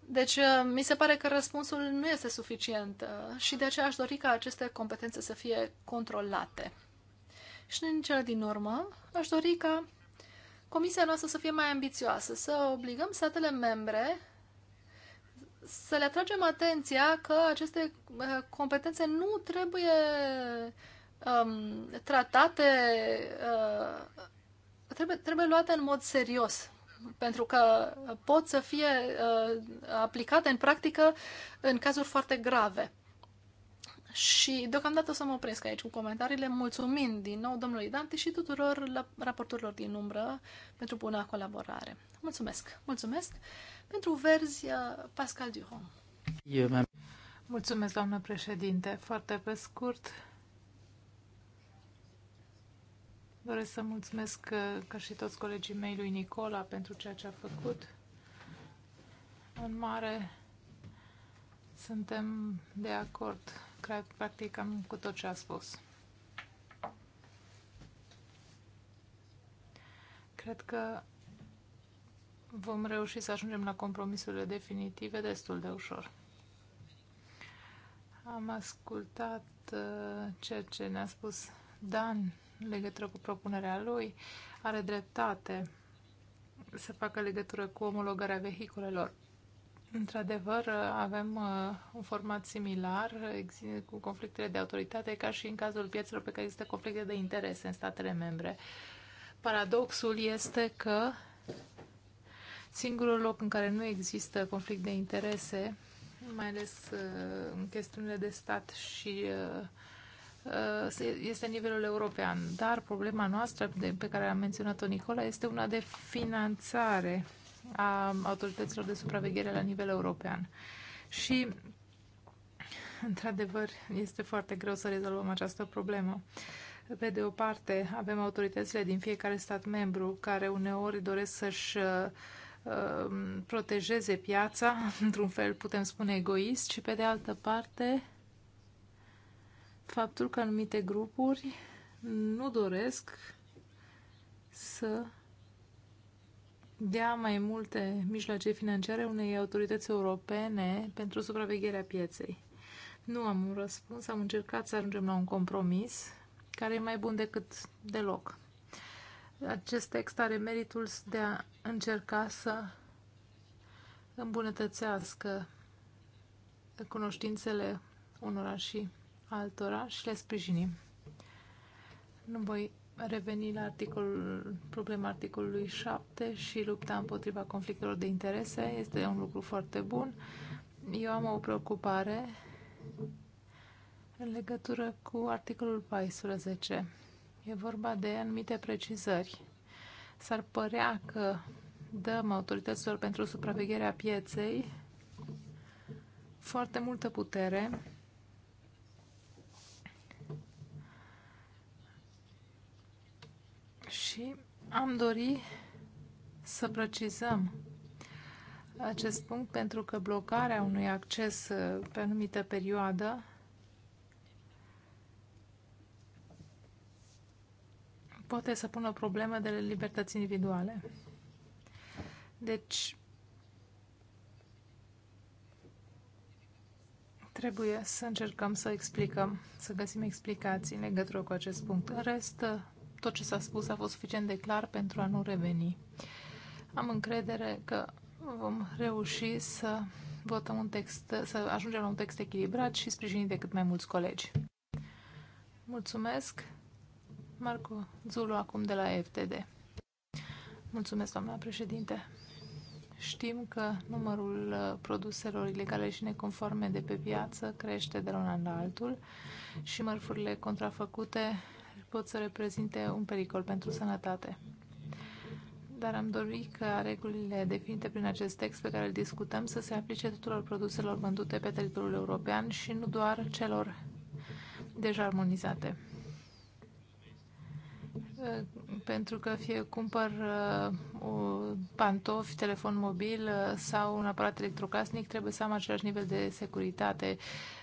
Deci, uh, mi se pare că răspunsul nu este suficient uh, și de aceea aș dori ca aceste competențe să fie controlate. Și în cele din urmă, aș dori ca comisia noastră să fie mai ambițioasă, să obligăm statele membre să le atragem atenția că aceste uh, competențe nu trebuie um, tratate, uh, trebuie, trebuie luate în mod serios, pentru că pot să fie uh, aplicate în practică în cazuri foarte grave. Și deocamdată o să mă opresc aici cu comentariile, mulțumind din nou domnului Dante și tuturor raporturilor din umbră pentru buna colaborare. Mulțumesc! Mulțumesc pentru verzi, uh, Pascal Duhon. Eu, mulțumesc, doamnă președinte. Foarte pe scurt, doresc să mulțumesc că, uh, ca și toți colegii mei lui Nicola pentru ceea ce a făcut. În mare, suntem de acord Cred, practic, am cu tot ce a spus. Cred că vom reuși să ajungem la compromisurile definitive destul de ușor. Am ascultat uh, ceea ce ne-a spus Dan legătură cu propunerea lui. Are dreptate să facă legătură cu omologarea vehiculelor. Într-adevăr, avem uh, un format similar cu conflictele de autoritate ca și în cazul piețelor pe care există conflicte de interese în statele membre. Paradoxul este că singurul loc în care nu există conflict de interese, mai ales uh, în chestiunile de stat și uh, este nivelul european. Dar problema noastră, pe care am menționat-o Nicola, este una de finanțare a autorităților de supraveghere la nivel european. Și, într-adevăr, este foarte greu să rezolvăm această problemă. Pe de o parte, avem autoritățile din fiecare stat membru care uneori doresc să-și uh, um, protejeze piața, într-un fel putem spune egoist, și pe de altă parte faptul că anumite grupuri nu doresc să dea mai multe mijloace financiare unei autorități europene pentru supravegherea pieței. Nu am un răspuns, am încercat să ajungem la un compromis care e mai bun decât deloc. Acest text are meritul de a încerca să îmbunătățească cunoștințele unora și altora și le sprijinim. Nu voi reveni la articolul, problema articolului 7 și lupta împotriva conflictelor de interese. Este un lucru foarte bun. Eu am o preocupare în legătură cu articolul 14. E vorba de anumite precizări. S-ar părea că dăm autorităților pentru supravegherea pieței foarte multă putere Și am dori să precizăm acest punct pentru că blocarea unui acces uh, pe anumită perioadă poate să pună problemă de libertăți individuale. Deci, trebuie să încercăm să explicăm, să găsim explicații în legătură cu acest punct. În rest, tot ce s-a spus a fost suficient de clar pentru a nu reveni. Am încredere că vom reuși să votăm un text, să ajungem la un text echilibrat și sprijinit de cât mai mulți colegi. Mulțumesc. Marco Zulu acum de la FTD. Mulțumesc, doamna președinte. Știm că numărul uh, produselor ilegale și neconforme de pe piață crește de la un an la altul și mărfurile contrafăcute pot să reprezinte un pericol pentru sănătate. Dar am dorit ca regulile definite prin acest text pe care îl discutăm să se aplice tuturor produselor vândute pe teritoriul european și nu doar celor deja armonizate pentru că fie cumpăr un uh, pantofi, telefon mobil uh, sau un aparat electrocasnic, trebuie să am același nivel de securitate.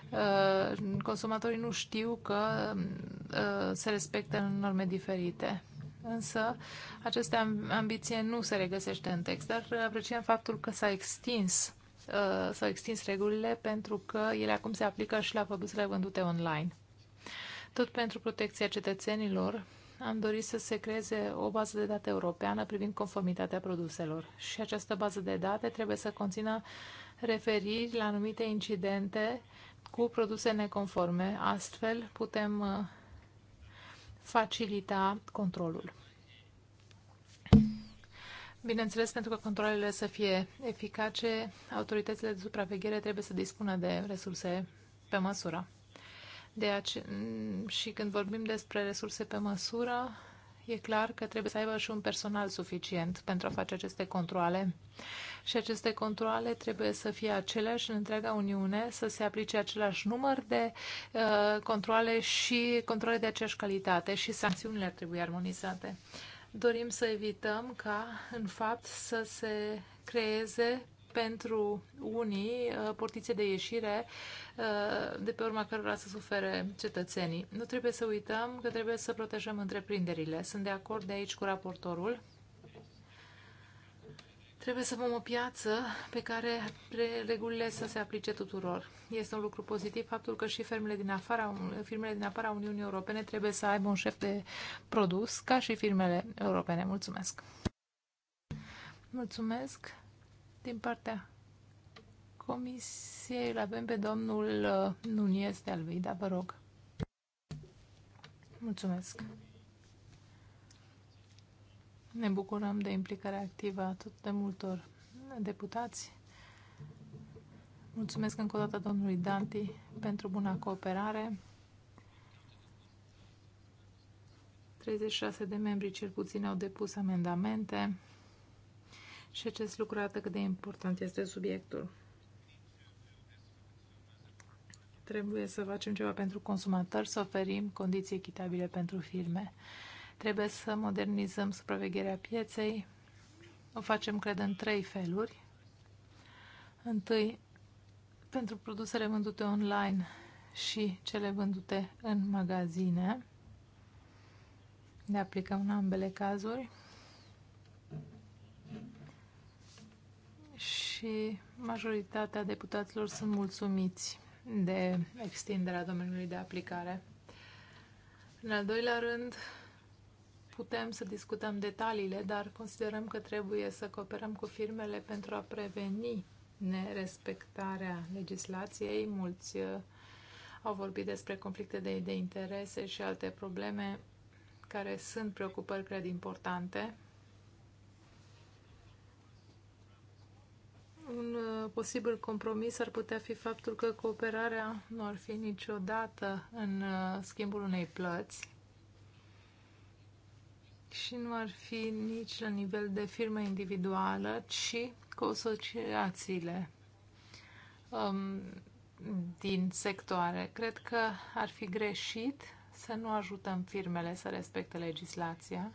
Uh, consumatorii nu știu că se respectă norme diferite. Însă, această ambiție nu se regăsește în text, dar apreciem faptul că s-a extins s-au extins regulile pentru că ele acum se aplică și la produsele vândute online. Tot pentru protecția cetățenilor, am dorit să se creeze o bază de date europeană privind conformitatea produselor și această bază de date trebuie să conțină referiri la anumite incidente cu produse neconforme. Astfel putem uh, facilita controlul. Bineînțeles, pentru că controlele să fie eficace, autoritățile de supraveghere trebuie să dispună de resurse pe măsură. De ace- și când vorbim despre resurse pe măsură, e clar că trebuie să aibă și un personal suficient pentru a face aceste controle. Și aceste controle trebuie să fie aceleași în întreaga Uniune, să se aplice același număr de uh, controle și controle de aceeași calitate și sancțiunile ar trebui armonizate. Dorim să evităm ca, în fapt, să se creeze pentru unii uh, portițe de ieșire uh, de pe urma cărora să sufere cetățenii. Nu trebuie să uităm că trebuie să protejăm întreprinderile. Sunt de acord de aici cu raportorul. Trebuie să vom o piață pe care regulile să se aplice tuturor. Este un lucru pozitiv faptul că și firmele din afara, firmele din afara Uniunii Europene trebuie să aibă un șef de produs, ca și firmele europene. Mulțumesc! Mulțumesc! Din partea Comisiei îl avem pe domnul uh, Nunies de Alveida, vă rog. Mulțumesc. Ne bucurăm de implicarea activă atât de multor deputați. Mulțumesc încă o dată domnului Danti pentru buna cooperare. 36 de membri cel puțin au depus amendamente. Și acest lucru arată cât de important este subiectul. Trebuie să facem ceva pentru consumatori, să oferim condiții echitabile pentru firme. Trebuie să modernizăm supravegherea pieței. O facem, cred, în trei feluri. Întâi, pentru produsele vândute online și cele vândute în magazine. Le aplicăm în ambele cazuri. și majoritatea deputaților sunt mulțumiți de extinderea domeniului de aplicare. În al doilea rând, putem să discutăm detaliile, dar considerăm că trebuie să cooperăm cu firmele pentru a preveni nerespectarea legislației. Mulți uh, au vorbit despre conflicte de, de interese și alte probleme care sunt preocupări, cred, importante Un uh, posibil compromis ar putea fi faptul că cooperarea nu ar fi niciodată în uh, schimbul unei plăți și nu ar fi nici la nivel de firmă individuală, ci cu asociațiile um, din sectoare. Cred că ar fi greșit să nu ajutăm firmele să respecte legislația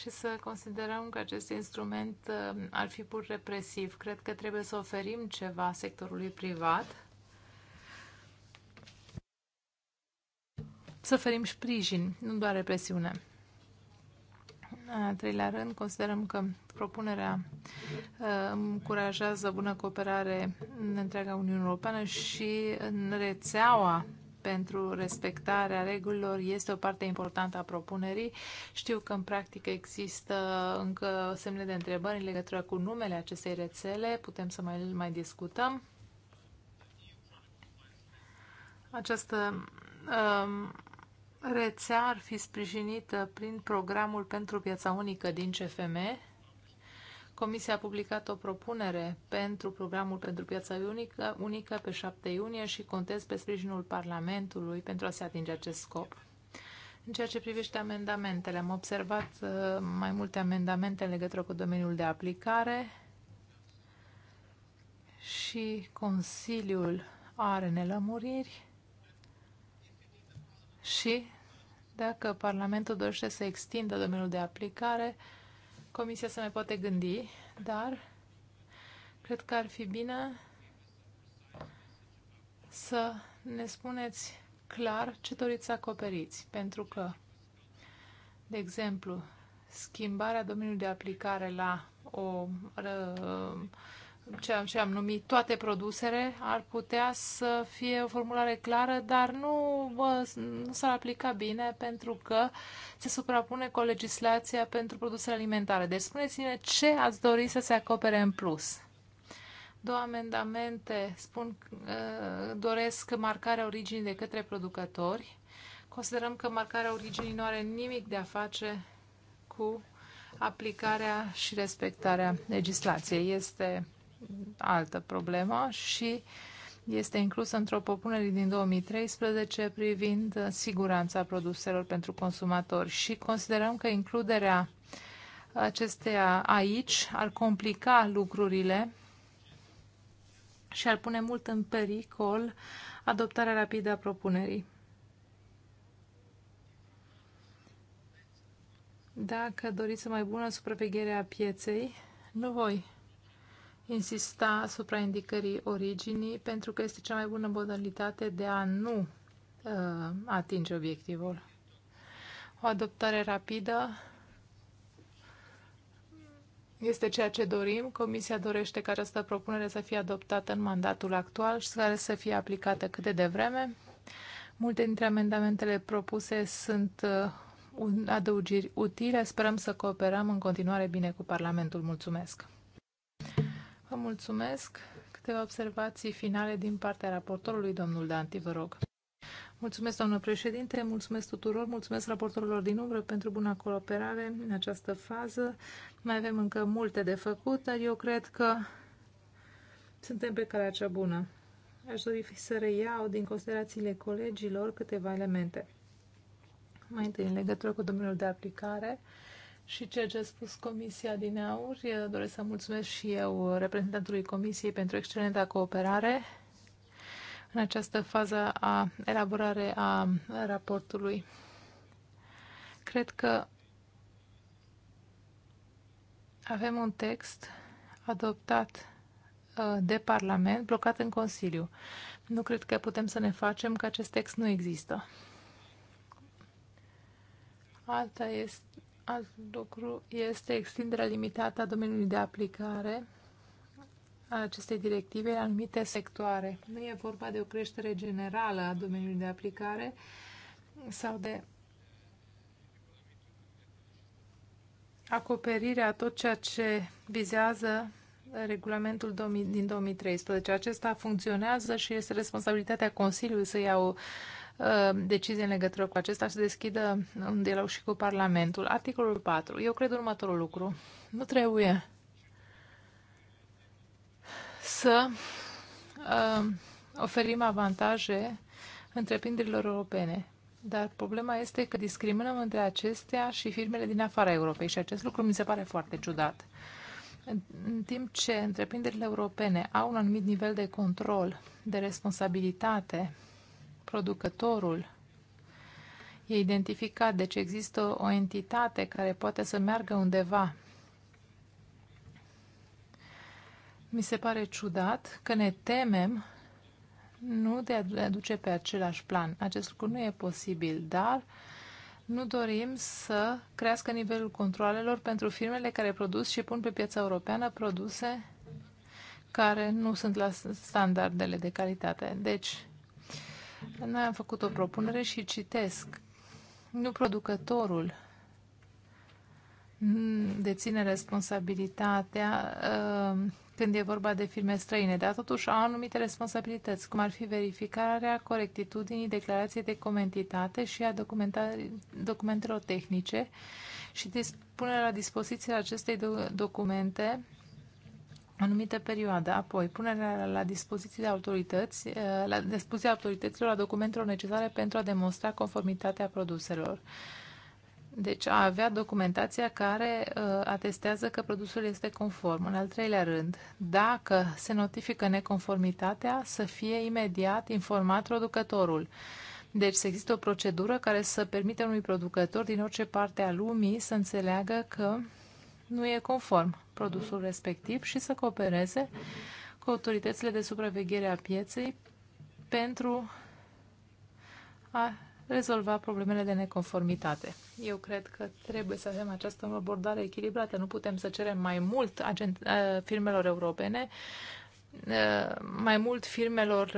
și să considerăm că acest instrument uh, ar fi pur represiv. Cred că trebuie să oferim ceva sectorului privat, să oferim sprijin, nu doar represiune. În treilea rând, considerăm că propunerea uh, încurajează bună cooperare în întreaga Uniune Europeană și în rețeaua pentru respectarea regulilor este o parte importantă a propunerii. Știu că în practică există încă semne de întrebări în legătură cu numele acestei rețele. Putem să mai, mai discutăm. Această um, rețea ar fi sprijinită prin programul pentru piața unică din CFM Comisia a publicat o propunere pentru programul pentru piața unică, unică pe 7 iunie și contez pe sprijinul Parlamentului pentru a se atinge acest scop. În ceea ce privește amendamentele, am observat uh, mai multe amendamente în legătură cu domeniul de aplicare și Consiliul are nelămuriri și dacă Parlamentul dorește să extindă domeniul de aplicare, Comisia se mai poate gândi, dar cred că ar fi bine să ne spuneți clar ce doriți să acoperiți, pentru că, de exemplu, schimbarea domeniului de aplicare la o am, ce am numit toate produsele, ar putea să fie o formulare clară, dar nu, bă, nu s-ar aplica bine pentru că se suprapune cu legislația pentru produsele alimentare. Deci spuneți-ne ce ați dori să se acopere în plus. Două amendamente spun, ă, doresc marcarea originii de către producători. Considerăm că marcarea originii nu are nimic de a face cu aplicarea și respectarea legislației. Este altă problemă și este inclusă într-o propunere din 2013 privind uh, siguranța produselor pentru consumatori și considerăm că includerea acesteia aici ar complica lucrurile și ar pune mult în pericol adoptarea rapidă a propunerii. Dacă doriți o mai bună supraveghere a pieței, nu voi insista asupra indicării originii pentru că este cea mai bună modalitate de a nu uh, atinge obiectivul. O adoptare rapidă este ceea ce dorim. Comisia dorește ca această propunere să fie adoptată în mandatul actual și care să fie aplicată cât de devreme. Multe dintre amendamentele propuse sunt uh, adăugiri utile. Sperăm să cooperăm în continuare bine cu Parlamentul. Mulțumesc! Vă mulțumesc. Câteva observații finale din partea raportorului, domnul Danti, vă rog. Mulțumesc, doamnă președinte, mulțumesc tuturor, mulțumesc raportorilor din umbră pentru buna cooperare în această fază. Mai avem încă multe de făcut, dar eu cred că suntem pe calea cea bună. Aș dori să reiau din considerațiile colegilor câteva elemente. Mai întâi, în legătură cu domeniul de aplicare, uh, și ceea ce a spus Comisia din Aur. Eu doresc să mulțumesc și eu reprezentantului Comisiei pentru excelenta cooperare în această fază a elaborare a raportului. Cred că avem un text adoptat ă, de Parlament, blocat în Consiliu. Nu cred că putem să ne facem că acest text nu există. Alta este, Alt lucru este extinderea limitată a domeniului de aplicare a acestei directive în anumite sectoare. Nu e vorba de o creștere generală a domeniului de aplicare sau de acoperirea tot ceea ce vizează regulamentul din 2013. Acesta funcționează și este responsabilitatea Consiliului să ia o Uh, decizie în legătură cu acesta, să deschidă un dialog și cu Parlamentul. Articolul 4. Eu cred următorul lucru. Nu trebuie să uh, oferim avantaje întreprinderilor europene. Dar problema este că discriminăm între acestea și firmele din afara Europei și acest lucru mi se pare foarte ciudat. În timp ce întreprinderile europene au un anumit nivel de control, de responsabilitate producătorul e identificat, deci există o entitate care poate să meargă undeva. Mi se pare ciudat că ne temem nu de a aduce pe același plan. Acest lucru nu e posibil, dar nu dorim să crească nivelul controlelor pentru firmele care produc și pun pe piața europeană produse care nu sunt la standardele de calitate. Deci, noi am făcut o propunere și citesc. Nu producătorul deține responsabilitatea uh, când e vorba de firme străine, dar totuși au anumite responsabilități, cum ar fi verificarea corectitudinii declarației de comentitate și a documentelor tehnice și punerea la dispoziție acestei documente anumită perioadă. Apoi, punerea la dispoziție de autorități, eh, la dispoziția autorităților a documentelor necesare pentru a demonstra conformitatea produselor. Deci a avea documentația care uh, atestează că produsul este conform. În al treilea rând, dacă se notifică neconformitatea, să fie imediat informat producătorul. Deci să există o procedură care să permite unui producător din orice parte a lumii să înțeleagă că nu e conform produsul respectiv și să coopereze cu autoritățile de supraveghere a pieței pentru a rezolva problemele de neconformitate. Eu cred că trebuie să avem această abordare echilibrată. Nu putem să cerem mai mult agent, firmelor europene, mai mult firmelor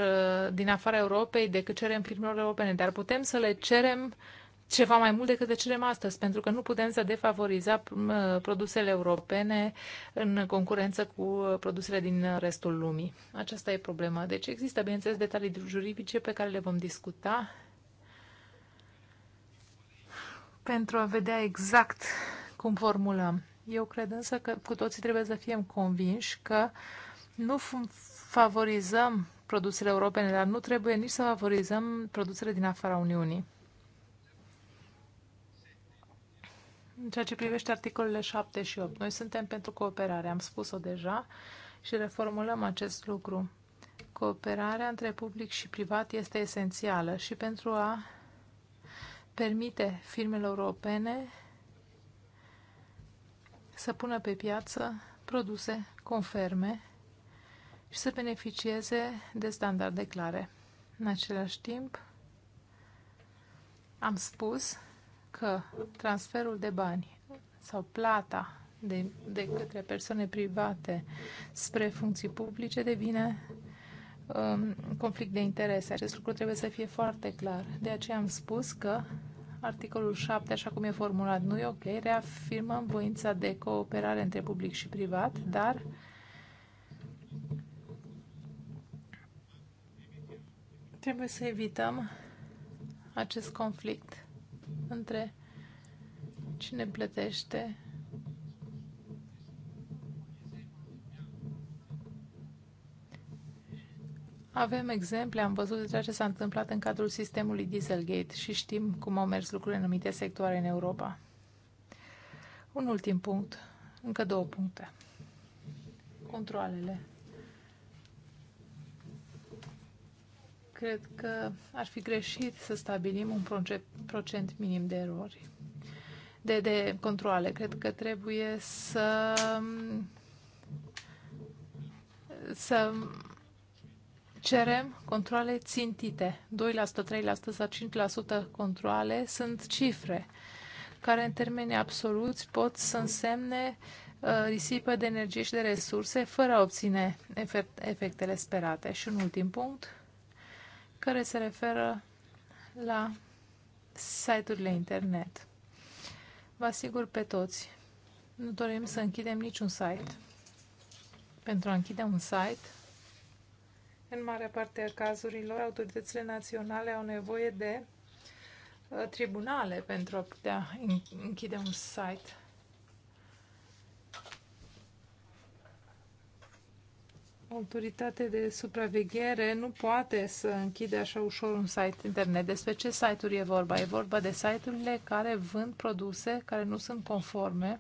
din afara Europei decât cerem firmelor europene, dar putem să le cerem uh, ceva mai mult decât le cerem astăzi, pentru că nu putem să defavoriza produsele europene în concurență cu uh, produsele din uh, restul lumii. Aceasta e problema. Deci există, bineînțeles, detalii juridice pe care le vom discuta pentru a vedea exact cum formulăm. Eu cred însă că cu toții trebuie să fim convinși că nu favorizăm produsele europene, dar nu trebuie nici să favorizăm produsele din afara Uniunii. În ceea ce privește articolele 7 și 8, noi suntem pentru cooperare, am spus-o deja și reformulăm acest lucru. Cooperarea între public și privat este esențială și pentru a permite firmelor europene să pună pe piață produse conferme și să beneficieze de standarde clare. În același timp, am spus că transferul de bani sau plata de, de către persoane private spre funcții publice devine um, conflict de interese. Acest lucru trebuie să fie foarte clar. De aceea am spus că articolul 7, așa cum e formulat, nu e ok. Reafirmăm voința de cooperare între public și privat, dar trebuie să evităm acest conflict între cine plătește Avem exemple, am văzut de ceea ce s-a întâmplat în cadrul sistemului Dieselgate și știm cum au mers lucrurile în anumite sectoare în Europa. Un ultim punct, încă două puncte. Controlele. Cred că ar fi greșit să stabilim un procent minim de erori, de, de controle. Cred că trebuie să să cerem controle țintite. 2%, 3% sau 5% controle sunt cifre care în termeni absoluți pot să însemne uh, risipă de energie și de resurse fără a obține efectele sperate. Și un ultim punct, care se referă la site-urile internet. Vă asigur pe toți, nu dorim să închidem niciun site. Pentru a închide un site, în mare parte a cazurilor, autoritățile naționale au nevoie de uh, tribunale pentru a putea închide un site. autoritate de supraveghere nu poate să închide așa ușor un site internet. Despre ce site-uri e vorba? E vorba de site-urile care vând produse care nu sunt conforme,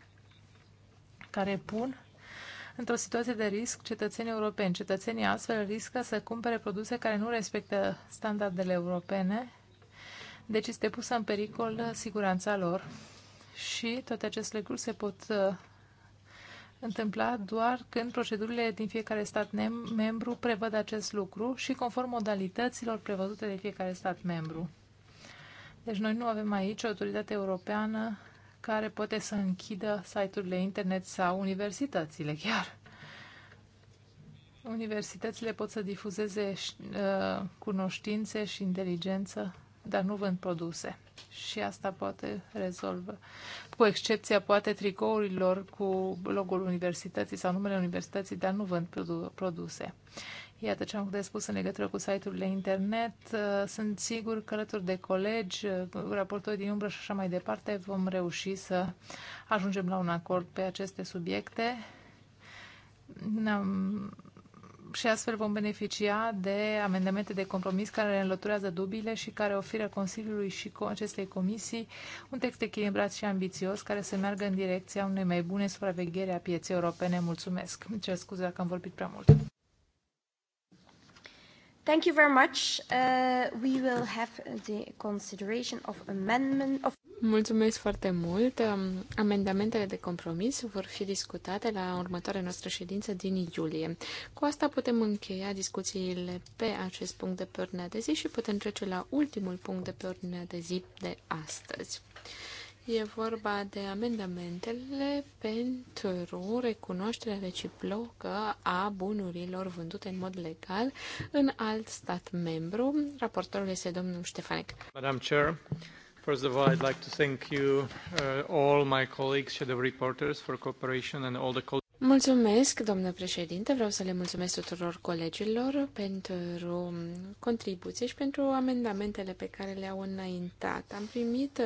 care pun într-o situație de risc cetățenii europeni. Cetățenii astfel riscă să cumpere produse care nu respectă standardele europene, deci este pusă în pericol siguranța lor. Și toate aceste lucruri se pot uh, întâmpla doar când procedurile din fiecare stat membru prevăd acest lucru și conform modalităților prevăzute de fiecare stat membru. Deci noi nu avem aici o autoritate europeană care poate să închidă site-urile internet sau universitățile chiar. Universitățile pot să difuzeze uh, cunoștințe și inteligență, dar nu vând produse și asta poate rezolvă. Cu excepția poate tricourilor cu logo-ul universității sau numele universității, dar nu vând produse. Iată ce am de spus în legătură cu site-urile internet. Sunt sigur că alături de colegi, raportori din umbră și așa mai departe, vom reuși să ajungem la un acord pe aceste subiecte. Ne-am și astfel vom beneficia de amendamente de compromis care înlăturează dubile și care oferă Consiliului și acestei comisii un text echilibrat și ambițios care să meargă în direcția unei mai bune supraveghere a pieței europene. Mulțumesc! Îmi cer scuze dacă am vorbit prea mult. Thank you very much. Uh, we will have the consideration of amendment of Mulțumesc foarte mult. Amendamentele de compromis vor fi discutate la următoarea noastră ședință din iulie. Cu asta putem încheia discuțiile pe acest punct de pe ordinea de zi și putem trece la ultimul punct de pe ordinea de zi de astăzi. E vorba de amendamentele pentru recunoașterea reciprocă a bunurilor vândute în mod legal în alt stat membru. Raportorul este domnul Ștefanec. Madam Chair, First of all, I'd like to thank you, uh, all my colleagues, shadow reporters, for cooperation and all the colleagues. Mulțumesc, domnule președinte. Vreau să le mulțumesc tuturor colegilor pentru contribuție și pentru amendamentele pe care le-au înaintat. Am primit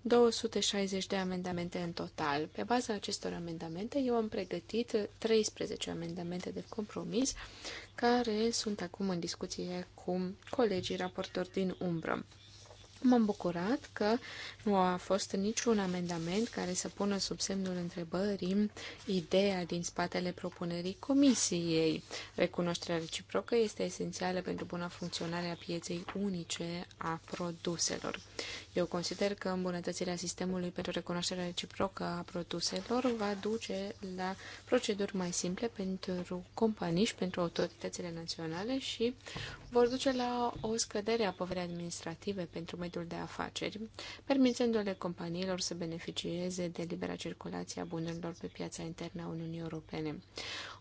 260 um, de amendamente în total. Pe baza acestor amendamente, eu am pregătit 13 amendamente de compromis care sunt acum în discuție cu colegii raportori din umbră. M-am bucurat că nu a fost niciun amendament care să pună sub semnul întrebării ideea din spatele propunerii comisiei. Recunoașterea reciprocă este esențială pentru buna funcționare a pieței unice a produselor. Eu consider că îmbunătățirea sistemului pentru recunoașterea reciprocă a produselor va duce la proceduri mai simple pentru companii și pentru autoritățile naționale și vor duce la o scădere a poverii administrative pentru mediul de afaceri, permițându-le companiilor să beneficieze de libera circulație a bunurilor pe piața internă a Uniunii Europene.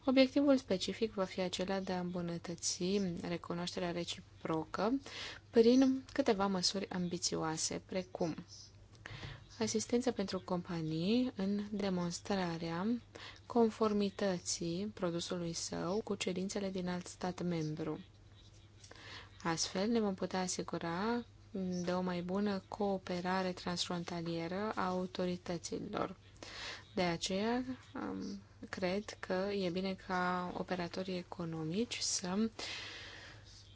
Obiectivul specific va fi acela de a îmbunătăți recunoașterea reciprocă prin câteva măsuri ambițioase, precum asistență pentru companii în demonstrarea conformității produsului său cu cerințele din alt stat membru. Astfel, ne vom putea asigura de o mai bună cooperare transfrontalieră a autorităților. De aceea, cred că e bine ca operatorii economici să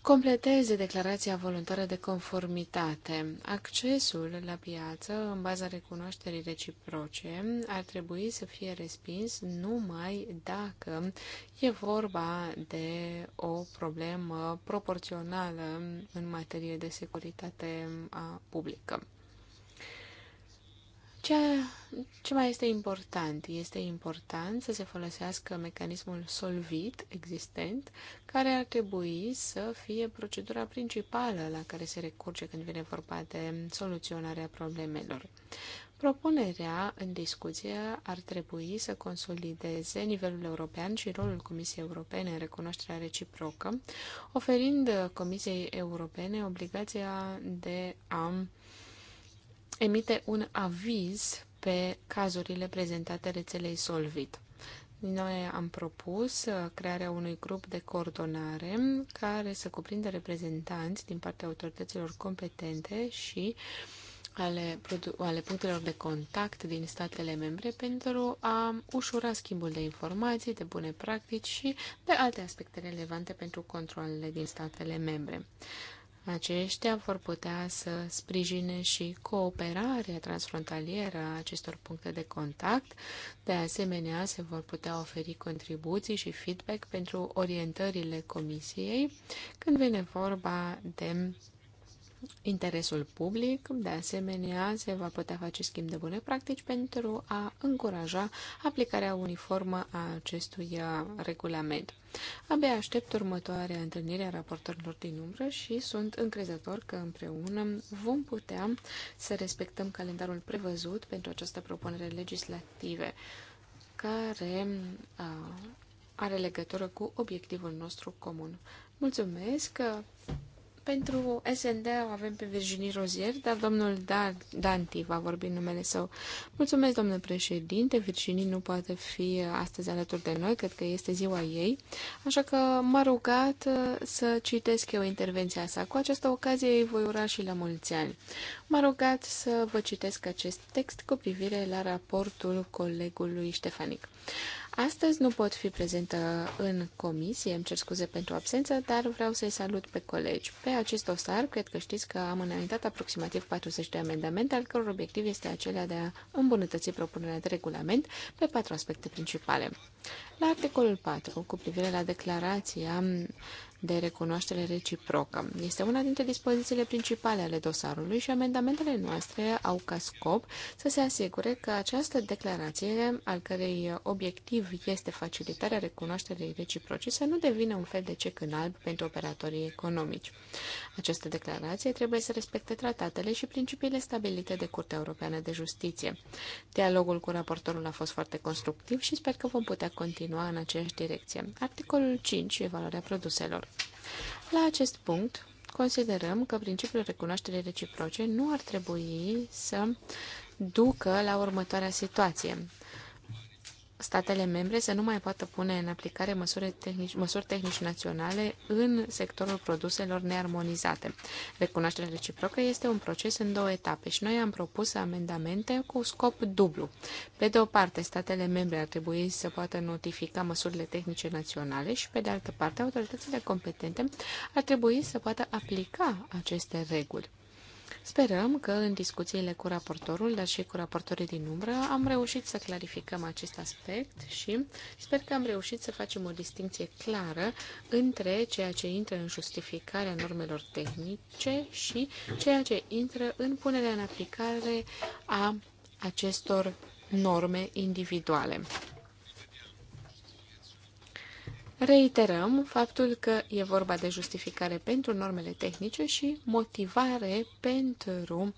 completeze declarația voluntară de conformitate. Accesul la piață, în baza recunoașterii reciproce, ar trebui să fie respins numai dacă e vorba de o problemă proporțională în materie de securitate publică. Ce, ce mai este important? Este important să se folosească mecanismul solvit existent, care ar trebui să fie procedura principală la care se recurge când vine vorba de soluționarea problemelor. Propunerea în discuție ar trebui să consolideze nivelul european și rolul Comisiei Europene în recunoașterea reciprocă, oferind Comisiei Europene obligația de a emite un aviz pe cazurile prezentate rețelei Solvit. Noi am propus uh, crearea unui grup de coordonare care să cuprindă reprezentanți din partea autorităților competente și ale, ale punctelor de contact din statele membre pentru a ușura schimbul de informații, de bune practici și de alte aspecte relevante pentru controlele din statele membre. Aceștia vor putea să sprijine și cooperarea transfrontalieră a acestor puncte de contact. De asemenea, se vor putea oferi contribuții și feedback pentru orientările comisiei când vine vorba de interesul public. De asemenea, se va putea face schimb de bune practici pentru a încuraja aplicarea uniformă a acestui uh, regulament. Abia aștept următoarea întâlnire a raportorilor din umbră și sunt încrezător că împreună vom putea să respectăm calendarul prevăzut pentru această propunere legislative care uh, are legătură cu obiectivul nostru comun. Mulțumesc! Uh, pentru SND o avem pe Virginie Rozier, dar domnul Danti va vorbi în numele său. Mulțumesc, domnule președinte. Virginie nu poate fi astăzi alături de noi, cred că este ziua ei, așa că m-a rugat uh, să citesc eu intervenția sa. Cu această ocazie îi voi ura și la mulți ani. M-a rugat să vă citesc acest text cu privire la raportul colegului Ștefanic. Astăzi nu pot fi prezentă în comisie, îmi cer scuze pentru absență, dar vreau să-i salut pe colegi. Pe acest osar, cred că știți că am înaintat aproximativ 40 de amendamente, al căror obiectiv este acela de a îmbunătăți propunerea de regulament pe patru aspecte principale. La articolul 4, cu privire la declarația de recunoaștere reciprocă. Este una dintre dispozițiile principale ale dosarului și amendamentele noastre au ca scop să se asigure că această declarație, al cărei obiectiv este facilitarea recunoașterii reciproce, să nu devină un fel de cec în alb pentru operatorii economici. Această declarație trebuie să respecte tratatele și principiile stabilite de Curtea Europeană de Justiție. Dialogul cu raportorul a fost foarte constructiv și sper că vom putea continua în aceeași direcție. Articolul 5. Evaluarea produselor. La acest punct, considerăm că principiul recunoașterii reciproce nu ar trebui să ducă la următoarea situație statele membre să nu mai poată pune în aplicare măsuri tehnici, măsuri tehnici naționale în sectorul produselor nearmonizate. Recunoașterea reciprocă este un proces în două etape și noi am propus amendamente cu scop dublu. Pe de o parte, statele membre ar trebui să poată notifica măsurile tehnice naționale și, pe de altă parte, autoritățile competente ar trebui să poată aplica aceste reguli. Sperăm că în discuțiile cu raportorul, dar și cu raportorii din umbră, am reușit să clarificăm acest aspect și sper că am reușit să facem o distinție clară între ceea ce intră în justificarea normelor tehnice și ceea ce intră în punerea în aplicare a acestor norme individuale. Reiterăm faptul că e vorba de justificare pentru normele tehnice și motivare pentru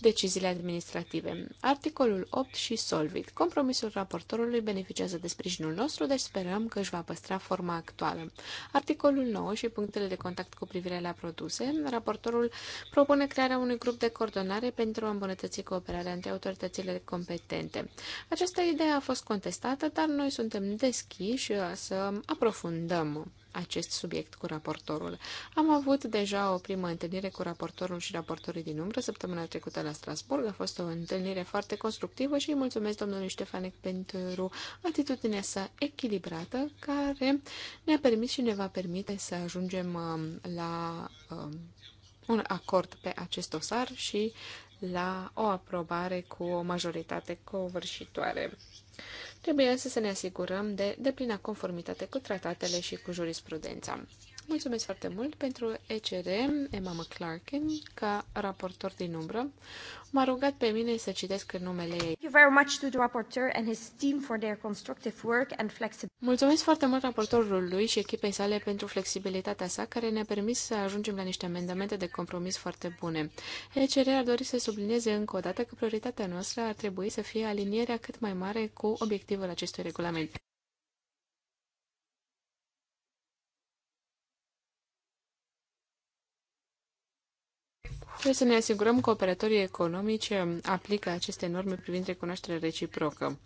deciziile administrative. Articolul 8 și Solvit. Compromisul raportorului beneficiază de sprijinul nostru, deci sperăm că își va păstra forma actuală. Articolul 9 și punctele de contact cu privire la produse. Raportorul propune crearea unui grup de coordonare pentru a îmbunătăți cooperarea între autoritățile competente. Această idee a fost contestată, dar noi suntem deschiși să aprofundăm aprofundăm acest subiect cu raportorul. Am avut deja o primă întâlnire cu raportorul și raportorii din umbră săptămâna trecută la Strasburg. A fost o întâlnire foarte constructivă și îi mulțumesc domnului Ștefanec pentru atitudinea sa echilibrată care ne-a permis și ne va permite să ajungem um, la um, un acord pe acest dosar și la o aprobare cu o majoritate covârșitoare. Trebuie însă să ne asigurăm de deplină conformitate cu tratatele și cu jurisprudența. Mulțumesc foarte mult pentru ECR, Emma McClarkin, ca raportor din umbră. M-a rugat pe mine să citesc numele ei. Thank you very much to the rapporteur and his team for their constructive work and flexibility. Mulțumesc foarte mult raportorului și echipei sale pentru flexibilitatea sa, care ne-a permis să ajungem la niște amendamente de compromis foarte bune. ECR ar dori să sublinieze încă o dată că prioritatea noastră ar trebui să fie alinierea cât mai mare cu obiectivul acestui regulament. Trebuie să ne asigurăm că operatorii economici um, aplică aceste norme privind recunoașterea reciprocă.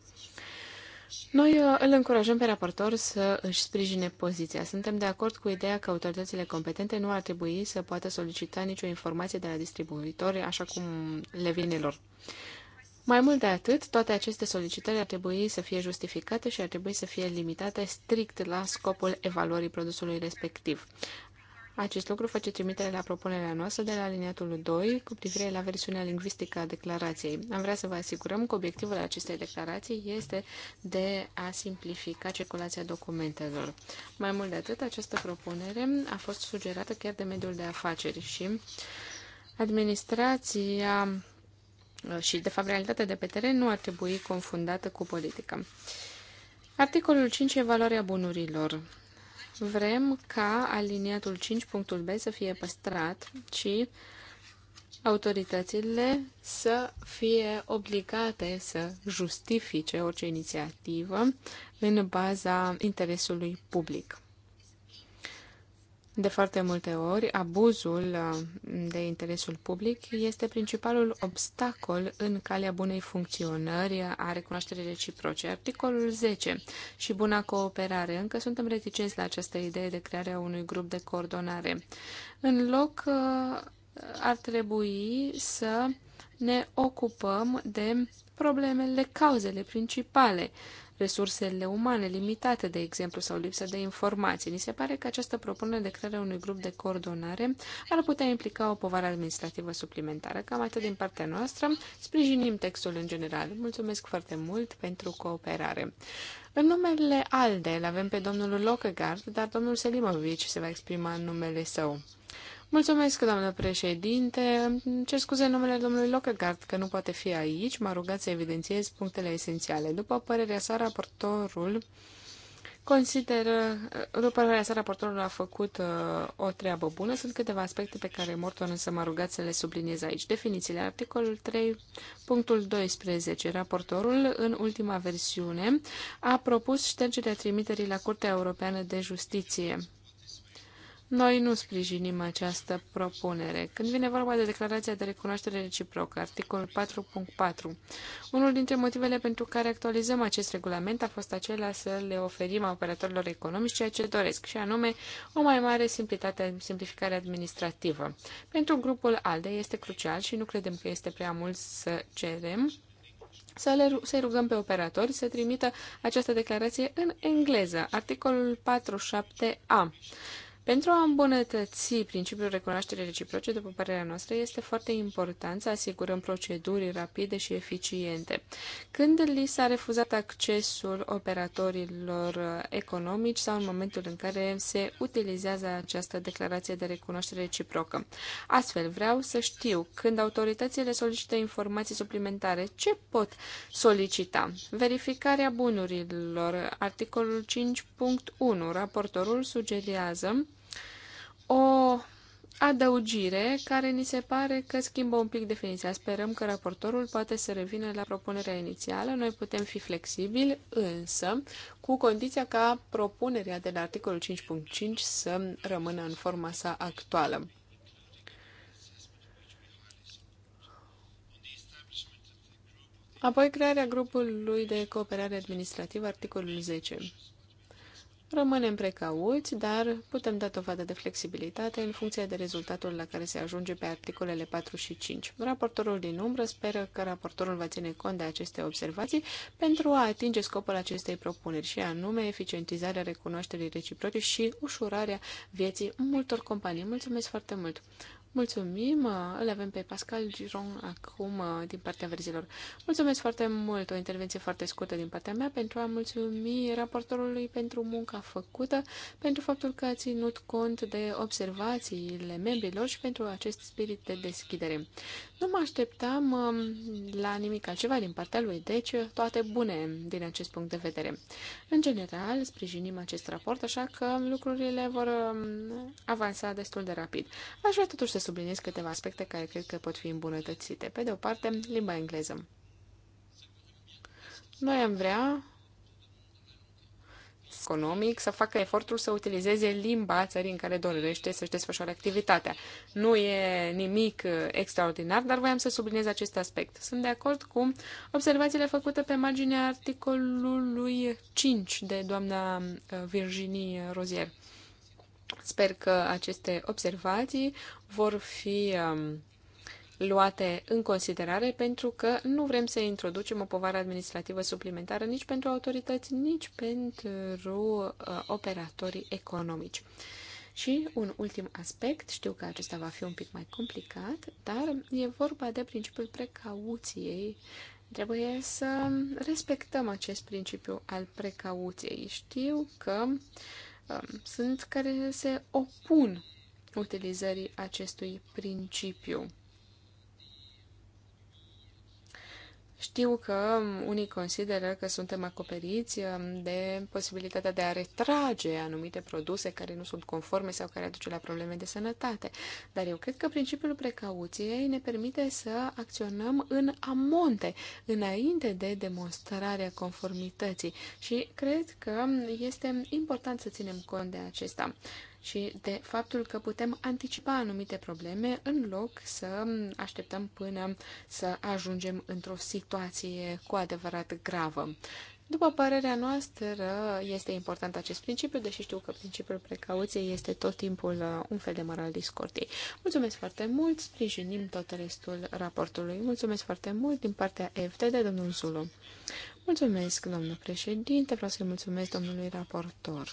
Noi uh, îl încurajăm pe raportor să își sprijine poziția. Suntem de acord cu ideea că autoritățile competente nu ar trebui să poată solicita nicio informație de la distribuitori, așa cum le vine lor. Mai mult de atât, toate aceste solicitări ar trebui să fie justificate și ar trebui să fie limitate strict la scopul evaluării produsului respectiv. Acest lucru face trimitere la propunerea noastră de la aliniatul 2 cu privire la versiunea lingvistică a declarației. Am vrea să vă asigurăm că obiectivul acestei declarații este de a simplifica circulația documentelor. Mai mult de atât, această propunere a fost sugerată chiar de mediul de afaceri și administrația și, de fapt, realitatea de pe teren nu ar trebui confundată cu politică. Articolul 5. Evaluarea bunurilor. Vrem ca aliniatul 5, punctul B, să fie păstrat și autoritățile să fie obligate să justifice orice inițiativă în baza interesului public. De foarte multe ori, abuzul uh, de interesul public este principalul obstacol în calea bunei funcționări a recunoașterii reciproce. Articolul 10 și buna cooperare. Încă suntem reticenți la această idee de crearea unui grup de coordonare. În loc, uh, ar trebui să ne ocupăm de problemele, cauzele principale resursele umane limitate, de exemplu, sau lipsa de informații. Ni se pare că această propunere de creare unui grup de coordonare ar putea implica o povară administrativă suplimentară. Cam atât din partea noastră. Sprijinim textul în general. Mulțumesc foarte mult pentru cooperare. În numele ALDE îl avem pe domnul Lockegaard, dar domnul Selimovic se va exprima în numele său. Mulțumesc, doamnă președinte. Cer scuze în numele domnului Lockhart că nu poate fi aici. M-a rugat să evidențiez punctele esențiale. După părerea sa, raportorul consideră, după părerea sa, raportorul a făcut uh, o treabă bună. Sunt câteva aspecte pe care Morton însă m-a rugat să le subliniez aici. Definițiile. Articolul 3, punctul 12. Raportorul, în ultima versiune, a propus ștergerea trimiterii la Curtea Europeană de Justiție noi nu sprijinim această propunere. Când vine vorba de declarația de recunoaștere reciprocă, articolul 4.4, unul dintre motivele pentru care actualizăm acest regulament a fost acela să le oferim operatorilor economici ceea ce doresc, și anume o mai mare simplitate, simplificare administrativă. Pentru grupul ALDE este crucial și nu credem că este prea mult să cerem să le, rugăm pe operatori să trimită această declarație în engleză, articolul 47a. Pentru a îmbunătăți principiul recunoașterii reciproce, după părerea noastră, este foarte important să asigurăm proceduri rapide și eficiente. Când li s-a refuzat accesul operatorilor economici sau în momentul în care se utilizează această declarație de recunoaștere reciprocă. Astfel, vreau să știu când autoritățile solicită informații suplimentare, ce pot solicita? Verificarea bunurilor, articolul 5.1, raportorul sugerează o adăugire care ni se pare că schimbă un pic definiția. Sperăm că raportorul poate să revină la propunerea inițială. Noi putem fi flexibili, însă cu condiția ca propunerea de la articolul 5.5 să rămână în forma sa actuală. Apoi crearea grupului de cooperare administrativă, articolul 10. Rămânem precauți, dar putem da dovadă de flexibilitate în funcție de rezultatul la care se ajunge pe articolele 4 și 5. Raportorul din umbră speră că raportorul va ține cont de aceste observații pentru a atinge scopul acestei propuneri și anume eficientizarea recunoașterii reciproce și ușurarea vieții multor companii. Mulțumesc foarte mult! Mulțumim, îl avem pe Pascal Giron acum uh, din partea verzilor. Mulțumesc foarte mult, o intervenție foarte scurtă din partea mea pentru a mulțumi raportorului pentru munca făcută, pentru faptul că a ținut cont de observațiile membrilor și pentru acest spirit de deschidere. Nu mă așteptam um, la nimic altceva din partea lui, deci toate bune din acest punct de vedere. În general, sprijinim acest raport, așa că lucrurile vor um, avansa destul de rapid. Aș vrea totuși să subliniez câteva aspecte care cred că pot fi îmbunătățite. Pe de o parte, limba engleză. Noi am vrea economic să facă efortul să utilizeze limba țării în care dorește să-și desfășoare activitatea. Nu e nimic uh, extraordinar, dar voiam să subliniez acest aspect. Sunt de acord cu observațiile făcute pe marginea articolului 5 de doamna uh, Virginie Rozier. Sper că aceste observații vor fi um, luate în considerare pentru că nu vrem să introducem o povară administrativă suplimentară nici pentru autorități, nici pentru uh, operatorii economici. Și un ultim aspect, știu că acesta va fi un pic mai complicat, dar e vorba de principiul precauției. Trebuie să respectăm acest principiu al precauției. Știu că uh, Um, sunt care se opun utilizării acestui principiu. Știu că unii consideră că suntem acoperiți um, de posibilitatea de a retrage anumite produse care nu sunt conforme sau care aduce la probleme de sănătate, dar eu cred că principiul precauției ne permite să acționăm în amonte, înainte de demonstrarea conformității și cred că este important să ținem cont de acesta și de faptul că putem anticipa anumite probleme în loc să așteptăm până să ajungem într-o situație cu adevărat gravă. După părerea noastră, este important acest principiu, deși știu că principiul precauției este tot timpul uh, un fel de moral discordiei. Mulțumesc foarte mult, sprijinim tot restul raportului. Mulțumesc foarte mult din partea de domnul Zulu. Mulțumesc, domnul președinte, vreau să-i mulțumesc domnului raportor.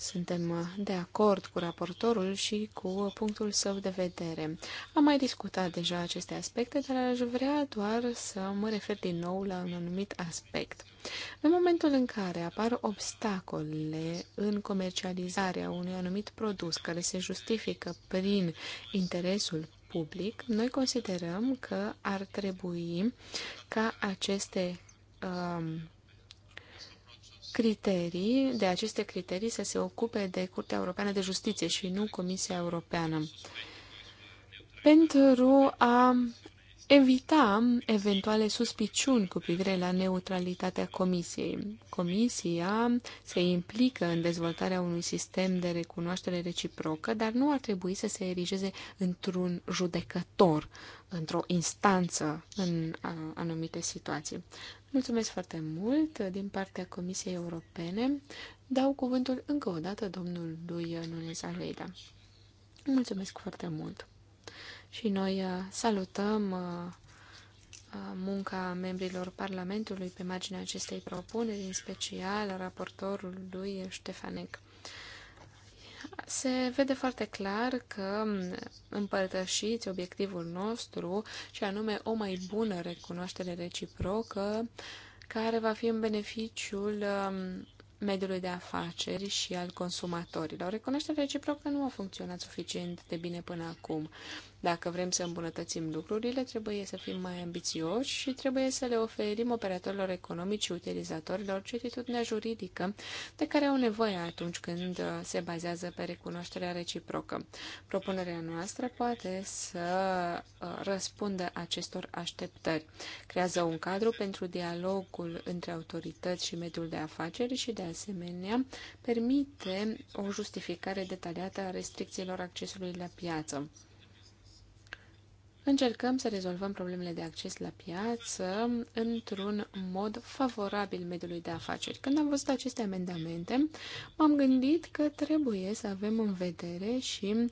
Suntem uh, de acord cu raportorul și cu uh, punctul său de vedere. Am mai discutat deja aceste aspecte, dar aș vrea doar să mă refer din nou la un anumit aspect. În momentul în care apar obstacole în comercializarea unui anumit produs care se justifică prin interesul public, noi considerăm că ar trebui ca aceste um, criterii, de aceste criterii să se ocupe de Curtea Europeană de Justiție și nu Comisia Europeană. Pentru a evita eventuale suspiciuni cu privire la neutralitatea comisiei. Comisia se implică în dezvoltarea unui sistem de recunoaștere reciprocă, dar nu ar trebui să se erigeze într-un judecător, într-o instanță în anumite situații. Mulțumesc foarte mult din partea Comisiei Europene. Dau cuvântul încă o dată domnului Nunes Aleida. Mulțumesc foarte mult. Și noi uh, salutăm uh, uh, munca membrilor Parlamentului pe marginea acestei propuneri, în special raportorul lui Ștefanec se vede foarte clar că împărtășiți obiectivul nostru și anume o mai bună recunoaștere reciprocă care va fi în beneficiul um, mediului de afaceri și al consumatorilor. Recunoașterea reciprocă nu a funcționat suficient de bine până acum. Dacă vrem să îmbunătățim lucrurile, trebuie să fim mai ambițioși și trebuie să le oferim operatorilor economici și utilizatorilor certitudinea juridică de care au nevoie atunci când uh, se bazează pe recunoașterea reciprocă. Propunerea noastră poate să uh, răspundă acestor așteptări. Creează un cadru pentru dialogul între autorități și mediul de afaceri și, de asemenea, permite o justificare detaliată a restricțiilor accesului la piață încercăm să rezolvăm problemele de acces la piață într-un mod favorabil mediului de afaceri. Când am văzut aceste amendamente, m-am gândit că trebuie să avem în vedere și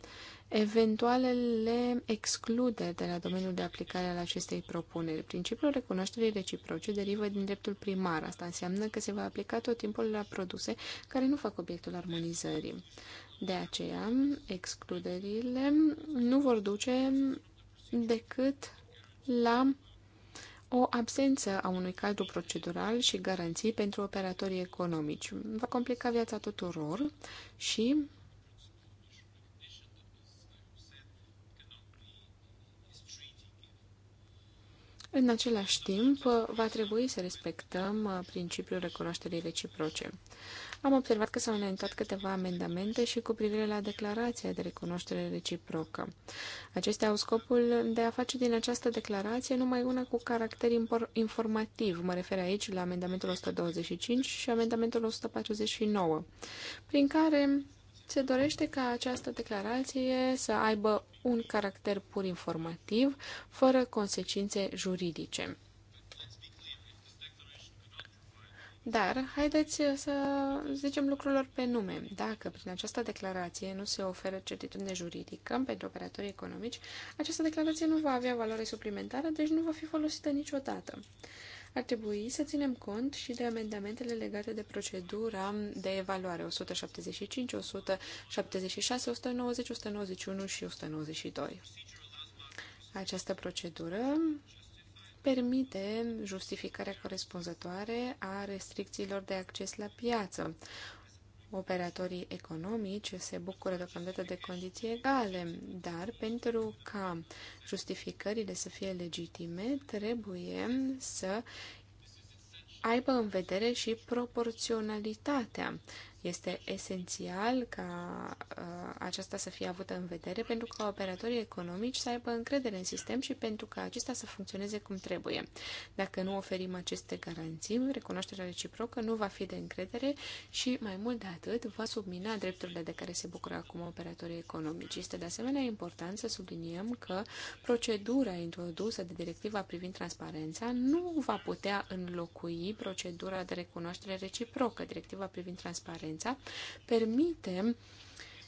eventualele excluderi de la domeniul de aplicare al acestei propuneri. Principiul recunoașterii reciproce derivă din dreptul primar. Asta înseamnă că se va aplica tot timpul la produse care nu fac obiectul armonizării. De aceea, excluderile nu vor duce decât la o absență a unui cadru procedural și garanții pentru operatorii economici. Va complica viața tuturor și În același timp, va trebui să respectăm uh, principiul recunoașterii reciproce. Am observat că s-au înaintat câteva amendamente și cu privire la declarația de recunoaștere reciprocă. Acestea au scopul de a face din această declarație numai una cu caracter informativ. Mă refer aici la amendamentul 125 și amendamentul 149, prin care se dorește ca această declarație să aibă un caracter pur informativ, fără consecințe juridice. Dar haideți uh, să zicem lucrurilor pe nume. Dacă prin această declarație nu se oferă certitudine juridică pentru operatorii economici, această declarație nu va avea valoare suplimentară, deci nu va fi folosită niciodată. Ar trebui să ținem cont și de amendamentele legate de procedura de evaluare 175, 176, 190, 191 și 192. Această procedură permite justificarea corespunzătoare a restricțiilor de acces la piață. Operatorii economici se bucură deocamdată de condiții egale, dar pentru ca justificările să fie legitime, trebuie să aibă în vedere și proporționalitatea. Este esențial ca uh, aceasta să fie avută în vedere pentru ca operatorii economici să aibă încredere în sistem și pentru ca acesta să funcționeze cum trebuie. Dacă nu oferim aceste garanții, recunoașterea reciprocă nu va fi de încredere și, mai mult de atât, va submina drepturile de care se bucură acum operatorii economici. Este de asemenea important să subliniem că procedura introdusă de directiva privind transparența nu va putea înlocui procedura de recunoaștere reciprocă, directiva privind transparența competența, permite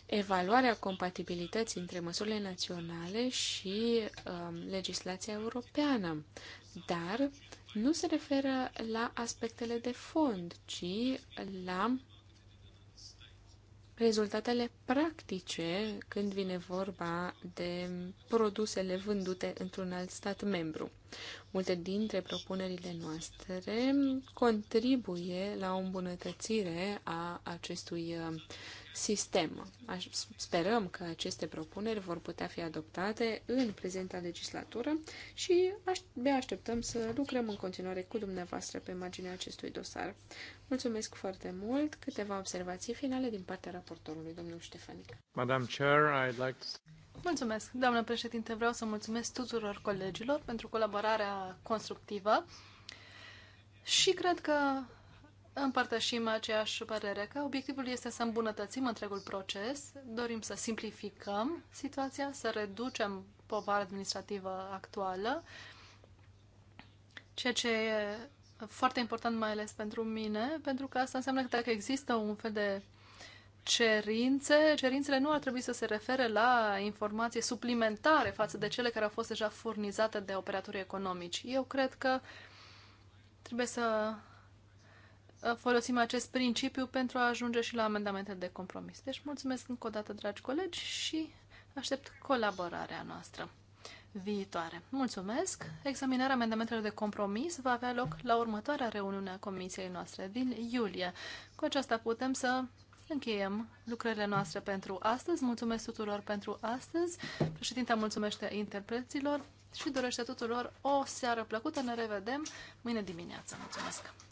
evaluarea compatibilității între măsurile naționale și um, legislația europeană, dar nu se referă la aspectele de fond, ci la rezultatele practice când vine vorba de produsele vândute într-un alt stat membru. Multe dintre propunerile noastre contribuie la o îmbunătățire a acestui uh, sistem. Sperăm că aceste propuneri vor putea fi adoptate în prezenta legislatură și abia așteptăm să lucrăm în continuare cu dumneavoastră pe marginea acestui dosar. Mulțumesc foarte mult. Câteva observații finale din partea raportorului, domnul Ștefanic. Madam Chair, I'd like to... Mulțumesc, doamnă președinte. Vreau să mulțumesc tuturor colegilor pentru colaborarea constructivă și cred că împărtășim aceeași părere că obiectivul este să îmbunătățim întregul proces, dorim să simplificăm situația, să reducem povara administrativă actuală, ceea ce e foarte important mai ales pentru mine, pentru că asta înseamnă că dacă există un fel de cerințe, cerințele nu ar trebui să se refere la informații suplimentare față de cele care au fost deja furnizate de operatorii economici. Eu cred că trebuie să uh, folosim acest principiu pentru a ajunge și la amendamente de compromis. Deci mulțumesc încă o dată, dragi colegi, și aștept colaborarea noastră viitoare. Mulțumesc! Examinarea amendamentelor de compromis va avea loc la următoarea reuniune a comisiei noastre din iulie. Cu aceasta putem să Încheiem lucrările noastre pentru astăzi. Mulțumesc tuturor pentru astăzi. Președinta mulțumește interpreților și dorește tuturor o seară plăcută. Ne revedem mâine dimineață. Mulțumesc!